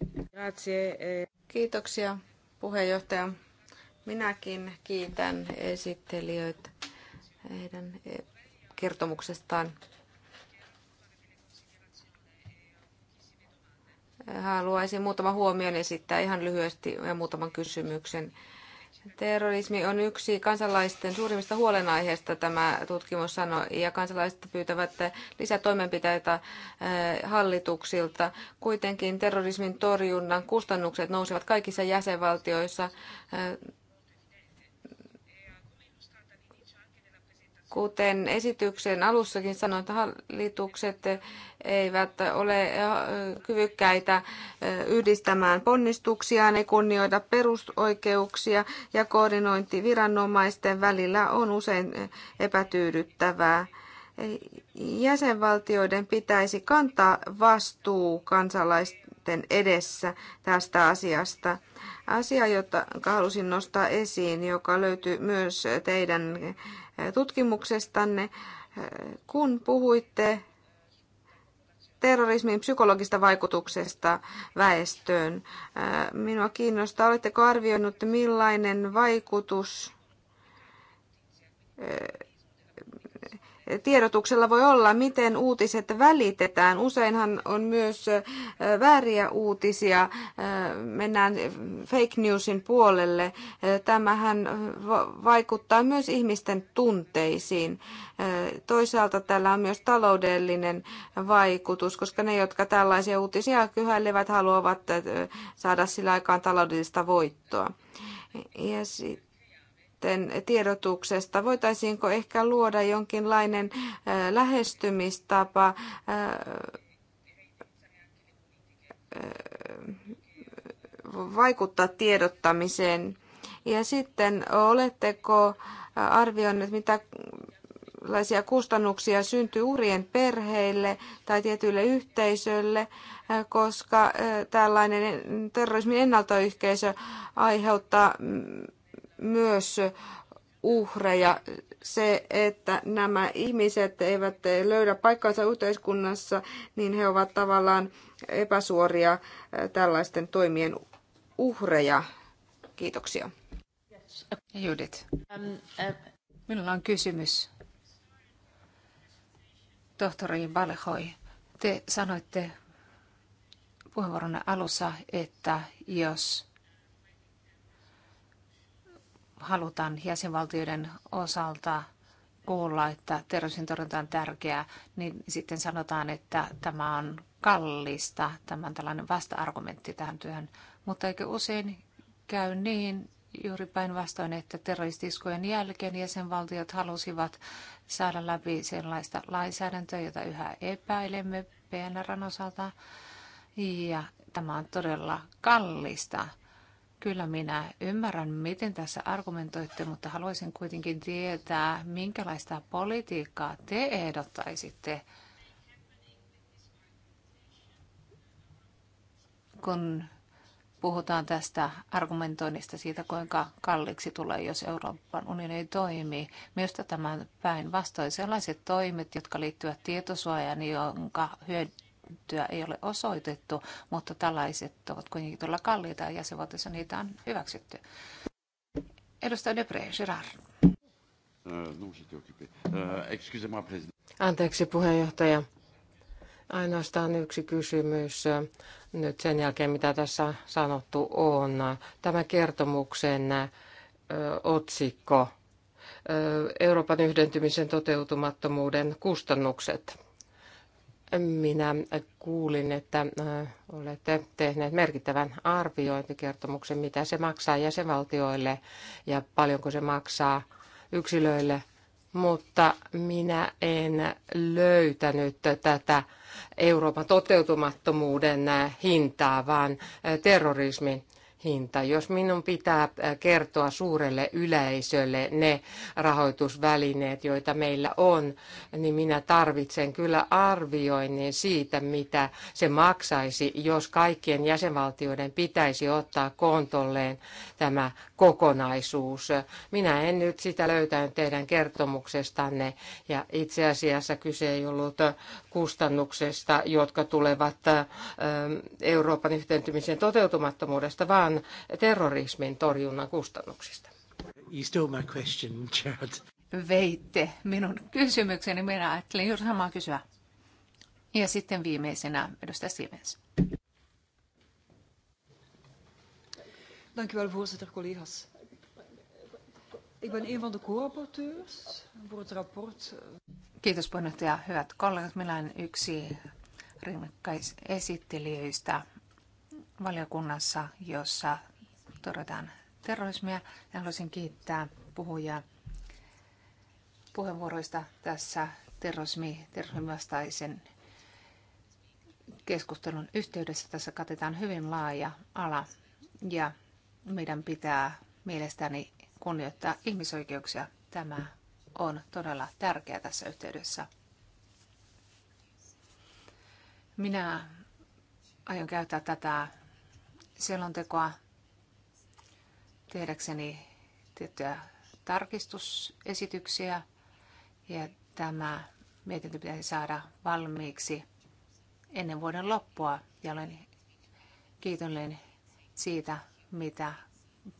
Eh. Kiitoksia puheenjohtaja. Minäkin kiitän esittelijöitä heidän eh, kertomuksestaan. Haluaisin muutaman huomion esittää ihan lyhyesti ja muutaman kysymyksen. Terrorismi on yksi kansalaisten suurimmista huolenaiheista, tämä tutkimus sanoi, ja kansalaiset pyytävät lisätoimenpiteitä eh, hallituksilta. Kuitenkin terrorismin torjunnan kustannukset nousevat kaikissa jäsenvaltioissa eh, Kuten esityksen alussakin sanoin, että hallitukset eivät ole äh, kyvykkäitä äh, yhdistämään ponnistuksia, ne kunnioita perusoikeuksia ja koordinointi viranomaisten välillä on usein epätyydyttävää jäsenvaltioiden pitäisi kantaa vastuu kansalaisten edessä tästä asiasta. Asia, jota halusin nostaa esiin, joka löytyy myös teidän tutkimuksestanne, kun puhuitte terrorismin psykologista vaikutuksesta väestöön. Minua kiinnostaa, oletteko arvioinut millainen vaikutus tiedotuksella voi olla, miten uutiset välitetään. Useinhan on myös vääriä uutisia, mennään fake newsin puolelle. Tämähän vaikuttaa myös ihmisten tunteisiin. Toisaalta tällä on myös taloudellinen vaikutus, koska ne, jotka tällaisia uutisia kyhäilevät, haluavat saada sillä aikaan taloudellista voittoa. Ja sit sitten tiedotuksesta. Voitaisiinko ehkä luoda jonkinlainen lähestymistapa vaikuttaa tiedottamiseen? Ja sitten oletteko arvioineet, mitä laisia kustannuksia syntyy uhrien perheille tai tietyille yhteisöille, koska tällainen terrorismin ennaltaehkäisy aiheuttaa mm, myös uhreja. Se, että nämä ihmiset eivät löydä paikkaansa yhteiskunnassa, niin he ovat tavallaan epäsuoria äh, tällaisten toimien uhreja. Kiitoksia. Judith. Ähm, äh, Minulla on kysymys. Tohtori Balehoi, te sanoitte puheenvuoronne alussa, että jos halutaan jäsenvaltioiden osalta kuulla, että terrorismin torjunta on tärkeää, niin sitten sanotaan, että tämä on kallista. tämän tällainen vasta-argumentti tähän työhön. Mutta eikö usein käy niin, juuri päinvastoin, että terroristiskojen jälkeen jäsenvaltiot halusivat saada läpi sellaista lainsäädäntöä, jota yhä epäilemme PNRn osalta. Ja tämä on todella kallista. Kyllä minä ymmärrän, miten tässä argumentoitte, mutta haluaisin kuitenkin tietää, minkälaista politiikkaa te ehdottaisitte, kun puhutaan tästä argumentoinnista siitä, kuinka kalliiksi tulee, jos Euroopan unioni ei toimi. Minusta tämän päinvastoin sellaiset toimet, jotka liittyvät tietosuojaan, jonka hyödyntämiseen hyötyä ei ole osoitettu, mutta tällaiset ovat kuitenkin todella kalliita ja jäsenvaltioissa niitä on hyväksytty. Edustaja Debre, Girard. Euh, euh, Anteeksi puheenjohtaja. Ainoastaan yksi kysymys äh, nyt sen jälkeen, mitä tässä sanottu on. Tämä kertomuksen äh, otsikko äh, Euroopan yhdentymisen toteutumattomuuden kustannukset. Minä kuulin, että äh, olette tehneet merkittävän arviointikertomuksen, mitä se maksaa jäsenvaltioille ja paljonko se maksaa yksilöille, mutta minä en löytänyt tätä Euroopan toteutumattomuuden hintaa, vaan terrorismin hinta. Jos minun pitää äh, kertoa suurelle yleisölle ne rahoitusvälineet, joita meillä on, niin minä tarvitsen kyllä arvioinnin siitä, mitä se maksaisi, jos kaikkien jäsenvaltioiden pitäisi ottaa kontolleen tämä kokonaisuus. Minä en nyt sitä löytänyt teidän kertomuksestanne ja itse asiassa kyse ei ollut äh, kustannuksesta, jotka tulevat äh, Euroopan yhteentymisen toteutumattomuudesta, vaan osan terrorismin torjunnan kustannuksista. You stole my question, Gerard. Veitte minun kysymykseni. Minä ajattelin juuri samaa kysyä. Ja sitten viimeisenä edustaja Stevens. Dank voorzitter, collega's. Ik ben een van de co-rapporteurs voor het rapport. Kiitos puheenjohtaja. Hyvät kollegat, minä olen yksi rinnakkaisesittelijöistä valiokunnassa, jossa torjutaan terrorismia. Ja haluaisin kiittää puhujaa puheenvuoroista tässä terrorismi, terrorismivastaisen keskustelun yhteydessä. Tässä katetaan hyvin laaja ala ja meidän pitää mielestäni kunnioittaa ihmisoikeuksia. Tämä on todella tärkeää tässä yhteydessä. Minä aion käyttää tätä selontekoa tehdäkseni tiettyjä tarkistusesityksiä ja tämä mietintö pitäisi saada valmiiksi ennen vuoden loppua ja olen kiitollinen siitä, mitä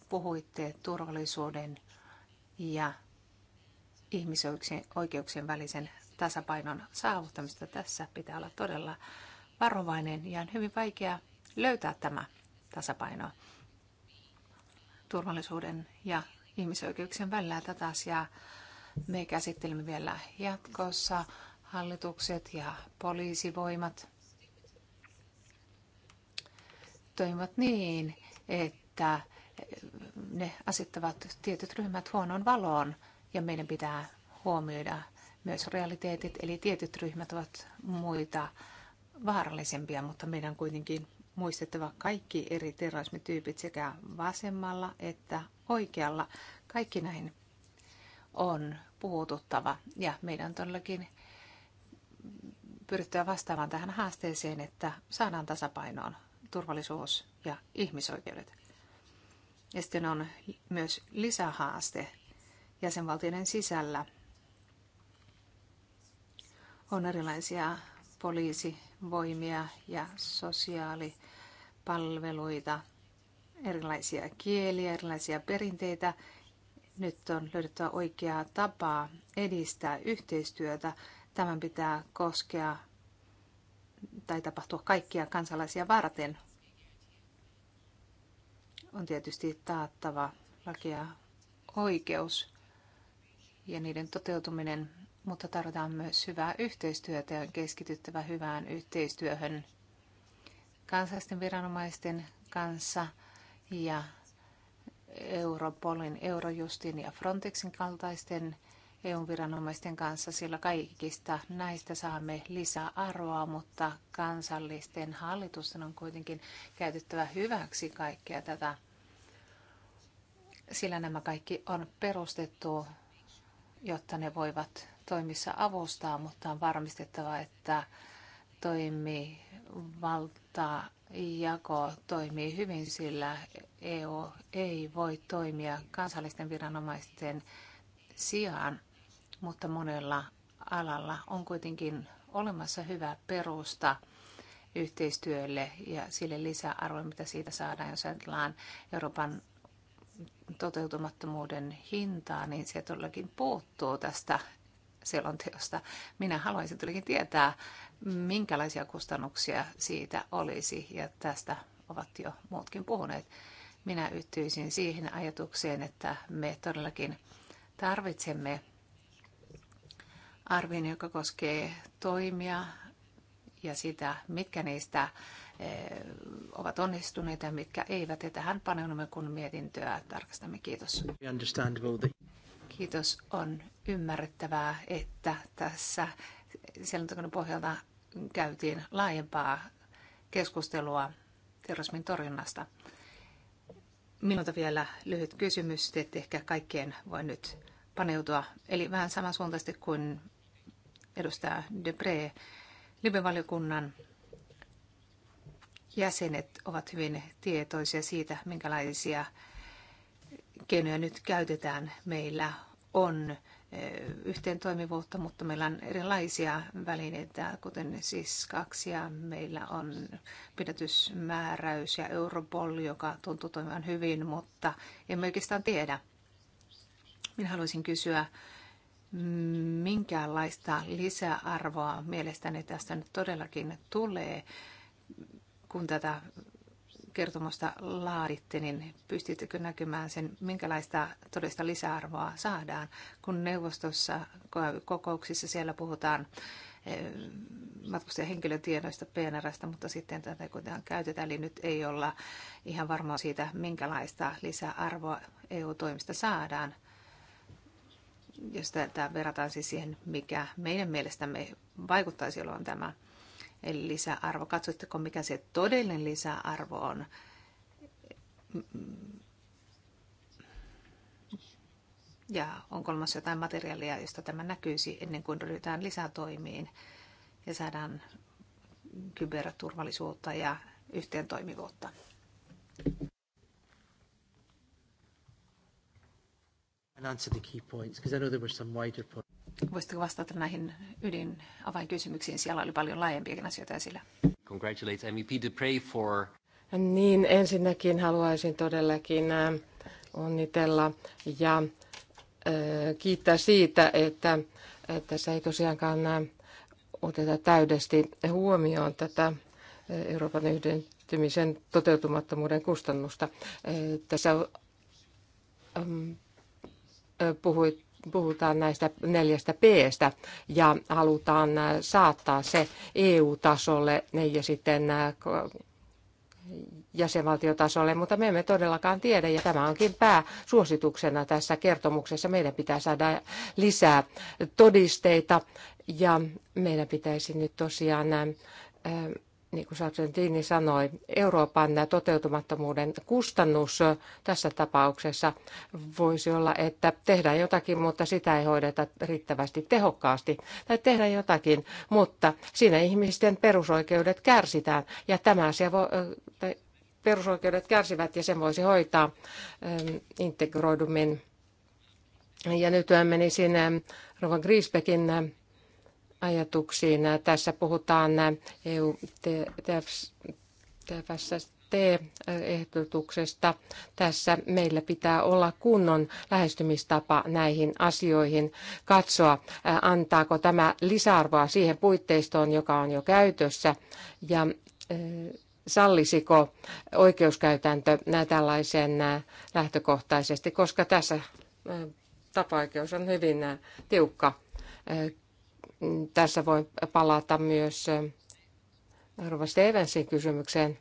puhuitte turvallisuuden ja ihmisoikeuksien välisen tasapainon saavuttamista. Tässä pitää olla todella varovainen ja on hyvin vaikea löytää tämä tasapainoa turvallisuuden ja ihmisoikeuksien välillä. Tätä asiaa me käsittelemme vielä jatkossa. Hallitukset ja poliisivoimat toimivat niin, että ne asettavat tietyt ryhmät huonoon valoon ja meidän pitää huomioida myös realiteetit, eli tietyt ryhmät ovat muita vaarallisempia, mutta meidän kuitenkin muistettava kaikki eri terrorismityypit sekä vasemmalla että oikealla. Kaikki näin on puhututtava ja meidän on todellakin pyrittävä vastaamaan tähän haasteeseen, että saadaan tasapainoon turvallisuus ja ihmisoikeudet. Ja sitten on myös lisähaaste jäsenvaltioiden sisällä. On erilaisia poliisi- voimia ja sosiaalipalveluita, erilaisia kieliä, erilaisia perinteitä. Nyt on löydettävä oikeaa tapaa edistää yhteistyötä. Tämän pitää koskea tai tapahtua kaikkia kansalaisia varten. On tietysti taattava lakia oikeus ja niiden toteutuminen mutta tarvitaan myös hyvää yhteistyötä ja keskityttävä hyvään yhteistyöhön kansallisten viranomaisten kanssa ja Europolin, Eurojustin ja Frontexin kaltaisten EU-viranomaisten kanssa, sillä kaikista näistä saamme lisäarvoa, mutta kansallisten hallitusten on kuitenkin käytettävä hyväksi kaikkea tätä, sillä nämä kaikki on perustettu, jotta ne voivat toimissa avustaa, mutta on varmistettava, että toimi valta jako toimii hyvin, sillä EU ei voi toimia kansallisten viranomaisten sijaan, mutta monella alalla on kuitenkin olemassa hyvä perusta yhteistyölle ja sille lisäarvolle, mitä siitä saadaan, jos ajatellaan Euroopan toteutumattomuuden hintaa, niin se todellakin puuttuu tästä selonteosta. Minä haluaisin tietenkin tietää, minkälaisia kustannuksia siitä olisi, ja tästä ovat jo muutkin puhuneet. Minä yhtyisin siihen ajatukseen, että me todellakin tarvitsemme arvin, joka koskee toimia ja sitä, mitkä niistä eh, ovat onnistuneita ja mitkä eivät. Ja tähän paneudumme, kun mietintöä tarkastamme. Kiitos. Kiitos. On ymmärrettävää, että tässä selonteon pohjalta käytiin laajempaa keskustelua terrorismin torjunnasta. Minulta vielä lyhyt kysymys, te ette ehkä kaikkeen voi nyt paneutua. Eli vähän samansuuntaisesti kuin edustaja Debre, Libevaliokunnan jäsenet ovat hyvin tietoisia siitä, minkälaisia keinoja nyt käytetään. Meillä on Eh, yhteen toimivuutta, mutta meillä on erilaisia välineitä, kuten siis kaksi ja meillä on pidätysmääräys ja Europol, joka tuntuu toimivan hyvin, mutta emme oikeastaan tiedä. Minä haluaisin kysyä, minkälaista lisäarvoa mielestäni tästä nyt todellakin tulee, kun tätä kertomusta laaditte, niin pystyttekö näkymään sen, minkälaista todellista lisäarvoa saadaan, kun neuvostossa kokouksissa siellä puhutaan eh, matkustajan henkilötiedoista, PNRstä, mutta sitten tätä kuitenkaan käytetään, eli niin nyt ei olla ihan varma siitä, minkälaista lisäarvoa EU-toimista saadaan, jos tätä verrataan siis siihen, mikä meidän mielestämme vaikuttaisi olevan tämä Eli lisäarvo. Katsotteko, mikä se todellinen lisäarvo on? Ja onko olemassa jotain materiaalia, josta tämä näkyisi ennen kuin ryhdytään lisätoimiin ja saadaan kyberturvallisuutta ja yhteentoimivuutta? And answer the key points, because I know there were some wider points. Voisitteko vastata näihin ydinavainkysymyksiin Siellä oli paljon laajempiakin asioita esillä. Congratulate MEP for... Niin, ensinnäkin haluaisin todellakin äh, onnitella ja äh, kiittää siitä, että tässä ei tosiaankaan äh, oteta täydesti huomioon tätä Euroopan yhdentymisen toteutumattomuuden kustannusta. Tässä ähm, puhuit puhutaan näistä neljästä Pstä ja halutaan äh, saattaa se EU-tasolle ja sitten äh, jäsenvaltiotasolle, mutta me emme todellakaan tiedä, ja tämä onkin pääsuosituksena tässä kertomuksessa. Meidän pitää saada lisää todisteita, ja meidän pitäisi nyt tosiaan äh, niin kuin Sargentini sanoi, Euroopan toteutumattomuuden kustannus tässä tapauksessa voisi olla, että tehdään jotakin, mutta sitä ei hoideta riittävästi tehokkaasti, tai tehdään jotakin, mutta siinä ihmisten perusoikeudet kärsitään, ja tämä asia voi, perusoikeudet kärsivät, ja sen voisi hoitaa ähm, integroidummin. Ja nyt menisin ähm, Rovan Griesbeckin ähm, ajatuksiin. Tässä puhutaan EU-TFST-ehdotuksesta. Tässä meillä pitää olla kunnon lähestymistapa näihin asioihin, katsoa antaako tämä lisäarvoa siihen puitteistoon, joka on jo käytössä, ja sallisiko oikeuskäytäntö tällaisen lähtökohtaisesti, koska tässä tapaoikeus on hyvin tiukka tässä voi palata myös Rova Stevensin kysymykseen.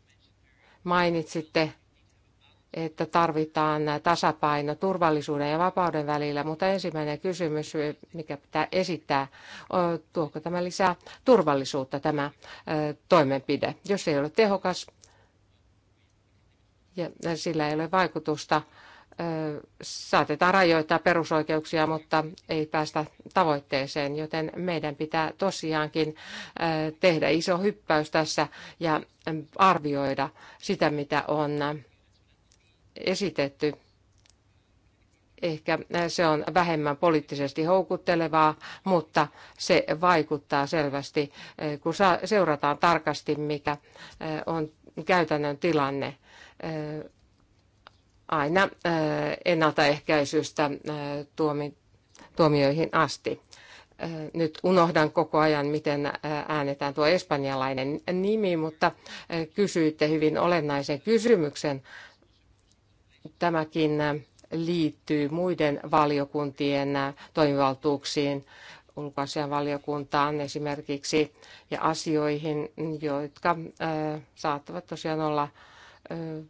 Mainitsitte, että tarvitaan tasapaino turvallisuuden ja vapauden välillä, mutta ensimmäinen kysymys, mikä pitää esittää, tuoko tämä lisää turvallisuutta tämä toimenpide. Jos ei ole tehokas ja sillä ei ole vaikutusta saatetaan rajoittaa perusoikeuksia, mutta ei päästä tavoitteeseen, joten meidän pitää tosiaankin tehdä iso hyppäys tässä ja arvioida sitä, mitä on esitetty. Ehkä se on vähemmän poliittisesti houkuttelevaa, mutta se vaikuttaa selvästi, kun seurataan tarkasti, mikä on käytännön tilanne aina äh, ennaltaehkäisystä äh, tuomioihin asti. Äh, nyt unohdan koko ajan, miten äänetään tuo espanjalainen nimi, mutta kysyitte hyvin olennaisen kysymyksen. Tämäkin liittyy muiden valiokuntien toimivaltuuksiin, valiokuntaan esimerkiksi, ja asioihin, jotka saattavat tosiaan olla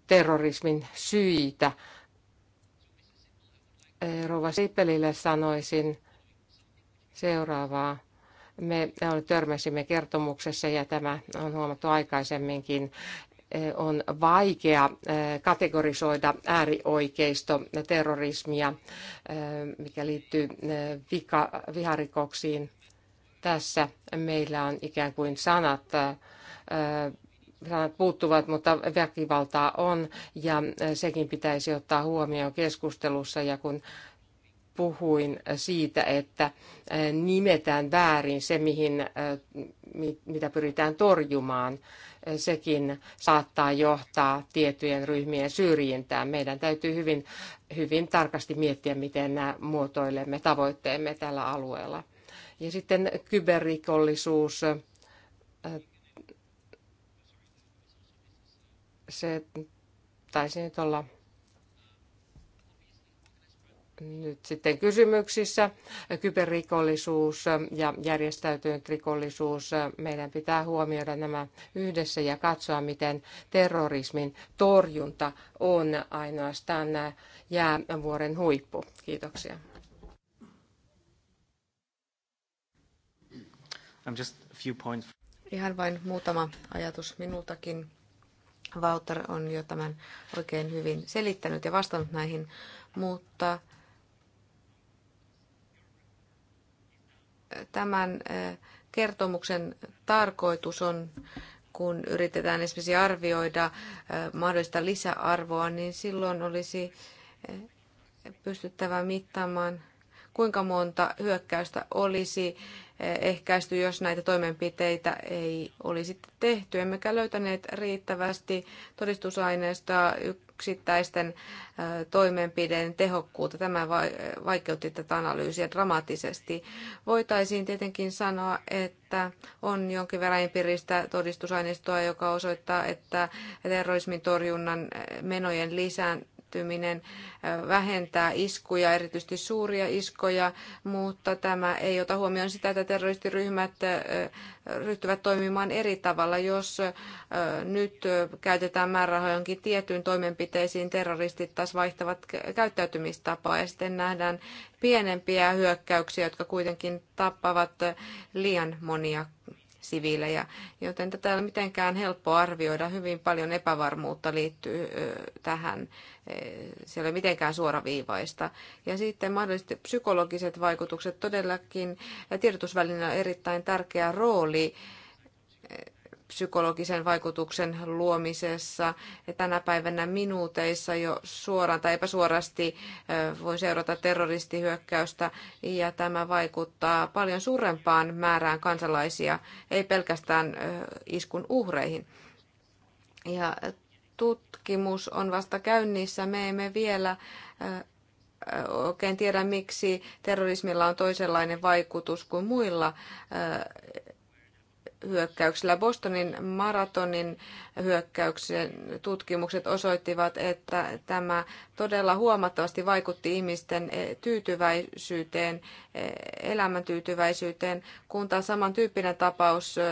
terrorismin syitä. Rova Sipelille sanoisin seuraavaa. Me törmäsimme kertomuksessa, ja tämä on huomattu aikaisemminkin, on vaikea kategorisoida äärioikeisto terrorismia, mikä liittyy vika, viharikoksiin. Tässä meillä on ikään kuin sanat sanat puuttuvat, mutta väkivaltaa on ja sekin pitäisi ottaa huomioon keskustelussa ja kun puhuin siitä, että nimetään väärin se, mihin, mitä pyritään torjumaan. Sekin saattaa johtaa tiettyjen ryhmien syrjintään. Meidän täytyy hyvin, hyvin tarkasti miettiä, miten nämä muotoilemme tavoitteemme tällä alueella. Ja sitten kyberrikollisuus se taisi nyt olla nyt sitten kysymyksissä. Kyberrikollisuus ja järjestäytynyt rikollisuus. Meidän pitää huomioida nämä yhdessä ja katsoa, miten terrorismin torjunta on ainoastaan jäävuoren huippu. Kiitoksia. I'm just a few points. Ihan vain muutama ajatus minultakin. Wouter on jo tämän oikein hyvin selittänyt ja vastannut näihin, mutta tämän kertomuksen tarkoitus on, kun yritetään esimerkiksi arvioida mahdollista lisäarvoa, niin silloin olisi pystyttävä mittaamaan, kuinka monta hyökkäystä olisi ehkäisty, jos näitä toimenpiteitä ei olisi tehty. Emmekä löytäneet riittävästi todistusaineistoa yksittäisten toimenpideiden tehokkuutta. Tämä vaikeutti tätä analyysiä dramaattisesti. Voitaisiin tietenkin sanoa, että on jonkin verran empiiristä todistusaineistoa, joka osoittaa, että terrorismin torjunnan menojen lisään keskittyminen vähentää iskuja, erityisesti suuria iskoja, mutta tämä ei ota huomioon sitä, että terroristiryhmät ryhtyvät toimimaan eri tavalla. Jos nyt käytetään määrärahoja jonkin tiettyyn toimenpiteisiin, terroristit taas vaihtavat käyttäytymistapaa ja sitten nähdään pienempiä hyökkäyksiä, jotka kuitenkin tappavat liian monia siviilejä, joten tätä ei ole mitenkään helppo arvioida. Hyvin paljon epävarmuutta liittyy tähän. E, se ei ole mitenkään suoraviivaista. Ja sitten mahdollisesti psykologiset vaikutukset. Todellakin tiedotusvälineellä on erittäin tärkeä rooli e, psykologisen vaikutuksen luomisessa. Ja tänä päivänä minuuteissa jo suoraan tai epäsuorasti voi seurata terroristihyökkäystä ja tämä vaikuttaa paljon suurempaan määrään kansalaisia, ei pelkästään iskun uhreihin. Ja tutkimus on vasta käynnissä. Me emme vielä oikein tiedä, miksi terrorismilla on toisenlainen vaikutus kuin muilla hyökkäyksellä. Bostonin maratonin hyökkäyksen tutkimukset osoittivat, että tämä todella huomattavasti vaikutti ihmisten eh, tyytyväisyyteen, eh, elämäntyytyväisyyteen, kun taas samantyyppinen tapaus eh,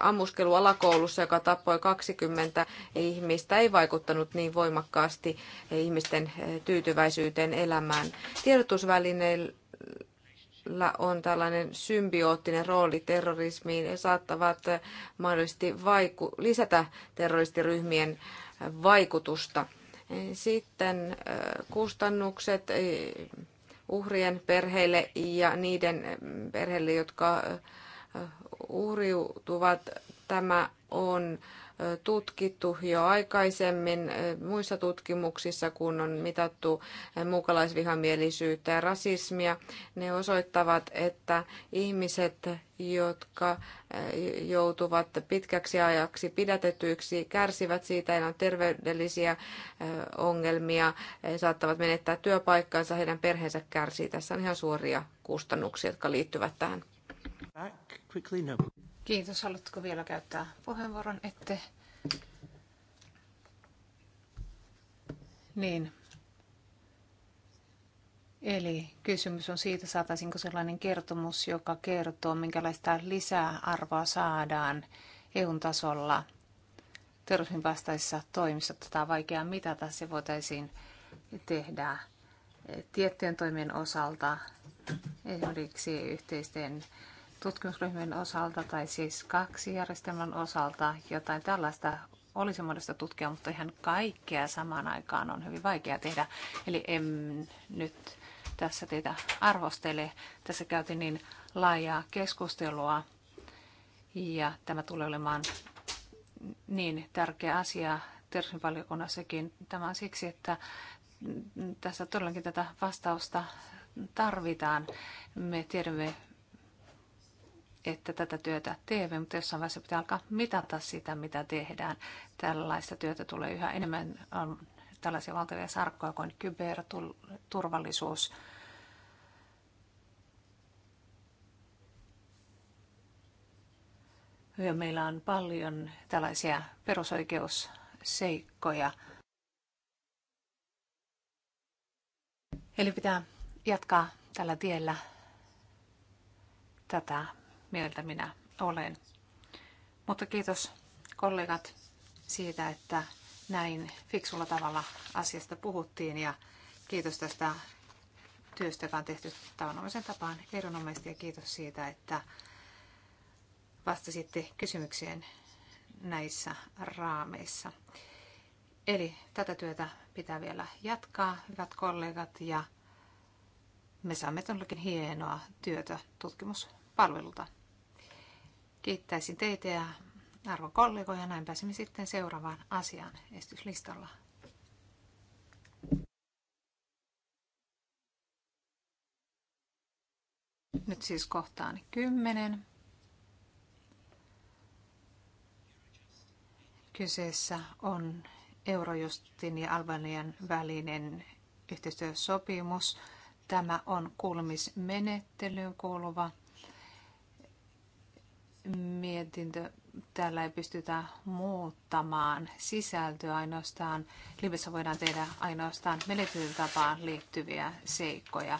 ammuskelu alakoulussa, joka tappoi 20 ihmistä, ei vaikuttanut niin voimakkaasti ihmisten tyytyväisyyteen elämään. Tiedotusvälineillä on tällainen symbioottinen rooli terrorismiin ja saattavat mahdollisesti vaiku- lisätä terroristiryhmien vaikutusta. Sitten kustannukset uhrien perheille ja niiden perheille, jotka uhriutuvat. Tämä on tutkittu jo aikaisemmin muissa tutkimuksissa, kun on mitattu muukalaisvihamielisyyttä ja rasismia. Ne osoittavat, että ihmiset, jotka joutuvat pitkäksi ajaksi pidätetyiksi, kärsivät siitä, heillä on terveydellisiä ongelmia, he saattavat menettää työpaikkansa, heidän perheensä kärsii. Tässä on ihan suoria kustannuksia, jotka liittyvät tähän. No. Kiitos. Haluatko vielä käyttää puheenvuoron? Ette. Niin. Eli kysymys on siitä, saataisinko sellainen kertomus, joka kertoo, minkälaista lisäarvoa saadaan EUn tasolla terrorismin vastaisissa toimissa. Tätä on vaikea mitata. Se voitaisiin tehdä eh, tiettyjen toimien osalta, esimerkiksi yhteisten tutkimusryhmien osalta tai siis kaksi järjestelmän osalta jotain tällaista olisi mahdollista tutkia, mutta ihan kaikkea samaan aikaan on hyvin vaikea tehdä. Eli en nyt tässä teitä arvostele. Tässä käytiin niin laajaa keskustelua ja tämä tulee olemaan niin tärkeä asia terveysvaliokunnassakin. Tämä on siksi, että tässä todellakin tätä vastausta tarvitaan. Me tiedämme, että tätä työtä teemme, mutta jossain vaiheessa pitää alkaa mitata sitä, mitä tehdään. Tällaista työtä tulee yhä enemmän, on tällaisia valtavia sarkkoja kuin kyberturvallisuus. Ja meillä on paljon tällaisia perusoikeusseikkoja. Eli pitää jatkaa tällä tiellä tätä mieltä minä olen. Mutta kiitos kollegat siitä, että näin fiksulla tavalla asiasta puhuttiin ja kiitos tästä työstä, joka on tehty tavanomaisen tapaan erinomaisesti ja kiitos siitä, että vastasitte kysymykseen näissä raameissa. Eli tätä työtä pitää vielä jatkaa, hyvät kollegat, ja me saamme todellakin hienoa työtä tutkimuspalvelulta. Kiittäisin teitä ja arvon kollegoja. Näin pääsemme sitten seuraavaan asiaan estyslistalla. Nyt siis kohtaan 10. Kyseessä on Eurojustin ja Albanian välinen yhteistyösopimus. Tämä on kuulumismenettelyyn kuuluva mietintö. Täällä ei pystytä muuttamaan sisältöä ainoastaan. Livessä voidaan tehdä ainoastaan menettelytapaan liittyviä seikkoja.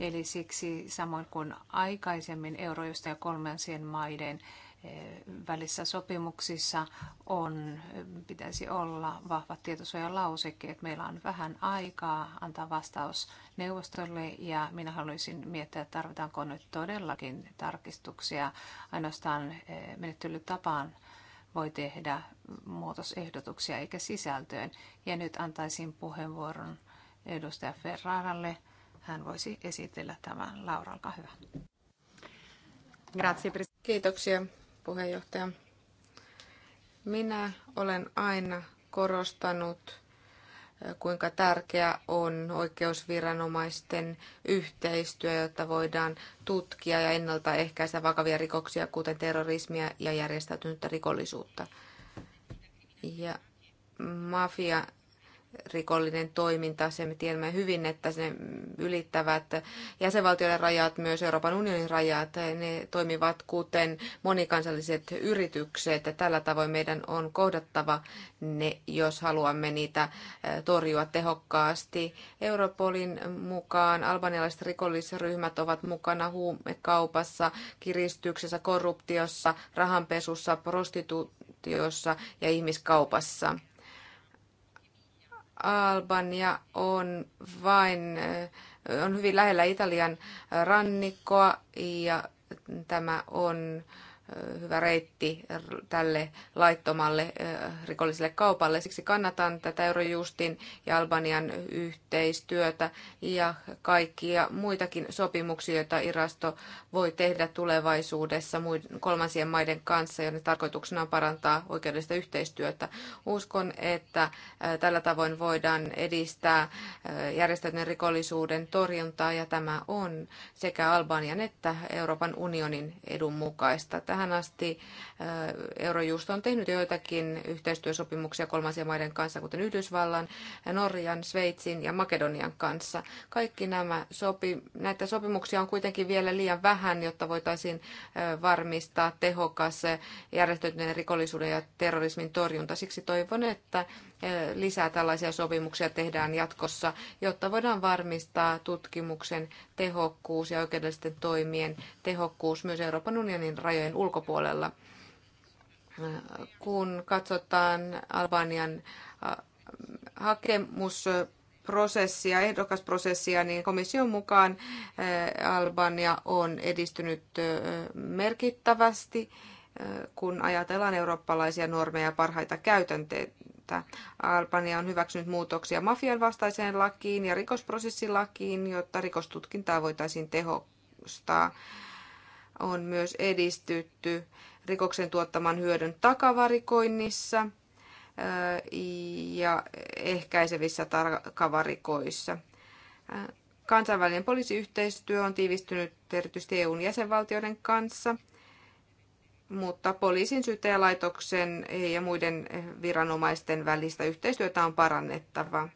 Eli siksi samoin kuin aikaisemmin eurojusta ja kolmansien maiden välissä sopimuksissa on, pitäisi olla vahvat tietosuojalausekkeet. Meillä on vähän aikaa antaa vastaus neuvostolle ja minä haluaisin miettiä, tarvitaanko nyt todellakin tarkistuksia. Ainoastaan eh, menettelytapaan voi tehdä muutosehdotuksia eikä sisältöön. Ja nyt antaisin puheenvuoron edustaja Ferraralle. Hän voisi esitellä tämän. Laura, olkaa hyvä. Kiitoksia puheenjohtaja. Minä olen aina korostanut, eh, kuinka tärkeä on oikeusviranomaisten yhteistyö, jotta voidaan tutkia ja ennaltaehkäistä vakavia rikoksia, kuten terrorismia ja järjestäytynyttä rikollisuutta. Ja mafia rikollinen toiminta. Se me tiedämme hyvin, että ne ylittävät jäsenvaltioiden rajat, myös Euroopan unionin rajat. Ne toimivat kuten monikansalliset yritykset. Tällä tavoin meidän on kohdattava ne, jos haluamme niitä torjua tehokkaasti. Europolin mukaan albanialaiset rikollisryhmät ovat mukana huumekaupassa, kiristyksessä, korruptiossa, rahanpesussa, prostituutiossa ja ihmiskaupassa Albania on vain on hyvin lähellä Italian rannikkoa ja tämä on hyvä reitti tälle laittomalle rikolliselle kaupalle. Siksi kannatan tätä Eurojustin ja Albanian yhteistyötä ja kaikkia muitakin sopimuksia, joita Irasto voi tehdä tulevaisuudessa kolmansien maiden kanssa, joiden tarkoituksena on parantaa oikeudellista yhteistyötä. Uskon, että tällä tavoin voidaan edistää järjestäytyneen rikollisuuden torjuntaa ja tämä on sekä Albanian että Euroopan unionin edun mukaista. Tähän Tähän asti äh, Eurojust on tehnyt joitakin yhteistyösopimuksia kolmansien maiden kanssa, kuten Yhdysvallan, Norjan, Sveitsin ja Makedonian kanssa. Kaikki nämä sopi, näitä sopimuksia on kuitenkin vielä liian vähän, jotta voitaisiin äh, varmistaa tehokas äh, järjestäytyneen rikollisuuden ja terrorismin torjunta. Siksi toivon, että lisää tällaisia sopimuksia tehdään jatkossa, jotta voidaan varmistaa tutkimuksen tehokkuus ja oikeudellisten toimien tehokkuus myös Euroopan unionin rajojen ulkopuolella ulkopuolella. Kun katsotaan Albanian äh, hakemusprosessia, ehdokasprosessia, niin komission mukaan äh, Albania on edistynyt äh, merkittävästi, kun ajatellaan eurooppalaisia normeja ja parhaita käytänteitä. Albania on hyväksynyt muutoksia mafian vastaiseen lakiin ja rikosprosessilakiin, jotta rikostutkintaa voitaisiin tehostaa on myös edistytty rikoksen tuottaman hyödyn takavarikoinnissa ja ehkäisevissä takavarikoissa. Kansainvälinen poliisiyhteistyö on tiivistynyt erityisesti EUn jäsenvaltioiden kanssa, mutta poliisin, syyttäjälaitoksen ja muiden viranomaisten välistä yhteistyötä on parannettava.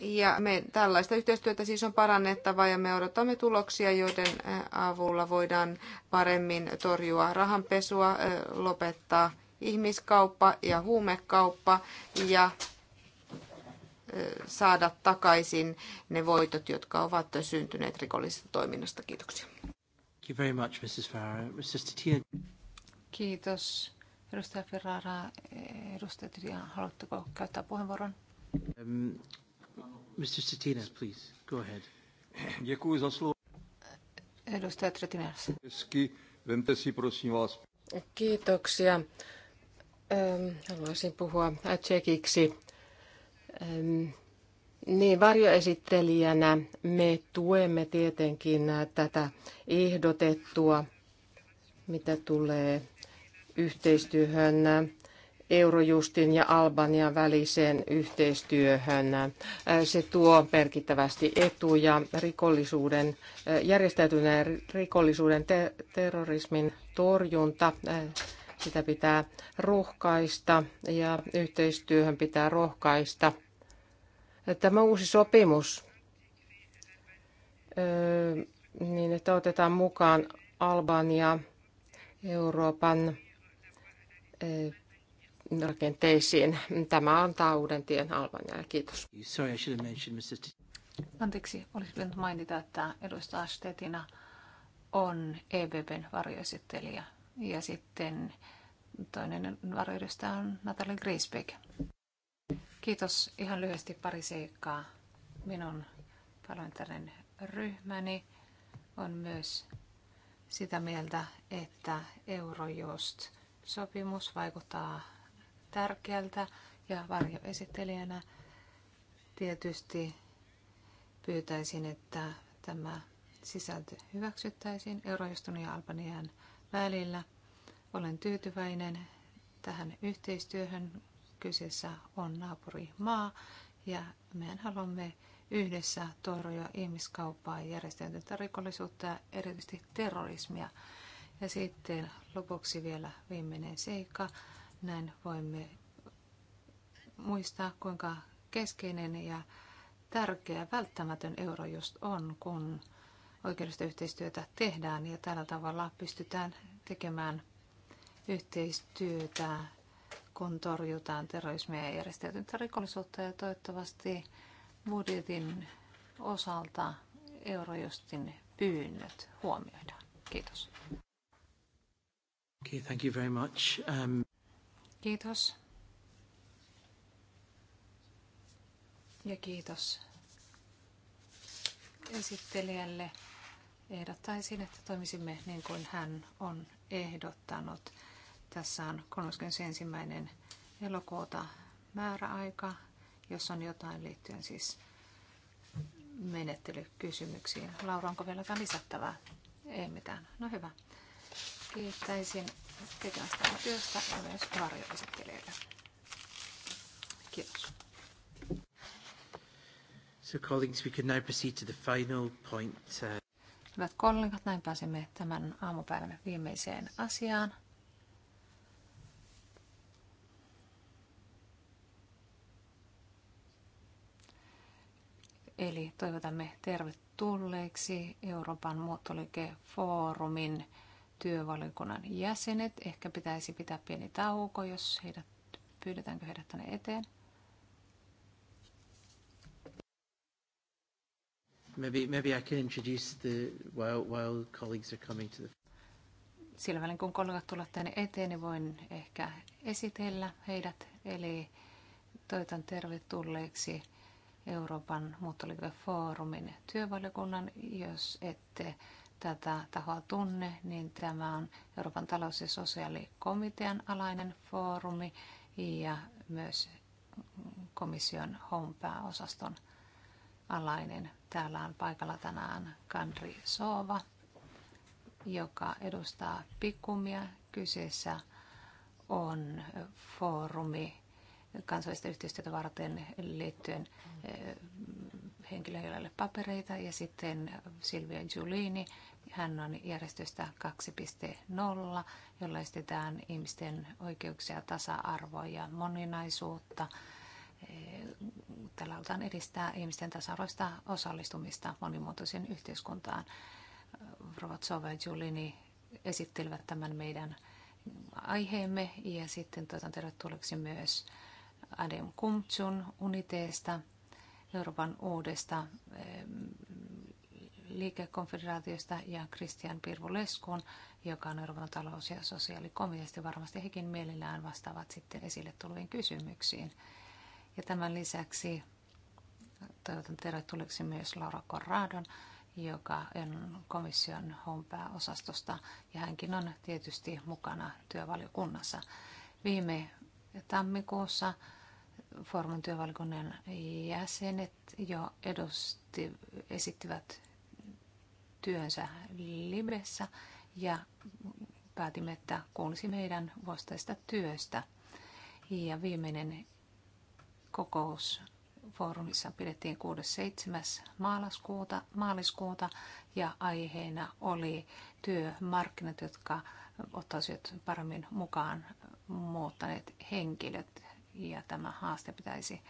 Ja me tällaista yhteistyötä siis on parannettava ja me odotamme tuloksia, joiden avulla voidaan paremmin torjua rahanpesua, lopettaa ihmiskauppa ja huumekauppa ja saada takaisin ne voitot, jotka ovat syntyneet rikollisesta toiminnasta. Kiitoksia. Thank you very much, Mrs. Farrar. Kiitos. Edustaja Ferrara, edustaja Tyria, haluatteko käyttää puheenvuoron? Um, Mr. Sitinas, please, go ahead. Děkuji za slovo. Edustaja Tretinas. Vemte si, prosím vás. Kiitoksia. Haluaisin puhua tsekiksi. Niin, varjoesittelijänä me tuemme tietenkin tätä ehdotettua, mitä tulee yhteistyöhön Eurojustin ja Albanian väliseen yhteistyöhön. Se tuo merkittävästi etuja rikollisuuden, järjestäytyneen rikollisuuden te- terrorismin torjunta. Sitä pitää rohkaista ja yhteistyöhön pitää rohkaista. Tämä uusi sopimus, niin että otetaan mukaan Albania Euroopan rakenteisiin. Tämä antaa uuden tien Albanialle. Kiitos. Sorry, I should have mentioned Mr. Anteeksi, olisi pitänyt mainita, että edustaja Stetina on EBBn varjoesittelijä ja sitten toinen varjoedustaja on Natalie Griesbeck. Kiitos. Ihan lyhyesti pari seikkaa. Minun parlamentaarinen ryhmäni on myös sitä mieltä, että Eurojust-sopimus vaikuttaa tärkeältä ja varjoesittelijänä tietysti pyytäisin, että tämä sisältö hyväksyttäisiin Eurojustun ja Albanian välillä. Olen tyytyväinen tähän yhteistyöhön. Kyseessä on naapurimaa ja me haluamme yhdessä torjua ihmiskauppaa, järjestäytyntä rikollisuutta ja erityisesti terrorismia. Ja sitten lopuksi vielä viimeinen seikka. Näin voimme muistaa, kuinka keskeinen ja tärkeä, välttämätön euro just on, kun oikeudellista yhteistyötä tehdään ja tällä tavalla pystytään tekemään yhteistyötä, kun torjutaan terrorismia ja järjestäytyntä rikollisuutta ja toivottavasti budjetin osalta Eurojustin pyynnöt huomioidaan. Kiitos. Okay, thank you very much. Um... Kiitos. Ja kiitos esittelijälle. Ehdottaisin, että toimisimme niin kuin hän on ehdottanut. Tässä on 31. elokuuta määräaika, jos on jotain liittyen siis menettelykysymyksiin. Laura, onko vielä jotain lisättävää? Ei mitään. No hyvä. Kiittäisin tekemästään työstä ja myös varjoesittelijöille. Kiitos. So colleagues, we can now proceed to the final point. Uh, Hyvät kollegat, näin pääsemme tämän aamupäivän viimeiseen asiaan. Eli toivotamme tervetulleeksi Euroopan muuttoliikefoorumin työvaliokunnan jäsenet. Ehkä pitäisi pitää pieni tauko, jos heidät, pyydetäänkö heidät tänne eteen. Maybe, maybe I can introduce the, while, while colleagues are coming to the... Sillä välin kun kollegat tulevat tänne eteen, niin voin ehkä esitellä heidät. Eli toivotan tervetulleeksi Euroopan muuttoliikefoorumin työvaliokunnan, jos ette tätä tahoa tunne, niin tämä on Euroopan talous- ja sosiaalikomitean alainen foorumi ja myös komission HOME-pääosaston alainen. Täällä on paikalla tänään Kandri Soova, joka edustaa Pikumia. Kyseessä on foorumi kansallista yhteistyötä varten liittyen eh, henkilöille papereita ja sitten Silvia Giulini, hän on järjestöstä 2.0, jolla estetään ihmisten oikeuksia, tasa-arvoa ja moninaisuutta. Tällä halutaan edistää ihmisten tasa-arvoista osallistumista monimuotoiseen yhteiskuntaan. Rovatsova ja Julini esittelevät tämän meidän aiheemme ja sitten toivotan tervetulleeksi myös Adem Kumtsun Uniteesta, Euroopan uudesta liikekonfederaatiosta ja Christian Pirvuleskuun, joka on Euroopan talous- ja sosiaalikomiteasta. Varmasti hekin mielellään vastaavat sitten esille tuleviin kysymyksiin. Ja tämän lisäksi toivotan tervetulleeksi myös Laura Corradon, joka on komission hompääosastosta ja hänkin on tietysti mukana työvaliokunnassa. Viime tammikuussa Formun työvaliokunnan jäsenet jo edusti, esittivät työnsä livessä ja päätimme, että kuulisi meidän vastaista työstä. Ja viimeinen kokous foorumissa pidettiin 6.7. Maaliskuuta, maaliskuuta ja aiheena oli työmarkkinat, jotka ottaisivat paremmin mukaan muuttaneet henkilöt ja tämä haaste pitäisi,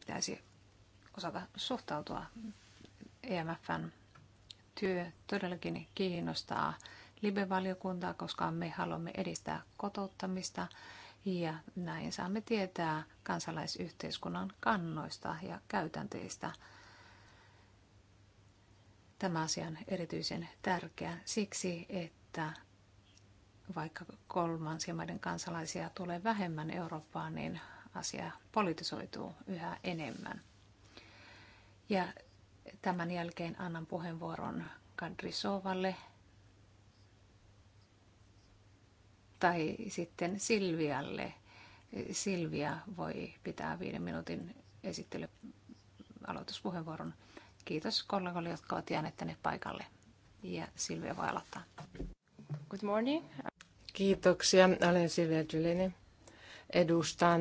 pitäisi osata suhtautua EMFn työ todellakin kiinnostaa libe valiokuntaa koska me haluamme edistää kotouttamista ja näin saamme tietää kansalaisyhteiskunnan kannoista ja käytänteistä. Tämä asia on erityisen tärkeä siksi, että vaikka kolmansien maiden kansalaisia tulee vähemmän Eurooppaan, niin asia politisoituu yhä enemmän. Ja Tämän jälkeen annan puheenvuoron Sovalle tai sitten Silvialle. Silvia voi pitää viiden minuutin esittely aloituspuheenvuoron. Kiitos kollegoille, jotka ovat jääneet tänne paikalle. Ja Silvia voi aloittaa. Good morning. Kiitoksia. Olen Silvia Tylinen. Edustan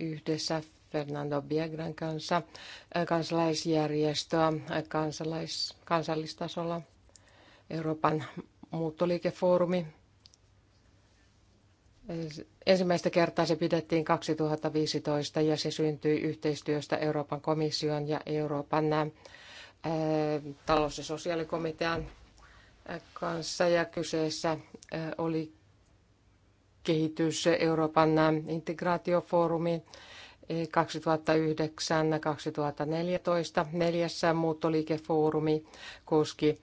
yhdessä Fernando Biegran kanssa, äh, kansalaisjärjestöä äh, kansalais, kansallistasolla, Euroopan muuttoliikefoorumi. Ensimmäistä kertaa se pidettiin 2015 ja se syntyi yhteistyöstä Euroopan komission ja Euroopan äh, talous- ja sosiaalikomitean kanssa ja kyseessä oli kehitys Euroopan integraatiofoorumin 2009-2014 neljässä muuttoliikefoorumi koski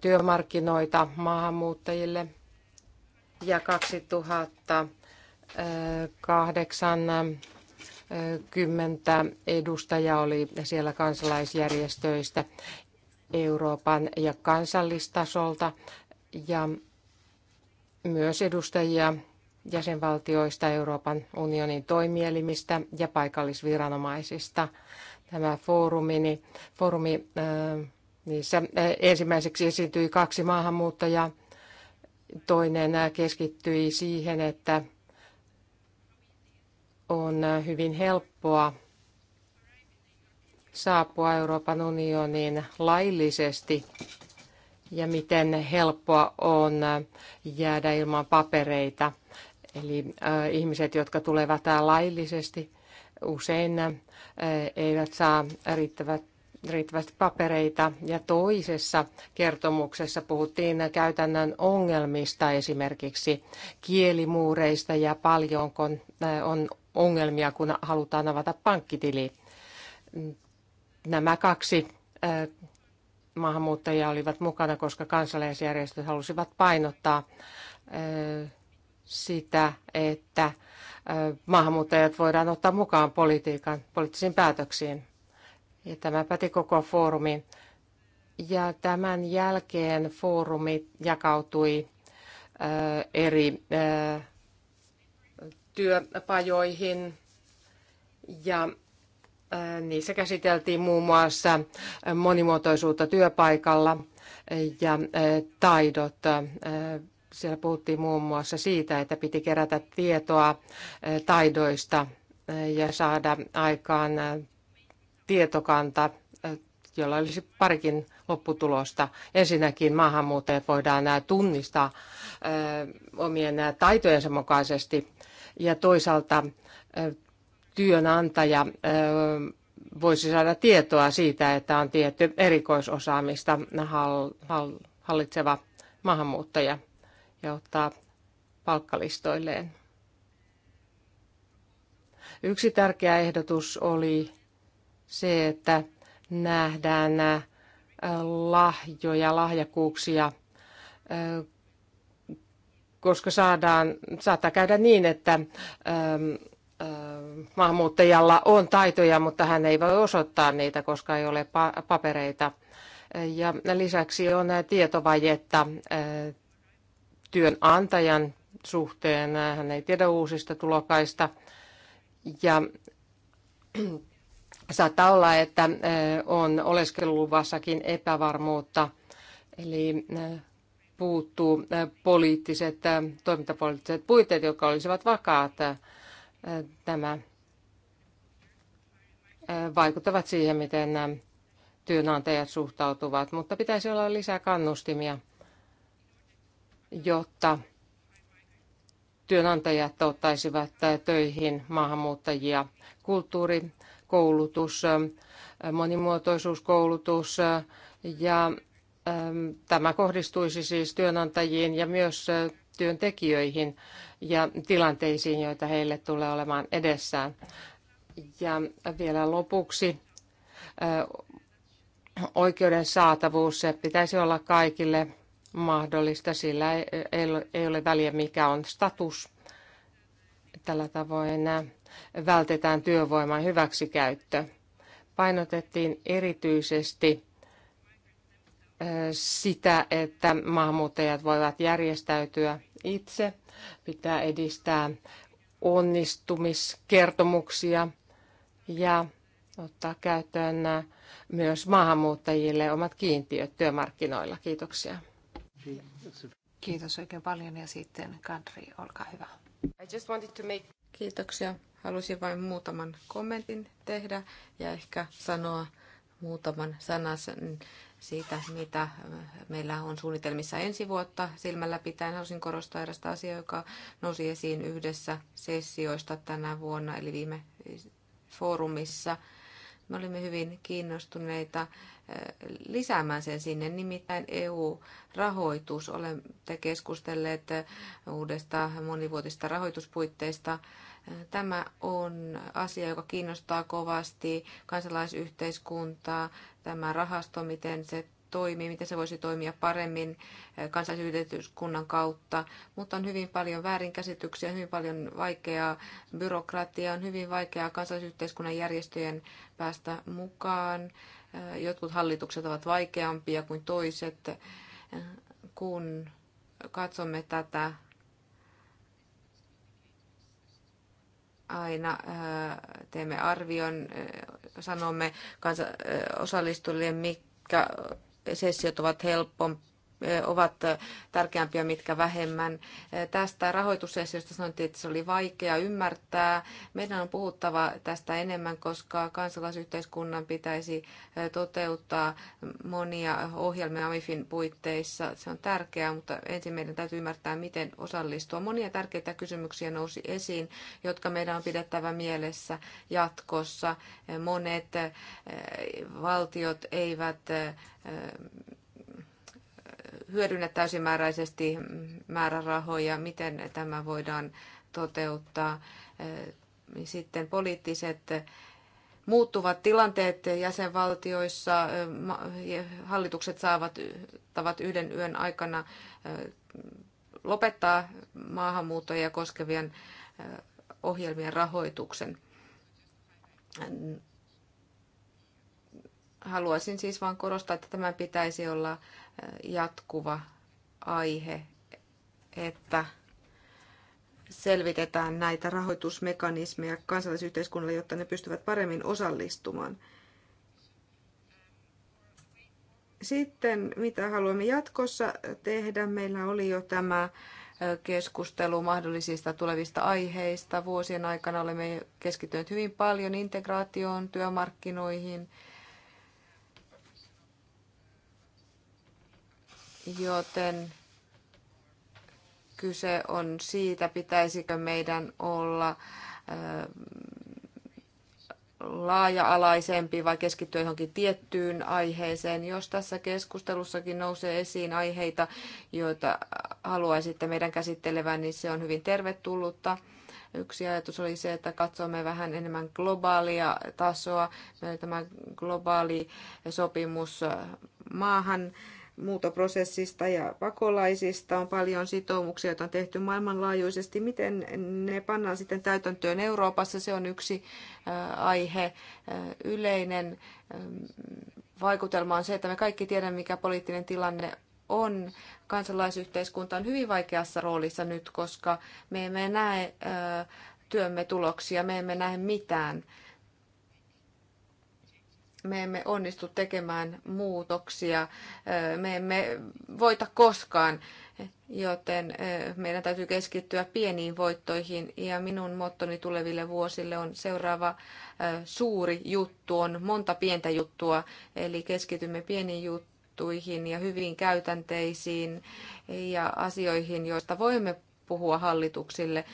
työmarkkinoita maahanmuuttajille ja 2008 kymmentä edustajaa oli siellä kansalaisjärjestöistä Euroopan ja kansallistasolta ja myös edustajia jäsenvaltioista, Euroopan unionin toimielimistä ja paikallisviranomaisista. Tämä foorumi, foorumi äh, niissä äh, ensimmäiseksi esiintyi kaksi maahanmuuttajaa. Toinen äh, keskittyi siihen, että on hyvin helppoa saapua Euroopan unioniin laillisesti ja miten helppoa on jäädä ilman papereita – Eli äh, ihmiset, jotka tulevat täällä laillisesti, usein äh, eivät saa riittävät riittävästi papereita ja toisessa kertomuksessa puhuttiin käytännön ongelmista, esimerkiksi kielimuureista ja paljonko äh, on ongelmia, kun halutaan avata pankkitili. Nämä kaksi maahanmuuttajia olivat mukana, koska kansalaisjärjestöt halusivat painottaa sitä, että maahanmuuttajat voidaan ottaa mukaan politiikan, poliittisiin päätöksiin. Ja tämä päti koko foorumiin. Ja tämän jälkeen foorumi jakautui eri työpajoihin ja niissä käsiteltiin muun muassa monimuotoisuutta työpaikalla ja taidot siellä puhuttiin muun muassa siitä, että piti kerätä tietoa taidoista ja saada aikaan tietokanta, jolla olisi parikin lopputulosta. Ensinnäkin maahanmuuttajat voidaan tunnistaa omien taitojensa mukaisesti ja toisaalta työnantaja voisi saada tietoa siitä, että on tietty erikoisosaamista hallitseva maahanmuuttaja ja ottaa palkkalistoilleen. Yksi tärkeä ehdotus oli se, että nähdään äh, lahjoja, lahjakuuksia, äh, koska saadaan, saattaa käydä niin, että ähm, äh, maahanmuuttajalla on taitoja, mutta hän ei voi osoittaa niitä, koska ei ole papereita. Ja lisäksi on tietovajetta työnantajan suhteen. Hän ei tiedä uusista tulokaista. Ja saattaa olla, että äh, on oleskeluluvassakin epävarmuutta, eli äh, puuttuu äh, poliittiset, toimintapoliittiset puitteet, jotka olisivat vakaat. Tämä vaikuttavat siihen, miten työnantajat suhtautuvat, mutta pitäisi olla lisää kannustimia – jotta työnantajat ottaisivat töihin maahanmuuttajia. Kulttuuri, koulutus, monimuotoisuuskoulutus ja ähm, tämä kohdistuisi siis työnantajiin ja myös äh, työntekijöihin ja tilanteisiin, joita heille tulee olemaan edessään. Ja vielä lopuksi äh, oikeuden saatavuus, se pitäisi olla kaikille mahdollista, sillä ei ole väliä mikä on status. Tällä tavoin äh, vältetään työvoiman hyväksikäyttö. Painotettiin erityisesti äh, sitä, että maahanmuuttajat voivat järjestäytyä itse. Pitää edistää onnistumiskertomuksia ja ottaa käyttöön äh, myös maahanmuuttajille omat kiintiöt työmarkkinoilla. Kiitoksia. Kiitos oikein paljon ja sitten Kadri, olkaa hyvä. I just wanted to make... Kiitoksia. Halusin vain muutaman kommentin tehdä ja ehkä sanoa muutaman sanan siitä, mitä meillä on suunnitelmissa ensi vuotta. Silmällä pitäen halusin korostaa erästä asiaa, joka nousi esiin yhdessä sessioista tänä vuonna, eli viime foorumissa – me olimme hyvin kiinnostuneita eh, lisäämään sen sinne, nimittäin EU-rahoitus. Olemme keskustelleet eh, uudesta monivuotista rahoituspuitteista. Eh, tämä on asia, joka kiinnostaa kovasti kansalaisyhteiskuntaa, tämä rahasto, miten se toimii, miten se voisi toimia paremmin eh, kansallisyhteiskunnan kautta. Mutta on hyvin paljon väärinkäsityksiä, hyvin paljon vaikeaa byrokratiaa, on hyvin vaikeaa kansallisyhteiskunnan järjestöjen päästä mukaan. Eh, jotkut hallitukset ovat vaikeampia kuin toiset. Eh, kun katsomme tätä aina teemme arvion, sanomme osallistujille, mikä sessiot ovat helpompia ovat tärkeämpiä, mitkä vähemmän. Tästä rahoitusesiosta sanottiin, että se oli vaikea ymmärtää. Meidän on puhuttava tästä enemmän, koska kansalaisyhteiskunnan pitäisi toteuttaa monia ohjelmia AMIFin puitteissa. Se on tärkeää, mutta ensin meidän täytyy ymmärtää, miten osallistua. Monia tärkeitä kysymyksiä nousi esiin, jotka meidän on pidettävä mielessä jatkossa. Monet valtiot eivät hyödynnä täysimääräisesti määrärahoja, miten tämä voidaan toteuttaa. Sitten poliittiset muuttuvat tilanteet jäsenvaltioissa, hallitukset saavat tavat yhden yön aikana lopettaa maahanmuuttoja koskevien ohjelmien rahoituksen. Haluaisin siis vain korostaa, että tämän pitäisi olla jatkuva aihe, että selvitetään näitä rahoitusmekanismeja kansalaisyhteiskunnalle, jotta ne pystyvät paremmin osallistumaan. Sitten mitä haluamme jatkossa tehdä, meillä oli jo tämä keskustelu mahdollisista tulevista aiheista. Vuosien aikana olemme keskittyneet hyvin paljon integraatioon, työmarkkinoihin, Joten kyse on siitä, pitäisikö meidän olla laaja-alaisempi vai keskittyä johonkin tiettyyn aiheeseen. Jos tässä keskustelussakin nousee esiin aiheita, joita haluaisitte meidän käsittelevän, niin se on hyvin tervetullutta. Yksi ajatus oli se, että katsomme vähän enemmän globaalia tasoa. Meillä tämä globaali sopimus maahan muutoprosessista ja pakolaisista. On paljon sitoumuksia, joita on tehty maailmanlaajuisesti. Miten ne pannaan sitten täytäntöön Euroopassa? Se on yksi äh, aihe. Äh, yleinen ähm, vaikutelma on se, että me kaikki tiedämme, mikä poliittinen tilanne on. Kansalaisyhteiskunta on hyvin vaikeassa roolissa nyt, koska me emme näe äh, työmme tuloksia, me emme näe mitään me emme onnistu tekemään muutoksia, me emme voita koskaan, joten meidän täytyy keskittyä pieniin voittoihin. Ja minun mottoni tuleville vuosille on seuraava suuri juttu, on monta pientä juttua, eli keskitymme pieniin juttuihin ja hyviin käytänteisiin ja asioihin, joista voimme puhua hallituksille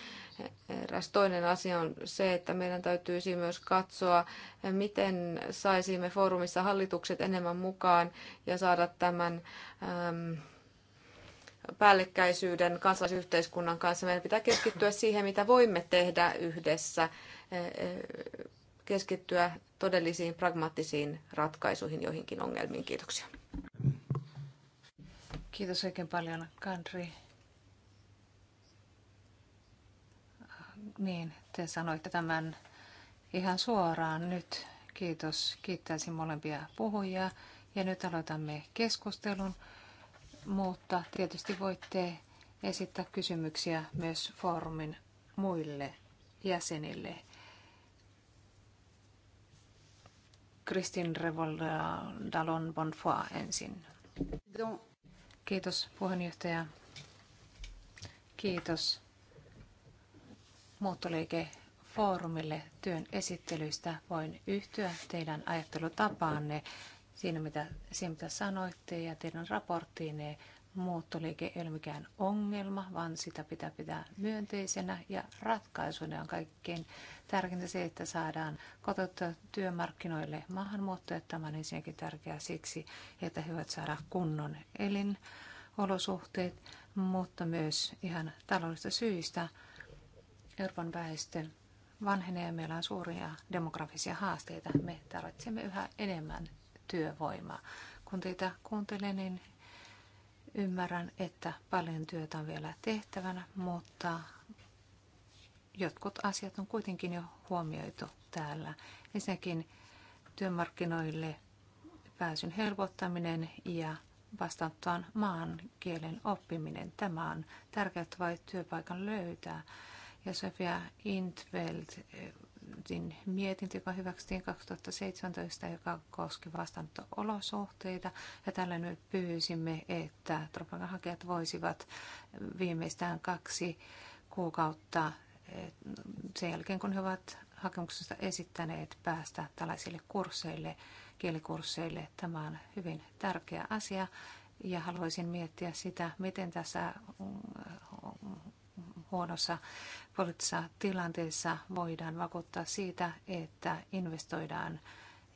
Eräs toinen asia on se, että meidän täytyisi myös katsoa, miten saisimme foorumissa hallitukset enemmän mukaan ja saada tämän äm, päällekkäisyyden kansalaisyhteiskunnan kanssa. Meidän pitää keskittyä siihen, mitä voimme tehdä yhdessä, e, e, keskittyä todellisiin pragmaattisiin ratkaisuihin joihinkin ongelmiin. Kiitoksia. Kiitos oikein paljon, Kandri Niin, te sanoitte tämän ihan suoraan nyt. Kiitos. Kiittäisin molempia puhujia. Ja nyt aloitamme keskustelun, mutta tietysti voitte esittää kysymyksiä myös foorumin muille jäsenille. Kristin Revoldalon Bonfoy ensin. Kiitos puheenjohtaja. Kiitos muuttoliikefoorumille työn esittelyistä. Voin yhtyä teidän ajattelutapaanne siinä, mitä, siinä, mitä sanoitte ja teidän raporttiinne. Muuttoliike ei ole mikään ongelma, vaan sitä pitää pitää myönteisenä ja ratkaisuna on kaikkein tärkeintä se, että saadaan kotouttaa työmarkkinoille maahanmuuttajat. Tämä on ensinnäkin tärkeää siksi, että he voivat saada kunnon elinolosuhteet, mutta myös ihan taloudellisista syistä Euroopan väestö vanhenee ja meillä on suuria demografisia haasteita. Me tarvitsemme yhä enemmän työvoimaa. Kun teitä kuuntelen, niin ymmärrän, että paljon työtä on vielä tehtävänä, mutta jotkut asiat on kuitenkin jo huomioitu täällä. Ensinnäkin työmarkkinoille pääsyn helpottaminen ja vastaanottavan maan kielen oppiminen. Tämä on tärkeää, että työpaikan löytää ja Sofia Intveldin mietintö, joka hyväksyttiin 2017, joka koski vastaanotto-olosuhteita. Ja tällä nyt pyysimme, että turvapaikanhakijat voisivat viimeistään kaksi kuukautta eh, sen jälkeen, kun he ovat hakemuksesta esittäneet päästä tällaisille kursseille, kielikursseille. Tämä on hyvin tärkeä asia ja haluaisin miettiä sitä, miten tässä huonossa poliittisessa tilanteessa voidaan vakuuttaa siitä, että investoidaan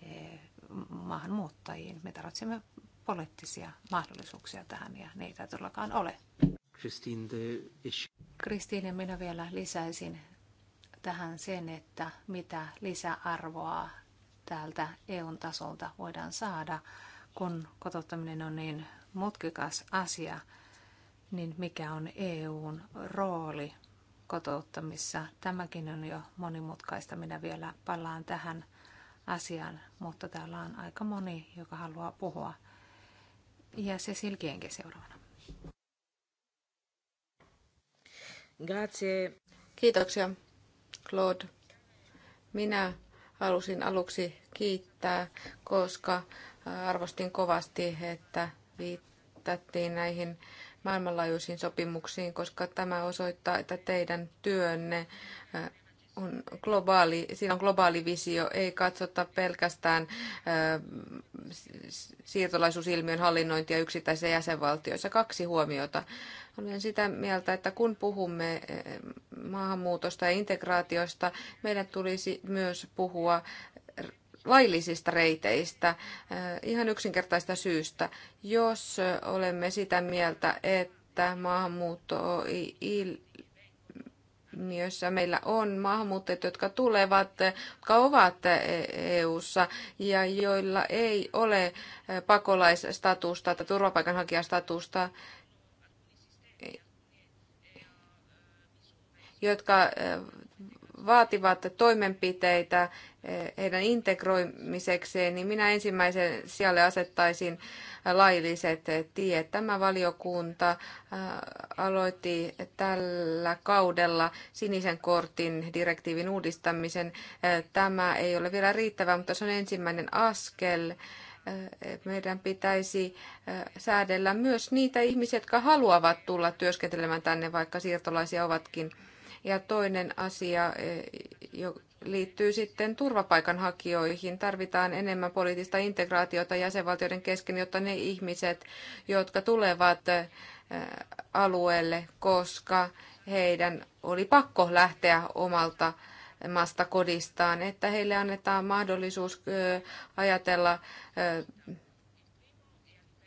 eh, maahanmuuttajiin. Me tarvitsemme poliittisia mahdollisuuksia tähän ja niitä ei todellakaan ole. Kristiine, minä vielä lisäisin tähän sen, että mitä lisäarvoa täältä EUn tasolta voidaan saada, kun kotouttaminen on niin mutkikas asia – niin mikä on EUn rooli kotouttamissa? Tämäkin on jo monimutkaista. Minä vielä palaan tähän asiaan, mutta täällä on aika moni, joka haluaa puhua. Ja se silkienkin seuraavana. Grazie. Kiitoksia, Claude. Minä halusin aluksi kiittää, koska arvostin kovasti, että viittattiin näihin maailmanlaajuisiin sopimuksiin, koska tämä osoittaa, että teidän työnne on globaali, siinä on globaali visio, ei katsota pelkästään siirtolaisuusilmiön hallinnointia yksittäisissä jäsenvaltioissa. Kaksi huomiota. Olen sitä mieltä, että kun puhumme maahanmuutosta ja integraatiosta, meidän tulisi myös puhua laillisista reiteistä eh, ihan yksinkertaista syystä. Jos olemme sitä mieltä, että maahanmuutto ilmiössä meillä on maahanmuuttajat, jotka tulevat, jotka ovat EU-ssa ja joilla ei ole pakolaisstatusta tai turvapaikanhakijastatusta, jotka eh, vaativat toimenpiteitä eh, heidän integroimisekseen, niin minä ensimmäisen sijalle asettaisin lailliset tiet. Tämä valiokunta aloitti tällä kaudella sinisen kortin direktiivin uudistamisen. Tämä ei ole vielä riittävä, mutta se on ensimmäinen askel meidän pitäisi säädellä myös niitä ihmisiä, jotka haluavat tulla työskentelemään tänne, vaikka siirtolaisia ovatkin. Ja toinen asia e, liittyy sitten turvapaikanhakijoihin. Tarvitaan enemmän poliittista integraatiota jäsenvaltioiden kesken, jotta ne ihmiset, jotka tulevat e, alueelle, koska heidän oli pakko lähteä omalta maasta kodistaan, että heille annetaan mahdollisuus e, ajatella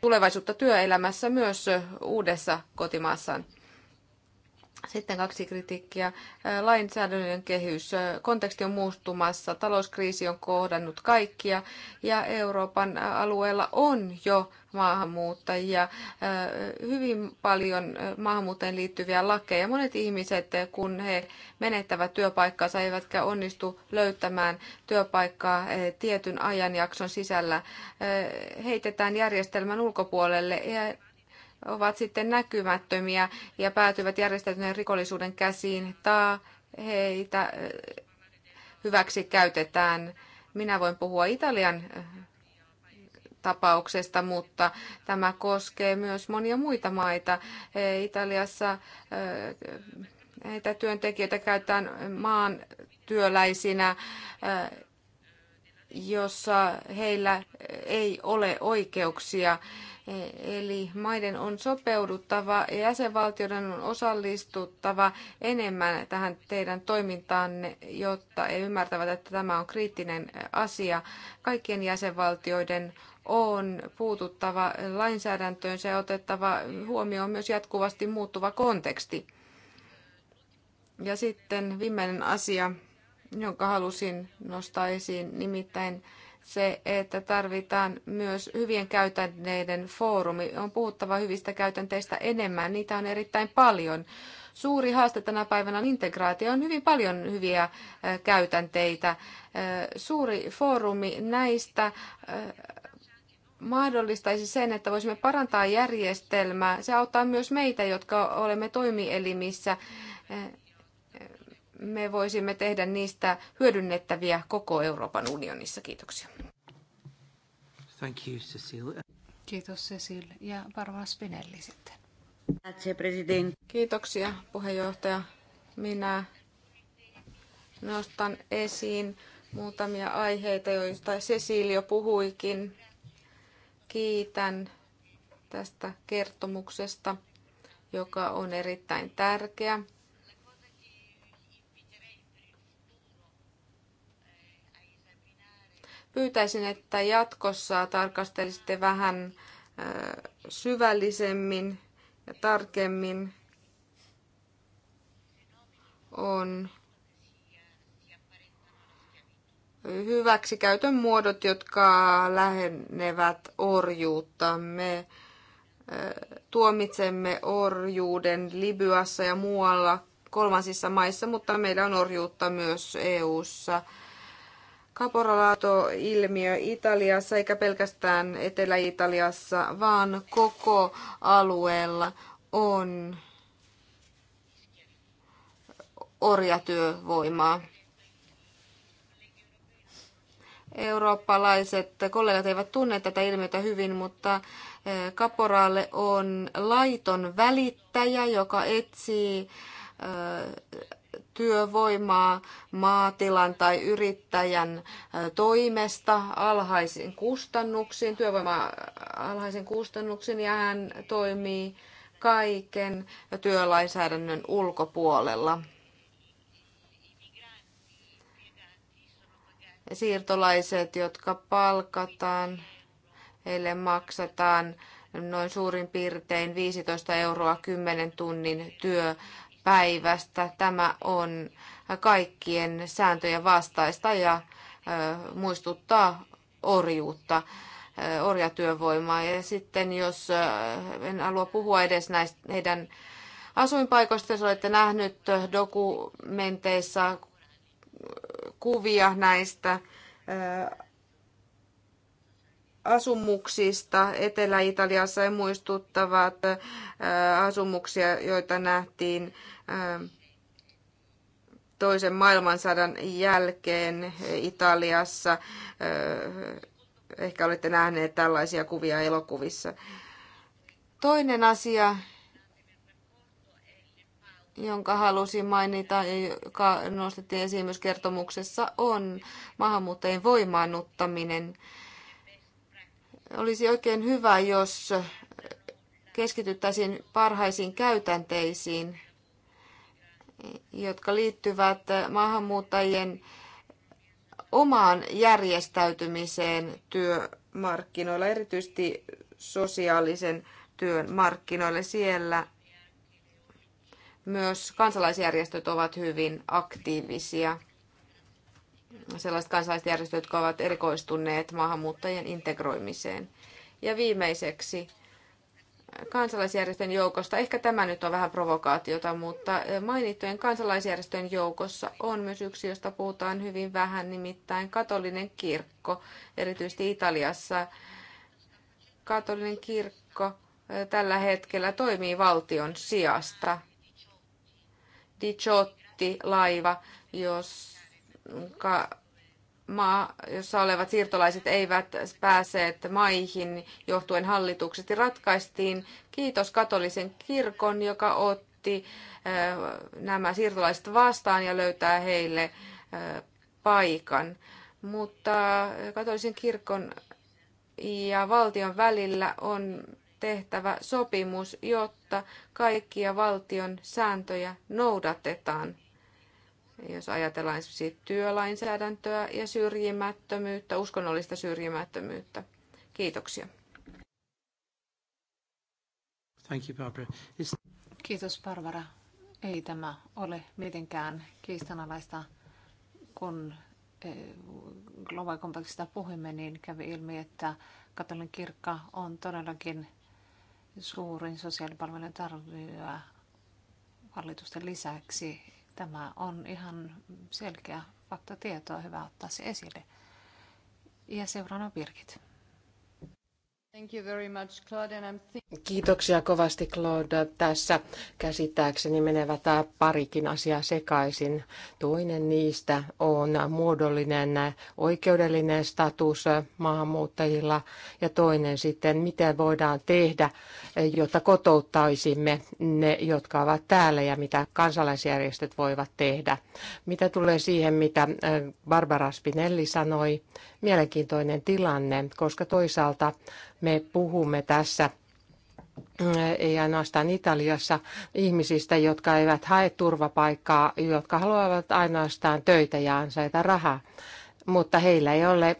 tulevaisuutta työelämässä myös uudessa kotimaassaan. Sitten kaksi kritiikkiä. Lainsäädännön kehys. Konteksti on muuttumassa, talouskriisi on kohdannut kaikkia ja Euroopan alueella on jo maahanmuuttajia, hyvin paljon maahanmuuttajien liittyviä lakeja. Monet ihmiset, kun he menettävät työpaikkaansa, eivätkä onnistu löytämään työpaikkaa tietyn ajanjakson sisällä, heitetään järjestelmän ulkopuolelle ja ovat sitten näkymättömiä ja päätyvät järjestäytyneen rikollisuuden käsiin tai heitä hyväksi käytetään. Minä voin puhua Italian tapauksesta, mutta tämä koskee myös monia muita maita. Italiassa heitä työntekijöitä käytetään maan työläisinä, jossa heillä ei ole oikeuksia Eli maiden on sopeuduttava ja jäsenvaltioiden on osallistuttava enemmän tähän teidän toimintaanne, jotta he ymmärtävät, että tämä on kriittinen asia. Kaikkien jäsenvaltioiden on puututtava lainsäädäntöön ja otettava huomioon myös jatkuvasti muuttuva konteksti. Ja sitten viimeinen asia, jonka halusin nostaa esiin, nimittäin se, että tarvitaan myös hyvien käytänteiden foorumi. On puhuttava hyvistä käytänteistä enemmän, niitä on erittäin paljon. Suuri haaste tänä päivänä on integraatio. On hyvin paljon hyviä käytänteitä. Suuri foorumi näistä mahdollistaisi sen, että voisimme parantaa järjestelmää. Se auttaa myös meitä, jotka olemme toimielimissä me voisimme tehdä niistä hyödynnettäviä koko Euroopan unionissa. Kiitoksia. Thank you, Cecilia. Kiitos Cecil ja varmaan Spinelli sitten. Kiitoksia puheenjohtaja. Minä nostan esiin muutamia aiheita, joista Cecil jo puhuikin. Kiitän tästä kertomuksesta, joka on erittäin tärkeä. Pyytäisin, että jatkossa tarkastelisitte vähän syvällisemmin ja tarkemmin on hyväksikäytön muodot, jotka lähenevät orjuutta. Me tuomitsemme orjuuden Libyassa ja muualla kolmansissa maissa, mutta meillä on orjuutta myös EU:ssa. ssa ilmiö Italiassa, eikä pelkästään Etelä-Italiassa, vaan koko alueella on orjatyövoimaa. Eurooppalaiset kollegat eivät tunne tätä ilmiötä hyvin, mutta kaporaalle eh, on laiton välittäjä, joka etsii eh, työvoimaa maatilan tai yrittäjän toimesta alhaisin kustannuksin, työvoima alhaisin kustannuksin ja hän toimii kaiken työlainsäädännön ulkopuolella. Siirtolaiset, jotka palkataan, heille maksataan noin suurin piirtein 15 euroa 10 tunnin työ päivästä. Tämä on kaikkien sääntöjen vastaista ja muistuttaa orjuutta orjatyövoimaa. Ja sitten jos en halua puhua edes näistä heidän asuinpaikoista, jos olette nähnyt dokumenteissa kuvia näistä asumuksista Etelä-Italiassa ja muistuttavat äh, asumuksia, joita nähtiin äh, toisen maailmansodan jälkeen Italiassa. Äh, ehkä olette nähneet tällaisia kuvia elokuvissa. Toinen asia, jonka halusin mainita, joka nostettiin esiin myös kertomuksessa, on maahanmuuttajien voimaannuttaminen. Olisi oikein hyvä, jos keskityttäisiin parhaisiin käytänteisiin, jotka liittyvät maahanmuuttajien omaan järjestäytymiseen työmarkkinoilla, erityisesti sosiaalisen työn markkinoille. Siellä myös kansalaisjärjestöt ovat hyvin aktiivisia sellaiset järjestöt, jotka ovat erikoistuneet maahanmuuttajien integroimiseen. Ja viimeiseksi äh, kansalaisjärjestön joukosta, ehkä tämä nyt on vähän provokaatiota, mutta äh, mainittujen kansalaisjärjestön joukossa on myös yksi, josta puhutaan hyvin vähän, nimittäin katolinen kirkko, erityisesti Italiassa. Katolinen kirkko äh, tällä hetkellä toimii valtion sijasta. Diciotti laiva, jos jonka maa, jossa olevat siirtolaiset eivät pääseet maihin johtuen hallituksesta, ratkaistiin kiitos katolisen kirkon, joka otti nämä siirtolaiset vastaan ja löytää heille paikan. Mutta katolisen kirkon ja valtion välillä on tehtävä sopimus, jotta kaikkia valtion sääntöjä noudatetaan. Jos ajatellaan esimerkiksi työlainsäädäntöä ja syrjimättömyyttä, uskonnollista syrjimättömyyttä. Kiitoksia. Thank you, Barbara. It's... Kiitos Barbara. Ei tämä ole mitenkään kiistanalaista, kun eh, Global Compactista puhuimme, niin kävi ilmi, että katolinen kirkka on todellakin suurin sosiaalipalvelujen tarjoaja hallitusten lisäksi Tämä on ihan selkeä faktatietoa, hyvä ottaa se esille. Ja seuraavana Birgit. Kiitoksia kovasti Claude. Tässä käsittääkseni menevät parikin asiaa sekaisin. Toinen niistä on muodollinen oikeudellinen status maahanmuuttajilla ja toinen sitten, miten voidaan tehdä, jotta kotouttaisimme ne, jotka ovat täällä ja mitä kansalaisjärjestöt voivat tehdä. Mitä tulee siihen, mitä Barbara Spinelli sanoi, mielenkiintoinen tilanne, koska toisaalta me puhumme tässä mm, ei ainoastaan Italiassa ihmisistä, jotka eivät hae turvapaikkaa, jotka haluavat ainoastaan töitä ja ansaita rahaa, mutta heillä ei ole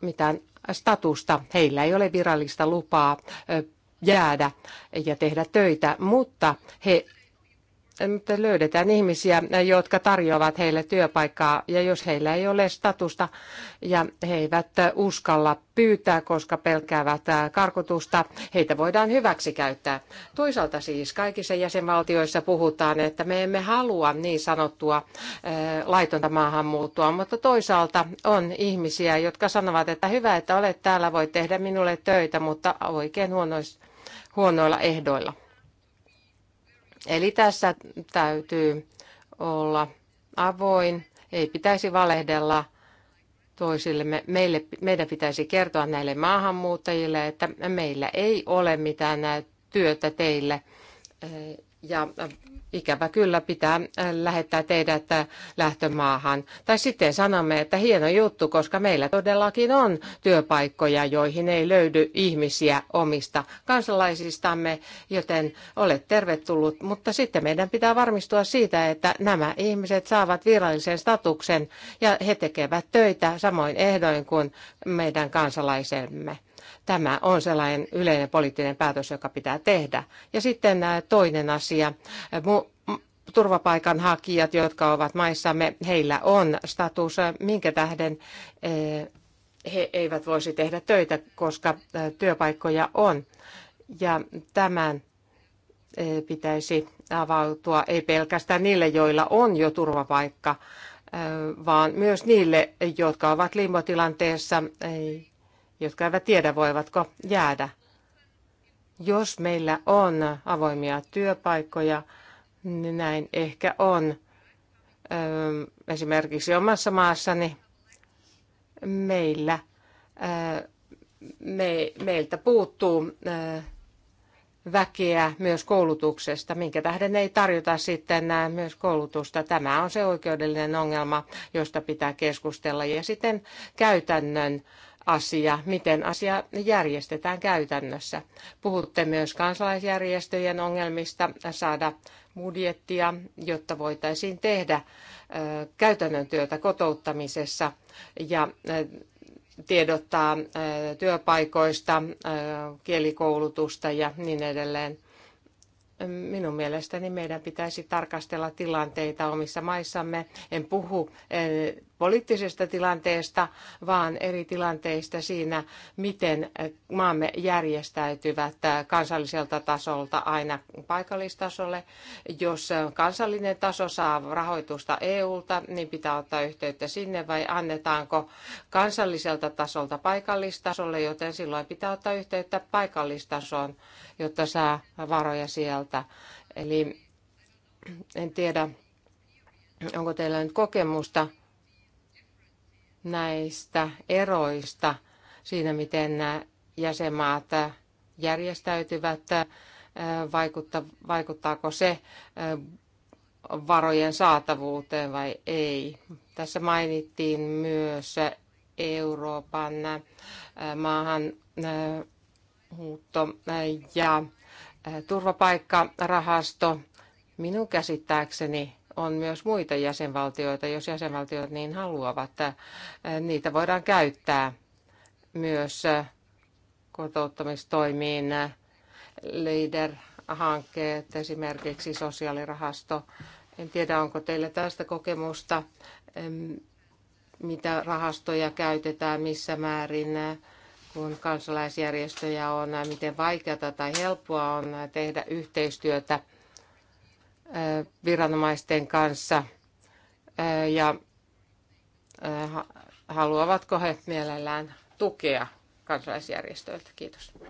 mitään statusta, heillä ei ole virallista lupaa jäädä ja tehdä töitä, mutta he että löydetään ihmisiä, jotka tarjoavat heille työpaikkaa, ja jos heillä ei ole statusta ja he eivät uskalla pyytää, koska pelkäävät äh, karkotusta, heitä voidaan hyväksikäyttää. Toisaalta siis kaikissa jäsenvaltioissa puhutaan, että me emme halua niin sanottua äh, laitonta maahanmuuttoa, mutta toisaalta on ihmisiä, jotka sanovat, että hyvä, että olet täällä, voit tehdä minulle töitä, mutta oikein huonoilla ehdoilla. Eli tässä täytyy olla avoin, ei pitäisi valehdella toisille. Meille, meidän pitäisi kertoa näille maahanmuuttajille, että meillä ei ole mitään työtä teille ja ikävä kyllä pitää äh, lähettää teidät äh, lähtömaahan. Tai sitten sanomme, että hieno juttu, koska meillä todellakin on työpaikkoja, joihin ei löydy ihmisiä omista kansalaisistamme, joten olet tervetullut. Mutta sitten meidän pitää varmistua siitä, että nämä ihmiset saavat virallisen statuksen ja he tekevät töitä samoin ehdoin kuin meidän kansalaisemme. Tämä on sellainen yleinen poliittinen päätös, joka pitää tehdä. Ja sitten toinen asia. Turvapaikanhakijat, jotka ovat maissamme, heillä on status, minkä tähden he eivät voisi tehdä töitä, koska työpaikkoja on. Ja tämän pitäisi avautua ei pelkästään niille, joilla on jo turvapaikka, vaan myös niille, jotka ovat limbotilanteessa jotka eivät tiedä, voivatko jäädä. Jos meillä on avoimia työpaikkoja, niin näin ehkä on. Esimerkiksi omassa maassani meillä me, meiltä puuttuu väkeä myös koulutuksesta, minkä tähden ei tarjota sitten myös koulutusta. Tämä on se oikeudellinen ongelma, josta pitää keskustella. Ja sitten käytännön asia, miten asia järjestetään käytännössä. Puhutte myös kansalaisjärjestöjen ongelmista saada budjettia, jotta voitaisiin tehdä käytännön työtä kotouttamisessa ja tiedottaa työpaikoista, kielikoulutusta ja niin edelleen. Minun mielestäni meidän pitäisi tarkastella tilanteita omissa maissamme. En puhu poliittisesta tilanteesta, vaan eri tilanteista siinä, miten eh, maamme järjestäytyvät eh, kansalliselta tasolta aina paikallistasolle. Jos eh, kansallinen taso saa rahoitusta EUlta, niin pitää ottaa yhteyttä sinne vai annetaanko kansalliselta tasolta paikallistasolle, joten silloin pitää ottaa yhteyttä paikallistasoon, jotta saa varoja sieltä. Eli en tiedä, onko teillä nyt kokemusta näistä eroista siinä, miten nämä jäsenmaat järjestäytyvät, vaikuttaako se varojen saatavuuteen vai ei. Tässä mainittiin myös Euroopan maahan ja turvapaikkarahasto. Minun käsittääkseni on myös muita jäsenvaltioita, jos jäsenvaltiot niin haluavat. Äh, niitä voidaan käyttää myös äh, kotouttamistoimiin. Äh, leader-hankkeet, esimerkiksi sosiaalirahasto. En tiedä, onko teillä tästä kokemusta, mitä rahastoja käytetään, missä määrin, kun kansalaisjärjestöjä on, miten vaikeata tai helppoa on tehdä yhteistyötä – viranomaisten kanssa ja haluavatko he mielellään tukea kansalaisjärjestöiltä. Kiitos. Uh,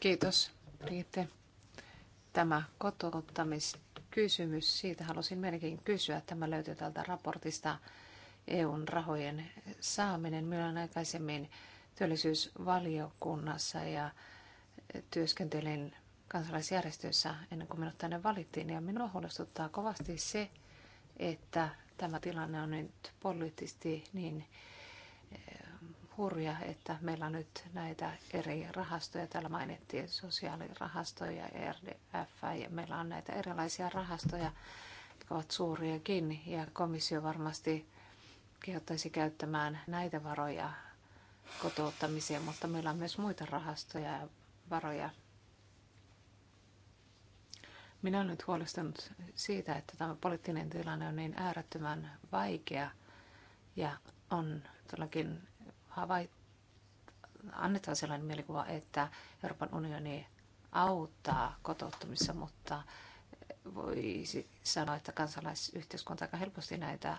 Kiitos, Riitte. Tämä kotouttamiskysymys, siitä halusin melkein kysyä. Tämä löytyy tältä raportista EUn rahojen saaminen. Minä olen aikaisemmin työllisyysvaliokunnassa ja työskentelin kansalaisjärjestöissä ennen kuin minut tänne valittiin. Ja minua huolestuttaa kovasti se, että tämä tilanne on nyt poliittisesti niin eh, hurja, että meillä on nyt näitä eri rahastoja. Täällä mainittiin sosiaalirahastoja, RDF ja meillä on näitä erilaisia rahastoja, jotka ovat suuriakin. Ja komissio varmasti kehottaisi käyttämään näitä varoja kotouttamiseen, mutta meillä on myös muita rahastoja ja varoja, minä olen nyt huolestunut siitä, että tämä poliittinen tilanne on niin äärettömän vaikea ja on todellakin havait- annetaan sellainen mielikuva, että Euroopan unioni auttaa kotouttamissa, mutta voi sanoa, että kansalaisyhteiskunta aika helposti näitä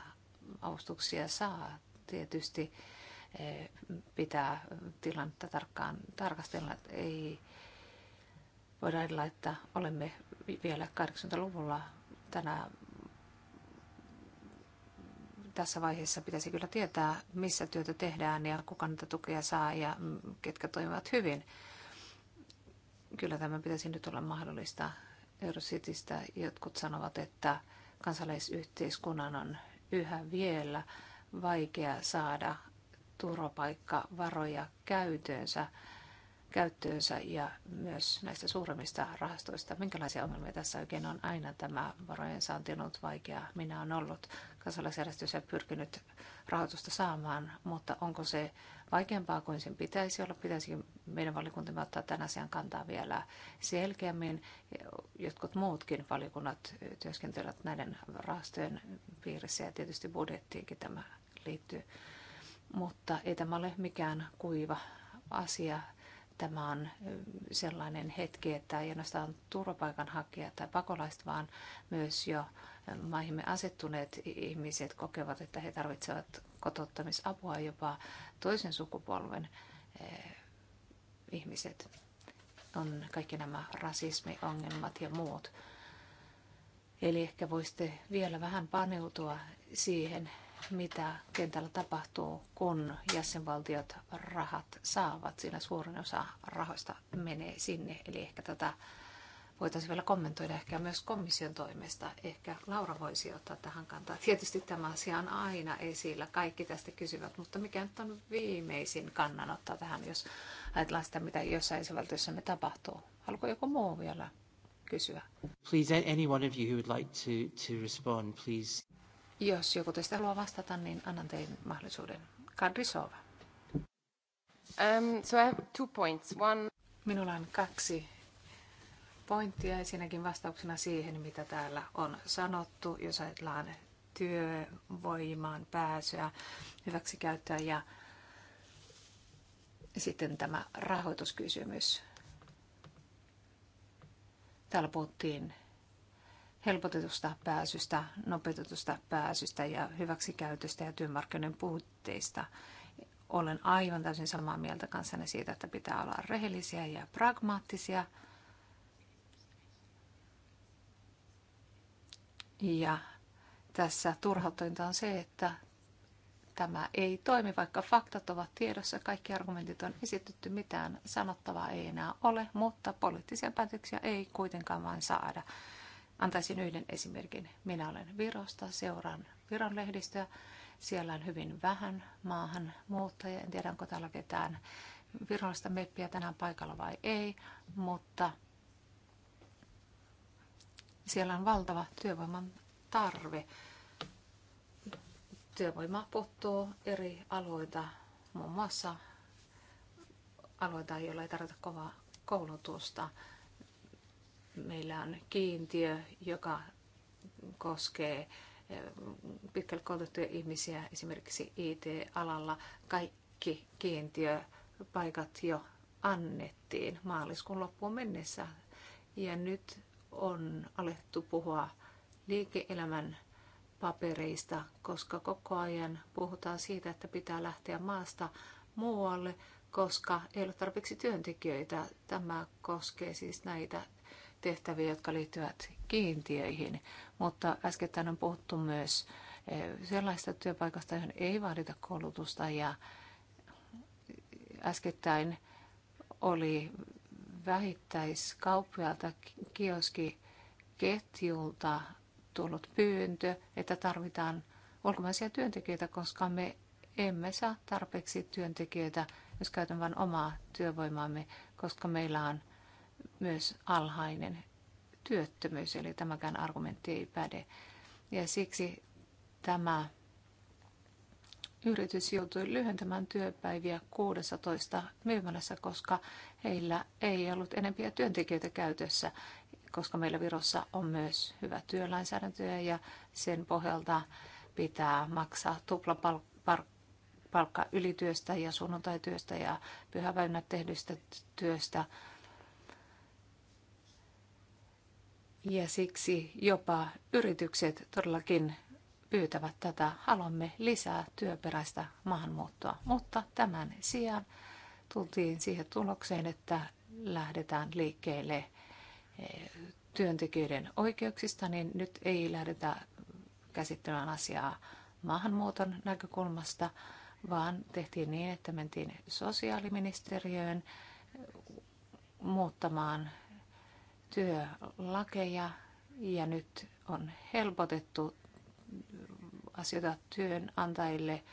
avustuksia saa. Tietysti eh, pitää tilannetta tarkkaan tarkastella, ei voidaan ajatella, että olemme vielä 80-luvulla tänä tässä vaiheessa pitäisi kyllä tietää, missä työtä tehdään ja kuka niitä tukea saa ja ketkä toimivat hyvin. Kyllä tämä pitäisi nyt olla mahdollista. Eurocitystä jotkut sanovat, että kansalaisyhteiskunnan on yhä vielä vaikea saada turvapaikkavaroja käytöönsä käyttöönsä ja myös näistä suuremmista rahastoista. Minkälaisia ongelmia tässä oikein on aina tämä varojen saanti on ollut vaikea? Minä olen ollut kansalaisjärjestössä ja pyrkinyt rahoitusta saamaan, mutta onko se vaikeampaa kuin sen pitäisi olla? Pitäisi meidän valiokuntamme ottaa tämän asian kantaa vielä selkeämmin. Jotkut muutkin valiokunnat työskentelevät näiden rahastojen piirissä ja tietysti budjettiinkin tämä liittyy. Mutta ei tämä ole mikään kuiva asia tämä on sellainen hetki, että ei ainoastaan turvapaikanhakija tai pakolaiset, vaan myös jo maihimme asettuneet ihmiset kokevat, että he tarvitsevat kotouttamisapua jopa toisen sukupolven ihmiset. On kaikki nämä rasismiongelmat ja muut. Eli ehkä voisitte vielä vähän paneutua siihen, mitä kentällä tapahtuu, kun jäsenvaltiot rahat saavat, sillä suurin osa rahoista menee sinne. Eli ehkä tätä voitaisiin vielä kommentoida ehkä myös komission toimesta. Ehkä Laura voisi ottaa tähän kantaa. Tietysti tämä asia on aina esillä, kaikki tästä kysyvät, mutta mikä nyt on viimeisin kannanotto tähän, jos ajatellaan sitä, mitä jossain me tapahtuu. Haluatko joku muu vielä kysyä? Please, any one of you who would like to, to respond, please. Jos joku teistä haluaa vastata, niin annan teille mahdollisuuden. Kadri Sova. Um, so I have two points. One... Minulla on kaksi pointtia ensinnäkin vastauksena siihen, mitä täällä on sanottu, jos ajatellaan työvoimaan pääsyä, hyväksikäyttöä ja sitten tämä rahoituskysymys. Täällä puhuttiin helpotetusta pääsystä, nopeutetusta pääsystä ja hyväksikäytöstä ja työmarkkinoiden puutteista. Olen aivan täysin samaa mieltä kanssanne siitä, että pitää olla rehellisiä ja pragmaattisia. Ja tässä turhautointa on se, että tämä ei toimi, vaikka faktat ovat tiedossa, kaikki argumentit on esitetty, mitään sanottavaa ei enää ole, mutta poliittisia päätöksiä ei kuitenkaan vain saada. Antaisin yhden esimerkin. Minä olen Virosta, seuraan Viron lehdistöä. Siellä on hyvin vähän maahan muuttajia. En tiedä, onko täällä ketään virallista meppiä tänään paikalla vai ei, mutta siellä on valtava työvoiman tarve. Työvoima puuttuu eri aloita muun muassa aloita joilla ei tarvita kovaa koulutusta meillä on kiintiö, joka koskee eh, pitkälle koulutettuja ihmisiä esimerkiksi IT-alalla. Kaikki kiintiöpaikat jo annettiin maaliskuun loppuun mennessä. Ja nyt on alettu puhua liike-elämän papereista, koska koko ajan puhutaan siitä, että pitää lähteä maasta muualle, koska ei ole tarpeeksi työntekijöitä. Tämä koskee siis näitä tehtäviä, jotka liittyvät kiintiöihin, mutta äskettäin on puhuttu myös eh, sellaista työpaikasta, johon ei vaadita koulutusta ja äskettäin oli vähittäiskauppialta kioskiketjulta tullut pyyntö, että tarvitaan ulkomaisia työntekijöitä, koska me emme saa tarpeeksi työntekijöitä, jos käytän vain omaa työvoimaamme, koska meillä on myös alhainen työttömyys, eli tämäkään argumentti ei päde. Ja siksi tämä yritys joutui lyhentämään työpäiviä 16 myymälässä, koska heillä ei ollut enempiä työntekijöitä käytössä, koska meillä Virossa on myös hyvä työlainsäädäntö ja sen pohjalta pitää maksaa tuplapalkka ylityöstä ja sunnuntaityöstä ja pyhäväynnä tehdystä työstä Ja siksi jopa yritykset todellakin pyytävät tätä. Haluamme lisää työperäistä maahanmuuttoa, mutta tämän sijaan tultiin siihen tulokseen, että lähdetään liikkeelle eh, työntekijöiden oikeuksista, niin nyt ei lähdetä käsittelemään asiaa maahanmuuton näkökulmasta, vaan tehtiin niin, että mentiin sosiaaliministeriöön muuttamaan työlakeja ja nyt on helpotettu asioita työnantajille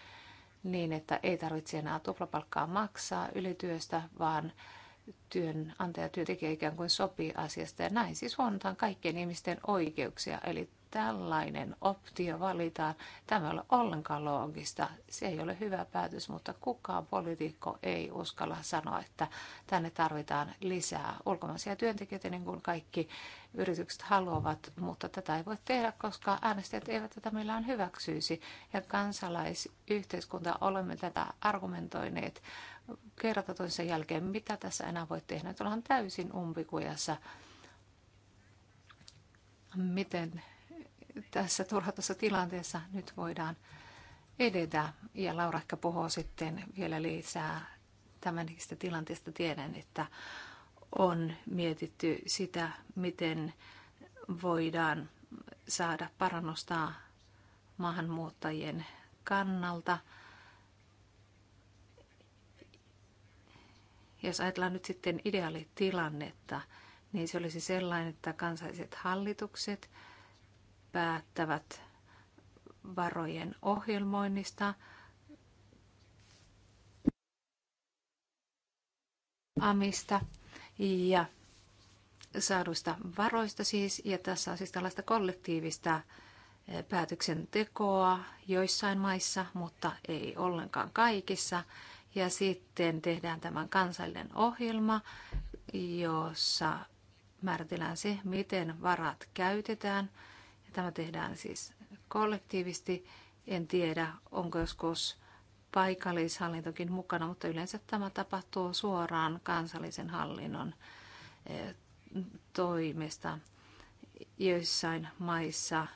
niin, että ei tarvitse enää tuplapalkkaa maksaa ylityöstä, vaan työnantaja työntekijä ikään kuin sopii asiasta ja näin siis huonotaan kaikkien ihmisten oikeuksia. Eli tällainen optio valitaan. Tämä ei ole ollenkaan loogista. Se ei ole hyvä päätös, mutta kukaan poliitikko ei uskalla sanoa, että tänne tarvitaan lisää ulkomaisia työntekijöitä, niin kuin kaikki yritykset haluavat, mutta tätä ei voi tehdä, koska äänestäjät eivät tätä millään hyväksyisi. Ja kansalaisyhteiskunta olemme tätä argumentoineet kerta toisen jälkeen, mitä tässä enää voi tehdä. Nyt ollaan täysin umpikujassa. Miten tässä turhatussa tilanteessa nyt voidaan edetä. Ja Laura ehkä puhuu sitten vielä lisää tämänhetkistä tilanteesta. Tiedän, että on mietitty sitä, miten voidaan saada parannusta maahanmuuttajien kannalta. Jos ajatellaan nyt sitten ideaalitilannetta, niin se olisi sellainen, että kansalliset hallitukset – päättävät varojen ohjelmoinnista. Amista ja saaduista varoista siis, ja tässä on siis tällaista kollektiivista eh, päätöksentekoa joissain maissa, mutta ei ollenkaan kaikissa. Ja sitten tehdään tämän kansallinen ohjelma, jossa määritellään se, miten varat käytetään – Tämä tehdään siis kollektiivisesti. En tiedä, onko joskus paikallishallintokin mukana, mutta yleensä tämä tapahtuu suoraan kansallisen hallinnon eh, toimesta. Joissain maissa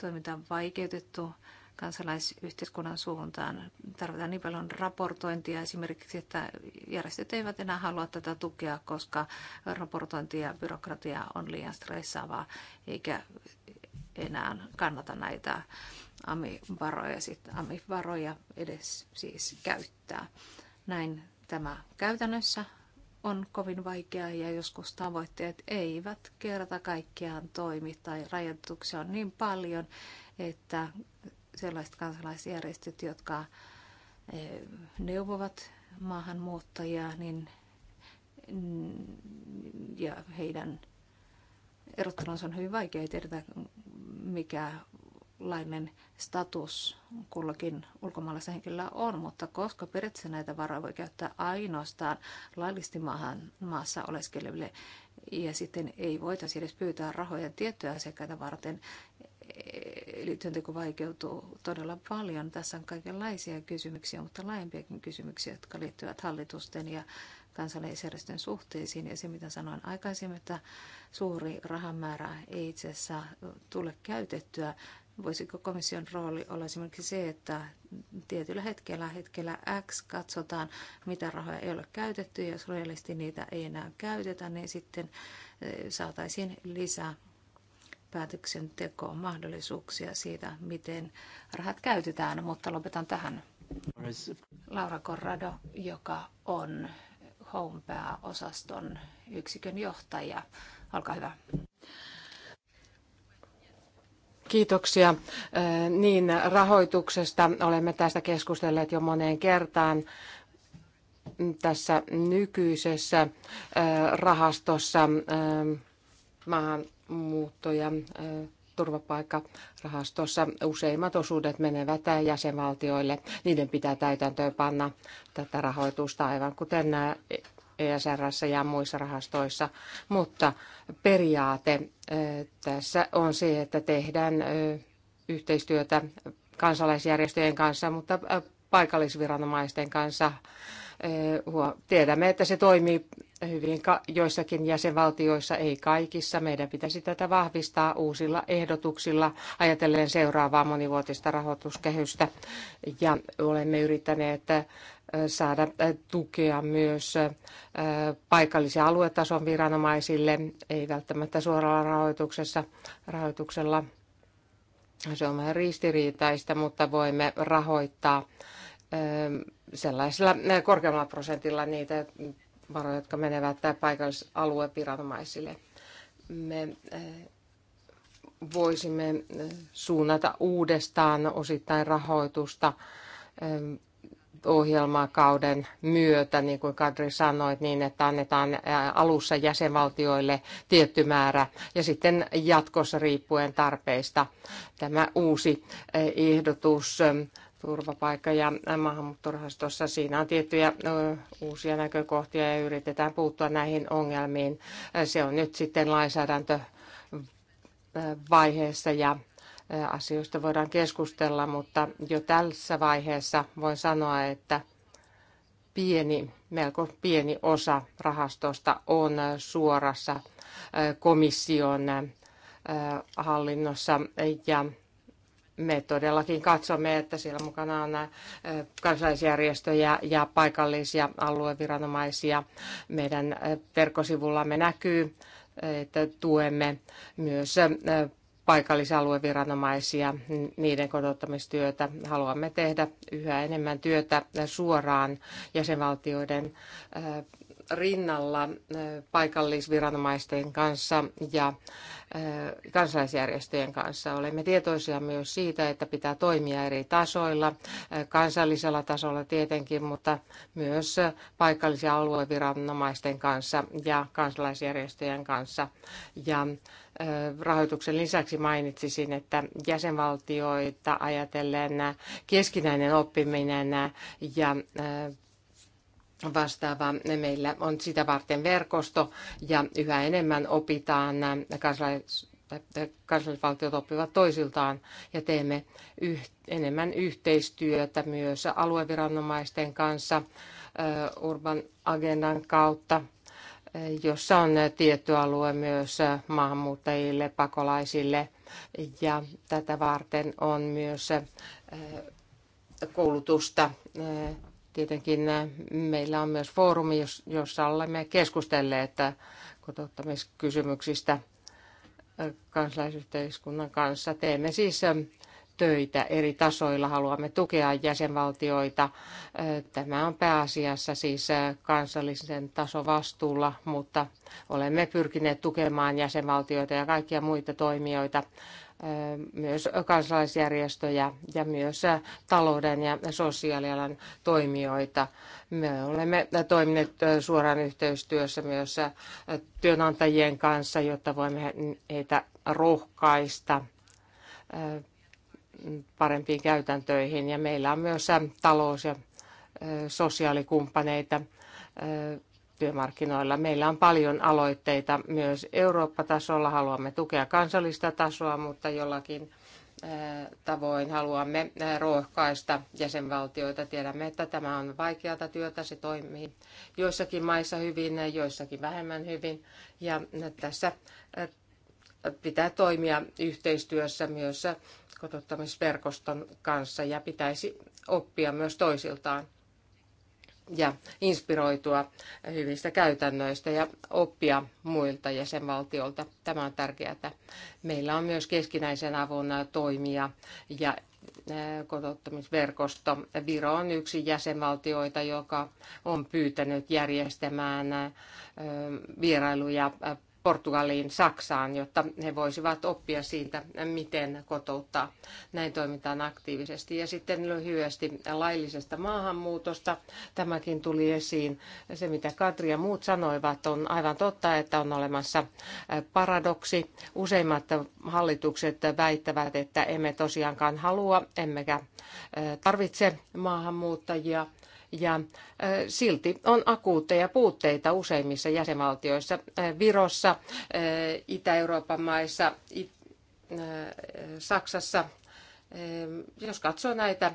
toiminta on vaikeutettu kansalaisyhteiskunnan suuntaan. Tarvitaan niin paljon raportointia esimerkiksi, että järjestöt eivät enää halua tätä tukea, koska raportointi ja byrokratia on liian stressaavaa, eikä enää kannata näitä amivaroja, sitten amivaroja edes siis käyttää. Näin tämä käytännössä on kovin vaikeaa ja joskus tavoitteet eivät kerta kaikkiaan toimi tai rajoituksia on niin paljon, että sellaiset kansalaisjärjestöt, jotka eh, neuvovat maahanmuuttajia niin, mm, ja heidän erottelunsa on hyvin vaikea, tiedetä mikä lainen status kullakin ulkomaalaisen henkilöllä on, mutta koska periaatteessa näitä varoja voi käyttää ainoastaan laillisesti maahan, maassa oleskeleville ja sitten ei voitaisiin edes pyytää rahoja tiettyjä asiakkaita varten, eli työnteko vaikeutuu todella paljon. Tässä on kaikenlaisia kysymyksiä, mutta laajempiakin kysymyksiä, jotka liittyvät hallitusten ja kansalaisjärjestön suhteisiin. Ja se, mitä sanoin aikaisemmin, että suuri rahamäärä ei itse asiassa tule käytettyä. Voisiko komission rooli olla esimerkiksi se, että tietyllä hetkellä, hetkellä X, katsotaan, mitä rahoja ei ole käytetty, ja jos niitä ei enää käytetä, niin sitten eh, saataisiin lisää päätöksentekoon mahdollisuuksia siitä, miten rahat käytetään, mutta lopetan tähän. Laura Corrado, joka on Home pääosaston yksikön johtaja. Olkaa hyvä. Kiitoksia. Niin, rahoituksesta olemme tästä keskustelleet jo moneen kertaan tässä nykyisessä rahastossa maahan muutto- ja turvapaikkarahastossa useimmat osuudet menevät jäsenvaltioille. Niiden pitää täytäntöön panna tätä rahoitusta aivan kuten ESRssä ja muissa rahastoissa, mutta periaate tässä on se, että tehdään yhteistyötä kansalaisjärjestöjen kanssa, mutta paikallisviranomaisten kanssa. Tiedämme, että se toimii hyvin joissakin jäsenvaltioissa, ei kaikissa. Meidän pitäisi tätä vahvistaa uusilla ehdotuksilla ajatellen seuraavaa monivuotista rahoituskehystä. Ja olemme yrittäneet äh, saada äh, tukea myös äh, paikallisia aluetason viranomaisille, ei välttämättä suoralla rahoituksessa, rahoituksella. Se on vähän ristiriitaista, mutta voimme rahoittaa sellaisella korkeammalla prosentilla niitä varoja, jotka menevät paikallisalueviranomaisille. Me eh, voisimme eh, suunnata uudestaan osittain rahoitusta eh, ohjelmakauden myötä, niin kuin Kadri sanoi, niin että annetaan alussa jäsenvaltioille tietty määrä ja sitten jatkossa riippuen tarpeista tämä uusi ehdotus turvapaikka- ja maahanmuuttorahastossa. Siinä on tiettyjä uusia näkökohtia ja yritetään puuttua näihin ongelmiin. Se on nyt sitten lainsäädäntövaiheessa ja asioista voidaan keskustella, mutta jo tässä vaiheessa voin sanoa, että pieni, melko pieni osa rahastosta on suorassa komission hallinnossa ja me todellakin katsomme, että siellä mukana on äh, kansalaisjärjestöjä ja paikallisia alueviranomaisia. Meidän äh, verkkosivullamme näkyy, että tuemme myös äh, paikallisalueviranomaisia, niiden kotouttamistyötä. Haluamme tehdä yhä enemmän työtä suoraan jäsenvaltioiden rinnalla paikallisviranomaisten kanssa ja kansalaisjärjestöjen kanssa. Olemme tietoisia myös siitä, että pitää toimia eri tasoilla, kansallisella tasolla tietenkin, mutta myös paikallisia alueviranomaisten kanssa ja kansalaisjärjestöjen kanssa. Ja rahoituksen lisäksi mainitsisin, että jäsenvaltioita ajatellen keskinäinen oppiminen ja vastaava. Meillä on sitä varten verkosto ja yhä enemmän opitaan kansalais- kansallisvaltiot oppivat toisiltaan ja teemme yh- enemmän yhteistyötä myös alueviranomaisten kanssa Urban Agendan kautta, jossa on tietty alue myös maahanmuuttajille, pakolaisille ja tätä varten on myös koulutusta tietenkin meillä on myös foorumi, jossa olemme keskustelleet kotouttamiskysymyksistä kansalaisyhteiskunnan kanssa. Teemme siis töitä eri tasoilla, haluamme tukea jäsenvaltioita. Tämä on pääasiassa siis kansallisen vastuulla, mutta olemme pyrkineet tukemaan jäsenvaltioita ja kaikkia muita toimijoita myös kansalaisjärjestöjä ja myös talouden ja sosiaalialan toimijoita. Me olemme toimineet suoraan yhteistyössä myös työnantajien kanssa, jotta voimme heitä rohkaista parempiin käytäntöihin. Ja meillä on myös talous- ja sosiaalikumppaneita työmarkkinoilla. Meillä on paljon aloitteita myös Eurooppa-tasolla. Haluamme tukea kansallista tasoa, mutta jollakin tavoin haluamme rohkaista jäsenvaltioita. Tiedämme, että tämä on vaikeata työtä, se toimii joissakin maissa hyvin, joissakin vähemmän hyvin. Ja tässä pitää toimia yhteistyössä myös kotottamisverkoston kanssa ja pitäisi oppia myös toisiltaan ja inspiroitua hyvistä käytännöistä ja oppia muilta jäsenvaltioilta. Tämä on tärkeää. Meillä on myös keskinäisen avun toimija ja kotouttamisverkosto. Viro on yksi jäsenvaltioita, joka on pyytänyt järjestämään vierailuja Portugaliin, Saksaan, jotta he voisivat oppia siitä, miten kotouttaa. Näin toimitaan aktiivisesti. Ja sitten lyhyesti laillisesta maahanmuutosta. Tämäkin tuli esiin. Se, mitä Katri ja muut sanoivat, on aivan totta, että on olemassa paradoksi. Useimmat hallitukset väittävät, että emme tosiaankaan halua, emmekä tarvitse maahanmuuttajia ja silti on akuutteja puutteita useimmissa jäsenvaltioissa, Virossa, Itä-Euroopan maissa, Saksassa. Jos katsoo näitä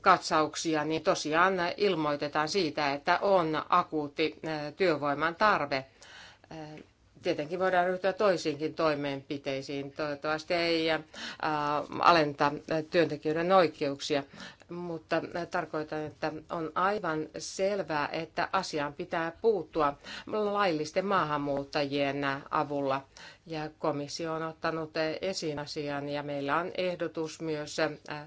katsauksia, niin tosiaan ilmoitetaan siitä, että on akuutti työvoiman tarve tietenkin voidaan ryhtyä toisiinkin toimenpiteisiin. Toivottavasti ei äh, alenta työntekijöiden oikeuksia, mutta tarkoitan, että on aivan selvää, että asiaan pitää puuttua laillisten maahanmuuttajien avulla. Ja komissio on ottanut esiin asian ja meillä on ehdotus myös äh, äh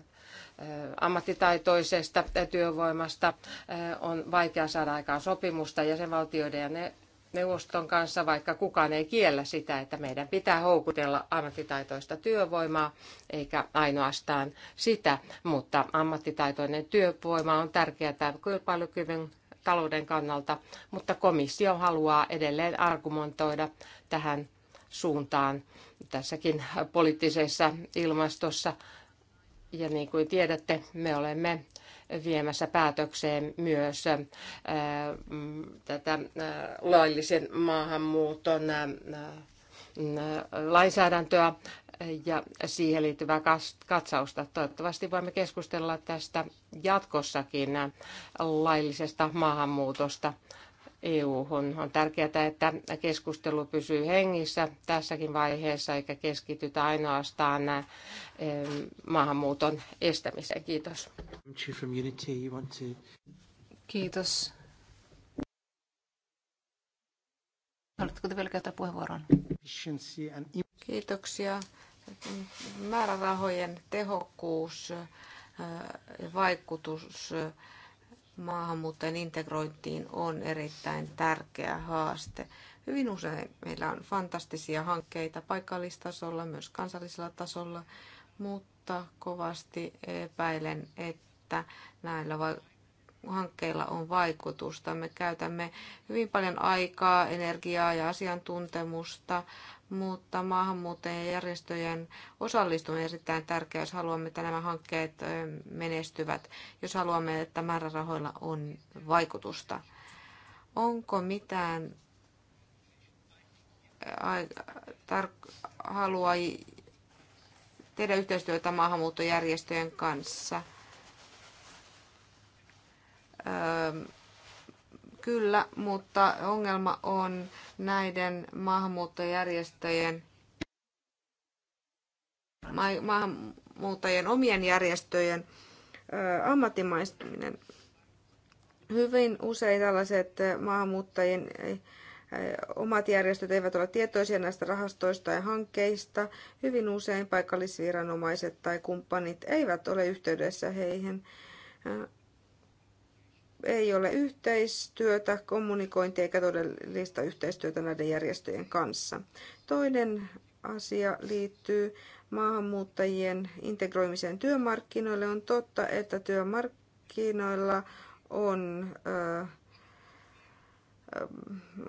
ammattitaitoisesta työvoimasta äh, on vaikea saada aikaan sopimusta jäsenvaltioiden ja neuvoston kanssa, vaikka kukaan ei kiellä sitä, että meidän pitää houkutella ammattitaitoista työvoimaa, eikä ainoastaan sitä, mutta ammattitaitoinen työvoima on tärkeää kilpailukyvyn talouden kannalta, mutta komissio haluaa edelleen argumentoida tähän suuntaan tässäkin poliittisessa ilmastossa. Ja niin kuin tiedätte, me olemme viemässä päätökseen myös äh, mm, tätä äh, laillisen maahanmuuton äh, lainsäädäntöä ja siihen liittyvää katsausta. Toivottavasti voimme keskustella tästä jatkossakin laillisesta maahanmuutosta EU-hun. On tärkeää, että keskustelu pysyy hengissä tässäkin vaiheessa, eikä keskitytä ainoastaan eh, maahanmuuton estämiseen. Kiitos. Kiitos. Haluatteko te vielä käyttää puheenvuoron? Kiitoksia. Määrärahojen tehokkuus ja eh, vaikutus eh, maahanmuuttajien integrointiin on erittäin tärkeä haaste. Hyvin usein meillä on fantastisia hankkeita paikallistasolla, myös kansallisella tasolla, mutta kovasti epäilen, että näillä hankkeilla on vaikutusta. Me käytämme hyvin paljon aikaa, energiaa ja asiantuntemusta, mutta maahanmuuttajien järjestöjen osallistuminen on erittäin tärkeää, jos haluamme, että nämä hankkeet menestyvät, jos haluamme, että määrärahoilla on vaikutusta. Onko mitään halua tehdä yhteistyötä maahanmuuttojärjestöjen kanssa? Kyllä, mutta ongelma on näiden maahanmuuttajärjestöjen maahanmuuttajien omien järjestöjen ammattimaistuminen. Hyvin usein tällaiset maahanmuuttajien omat järjestöt eivät ole tietoisia näistä rahastoista ja hankkeista. Hyvin usein paikallisviranomaiset tai kumppanit eivät ole yhteydessä heihin ei ole yhteistyötä, kommunikointia eikä todellista yhteistyötä näiden järjestöjen kanssa. Toinen asia liittyy maahanmuuttajien integroimiseen työmarkkinoille. On totta, että työmarkkinoilla on ö,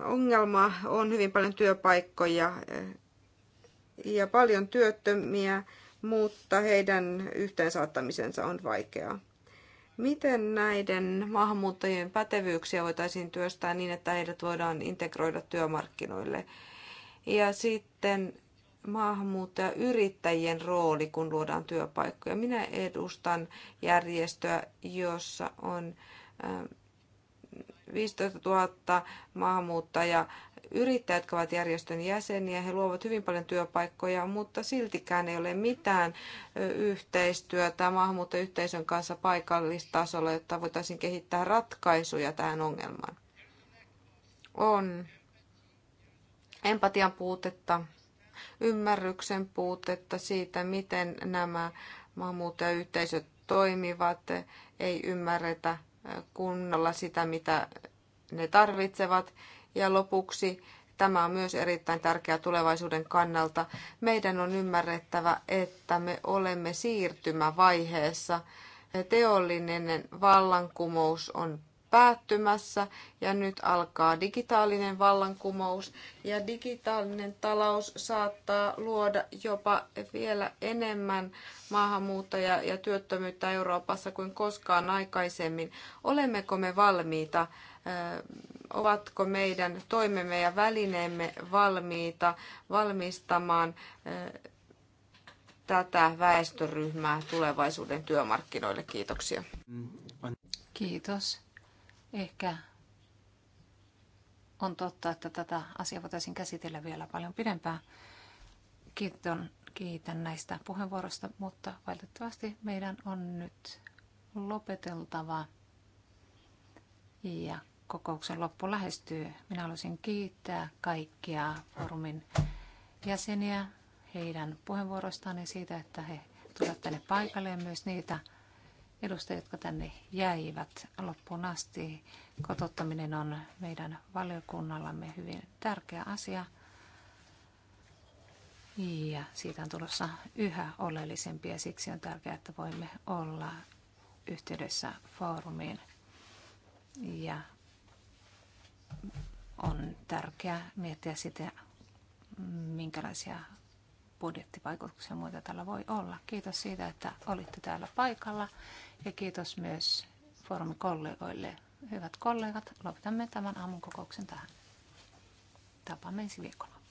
ongelma, on hyvin paljon työpaikkoja ja paljon työttömiä, mutta heidän yhteensaattamisensa on vaikeaa. Miten näiden maahanmuuttajien pätevyyksiä voitaisiin työstää niin, että heidät voidaan integroida työmarkkinoille? Ja sitten maahanmuuttajayrittäjien rooli, kun luodaan työpaikkoja. Minä edustan järjestöä, jossa on ähm, 15 000 maahanmuuttajaa yrittäjät, jotka ovat järjestön jäseniä. He luovat hyvin paljon työpaikkoja, mutta siltikään ei ole mitään yhteistyötä maahanmuuttoyhteisön kanssa paikallistasolla, jotta voitaisiin kehittää ratkaisuja tähän ongelmaan. On empatian puutetta, ymmärryksen puutetta siitä, miten nämä maahanmuuttajayhteisöt toimivat, ei ymmärretä kunnolla sitä, mitä ne tarvitsevat. Ja lopuksi tämä on myös erittäin tärkeää tulevaisuuden kannalta. Meidän on ymmärrettävä, että me olemme siirtymävaiheessa. Teollinen vallankumous on päättymässä ja nyt alkaa digitaalinen vallankumous ja digitaalinen talous saattaa luoda jopa vielä enemmän maahanmuuttajia ja työttömyyttä Euroopassa kuin koskaan aikaisemmin. Olemmeko me valmiita? Ovatko meidän toimemme ja välineemme valmiita valmistamaan tätä väestöryhmää tulevaisuuden työmarkkinoille? Kiitoksia. Kiitos. Ehkä on totta, että tätä asiaa voitaisiin käsitellä vielä paljon pidempään. Kiitän, kiitän näistä puheenvuoroista, mutta valitettavasti meidän on nyt lopeteltava ja kokouksen loppu lähestyy. Minä haluaisin kiittää kaikkia foorumin jäseniä heidän puheenvuoroistaan ja siitä, että he tulevat tänne paikalle ja myös niitä edustajia, jotka tänne jäivät loppuun asti. Kotottaminen on meidän valiokunnallamme hyvin tärkeä asia. Ja siitä on tulossa yhä oleellisempi ja siksi on tärkeää, että voimme olla yhteydessä foorumiin. Ja on tärkeää miettiä sitä, minkälaisia budjettivaikutuksia muita tällä voi olla. Kiitos siitä, että olitte täällä paikalla ja kiitos myös kollegoille Hyvät kollegat, lopetamme tämän aamun kokouksen tähän. Tapaamme ensi viikolla.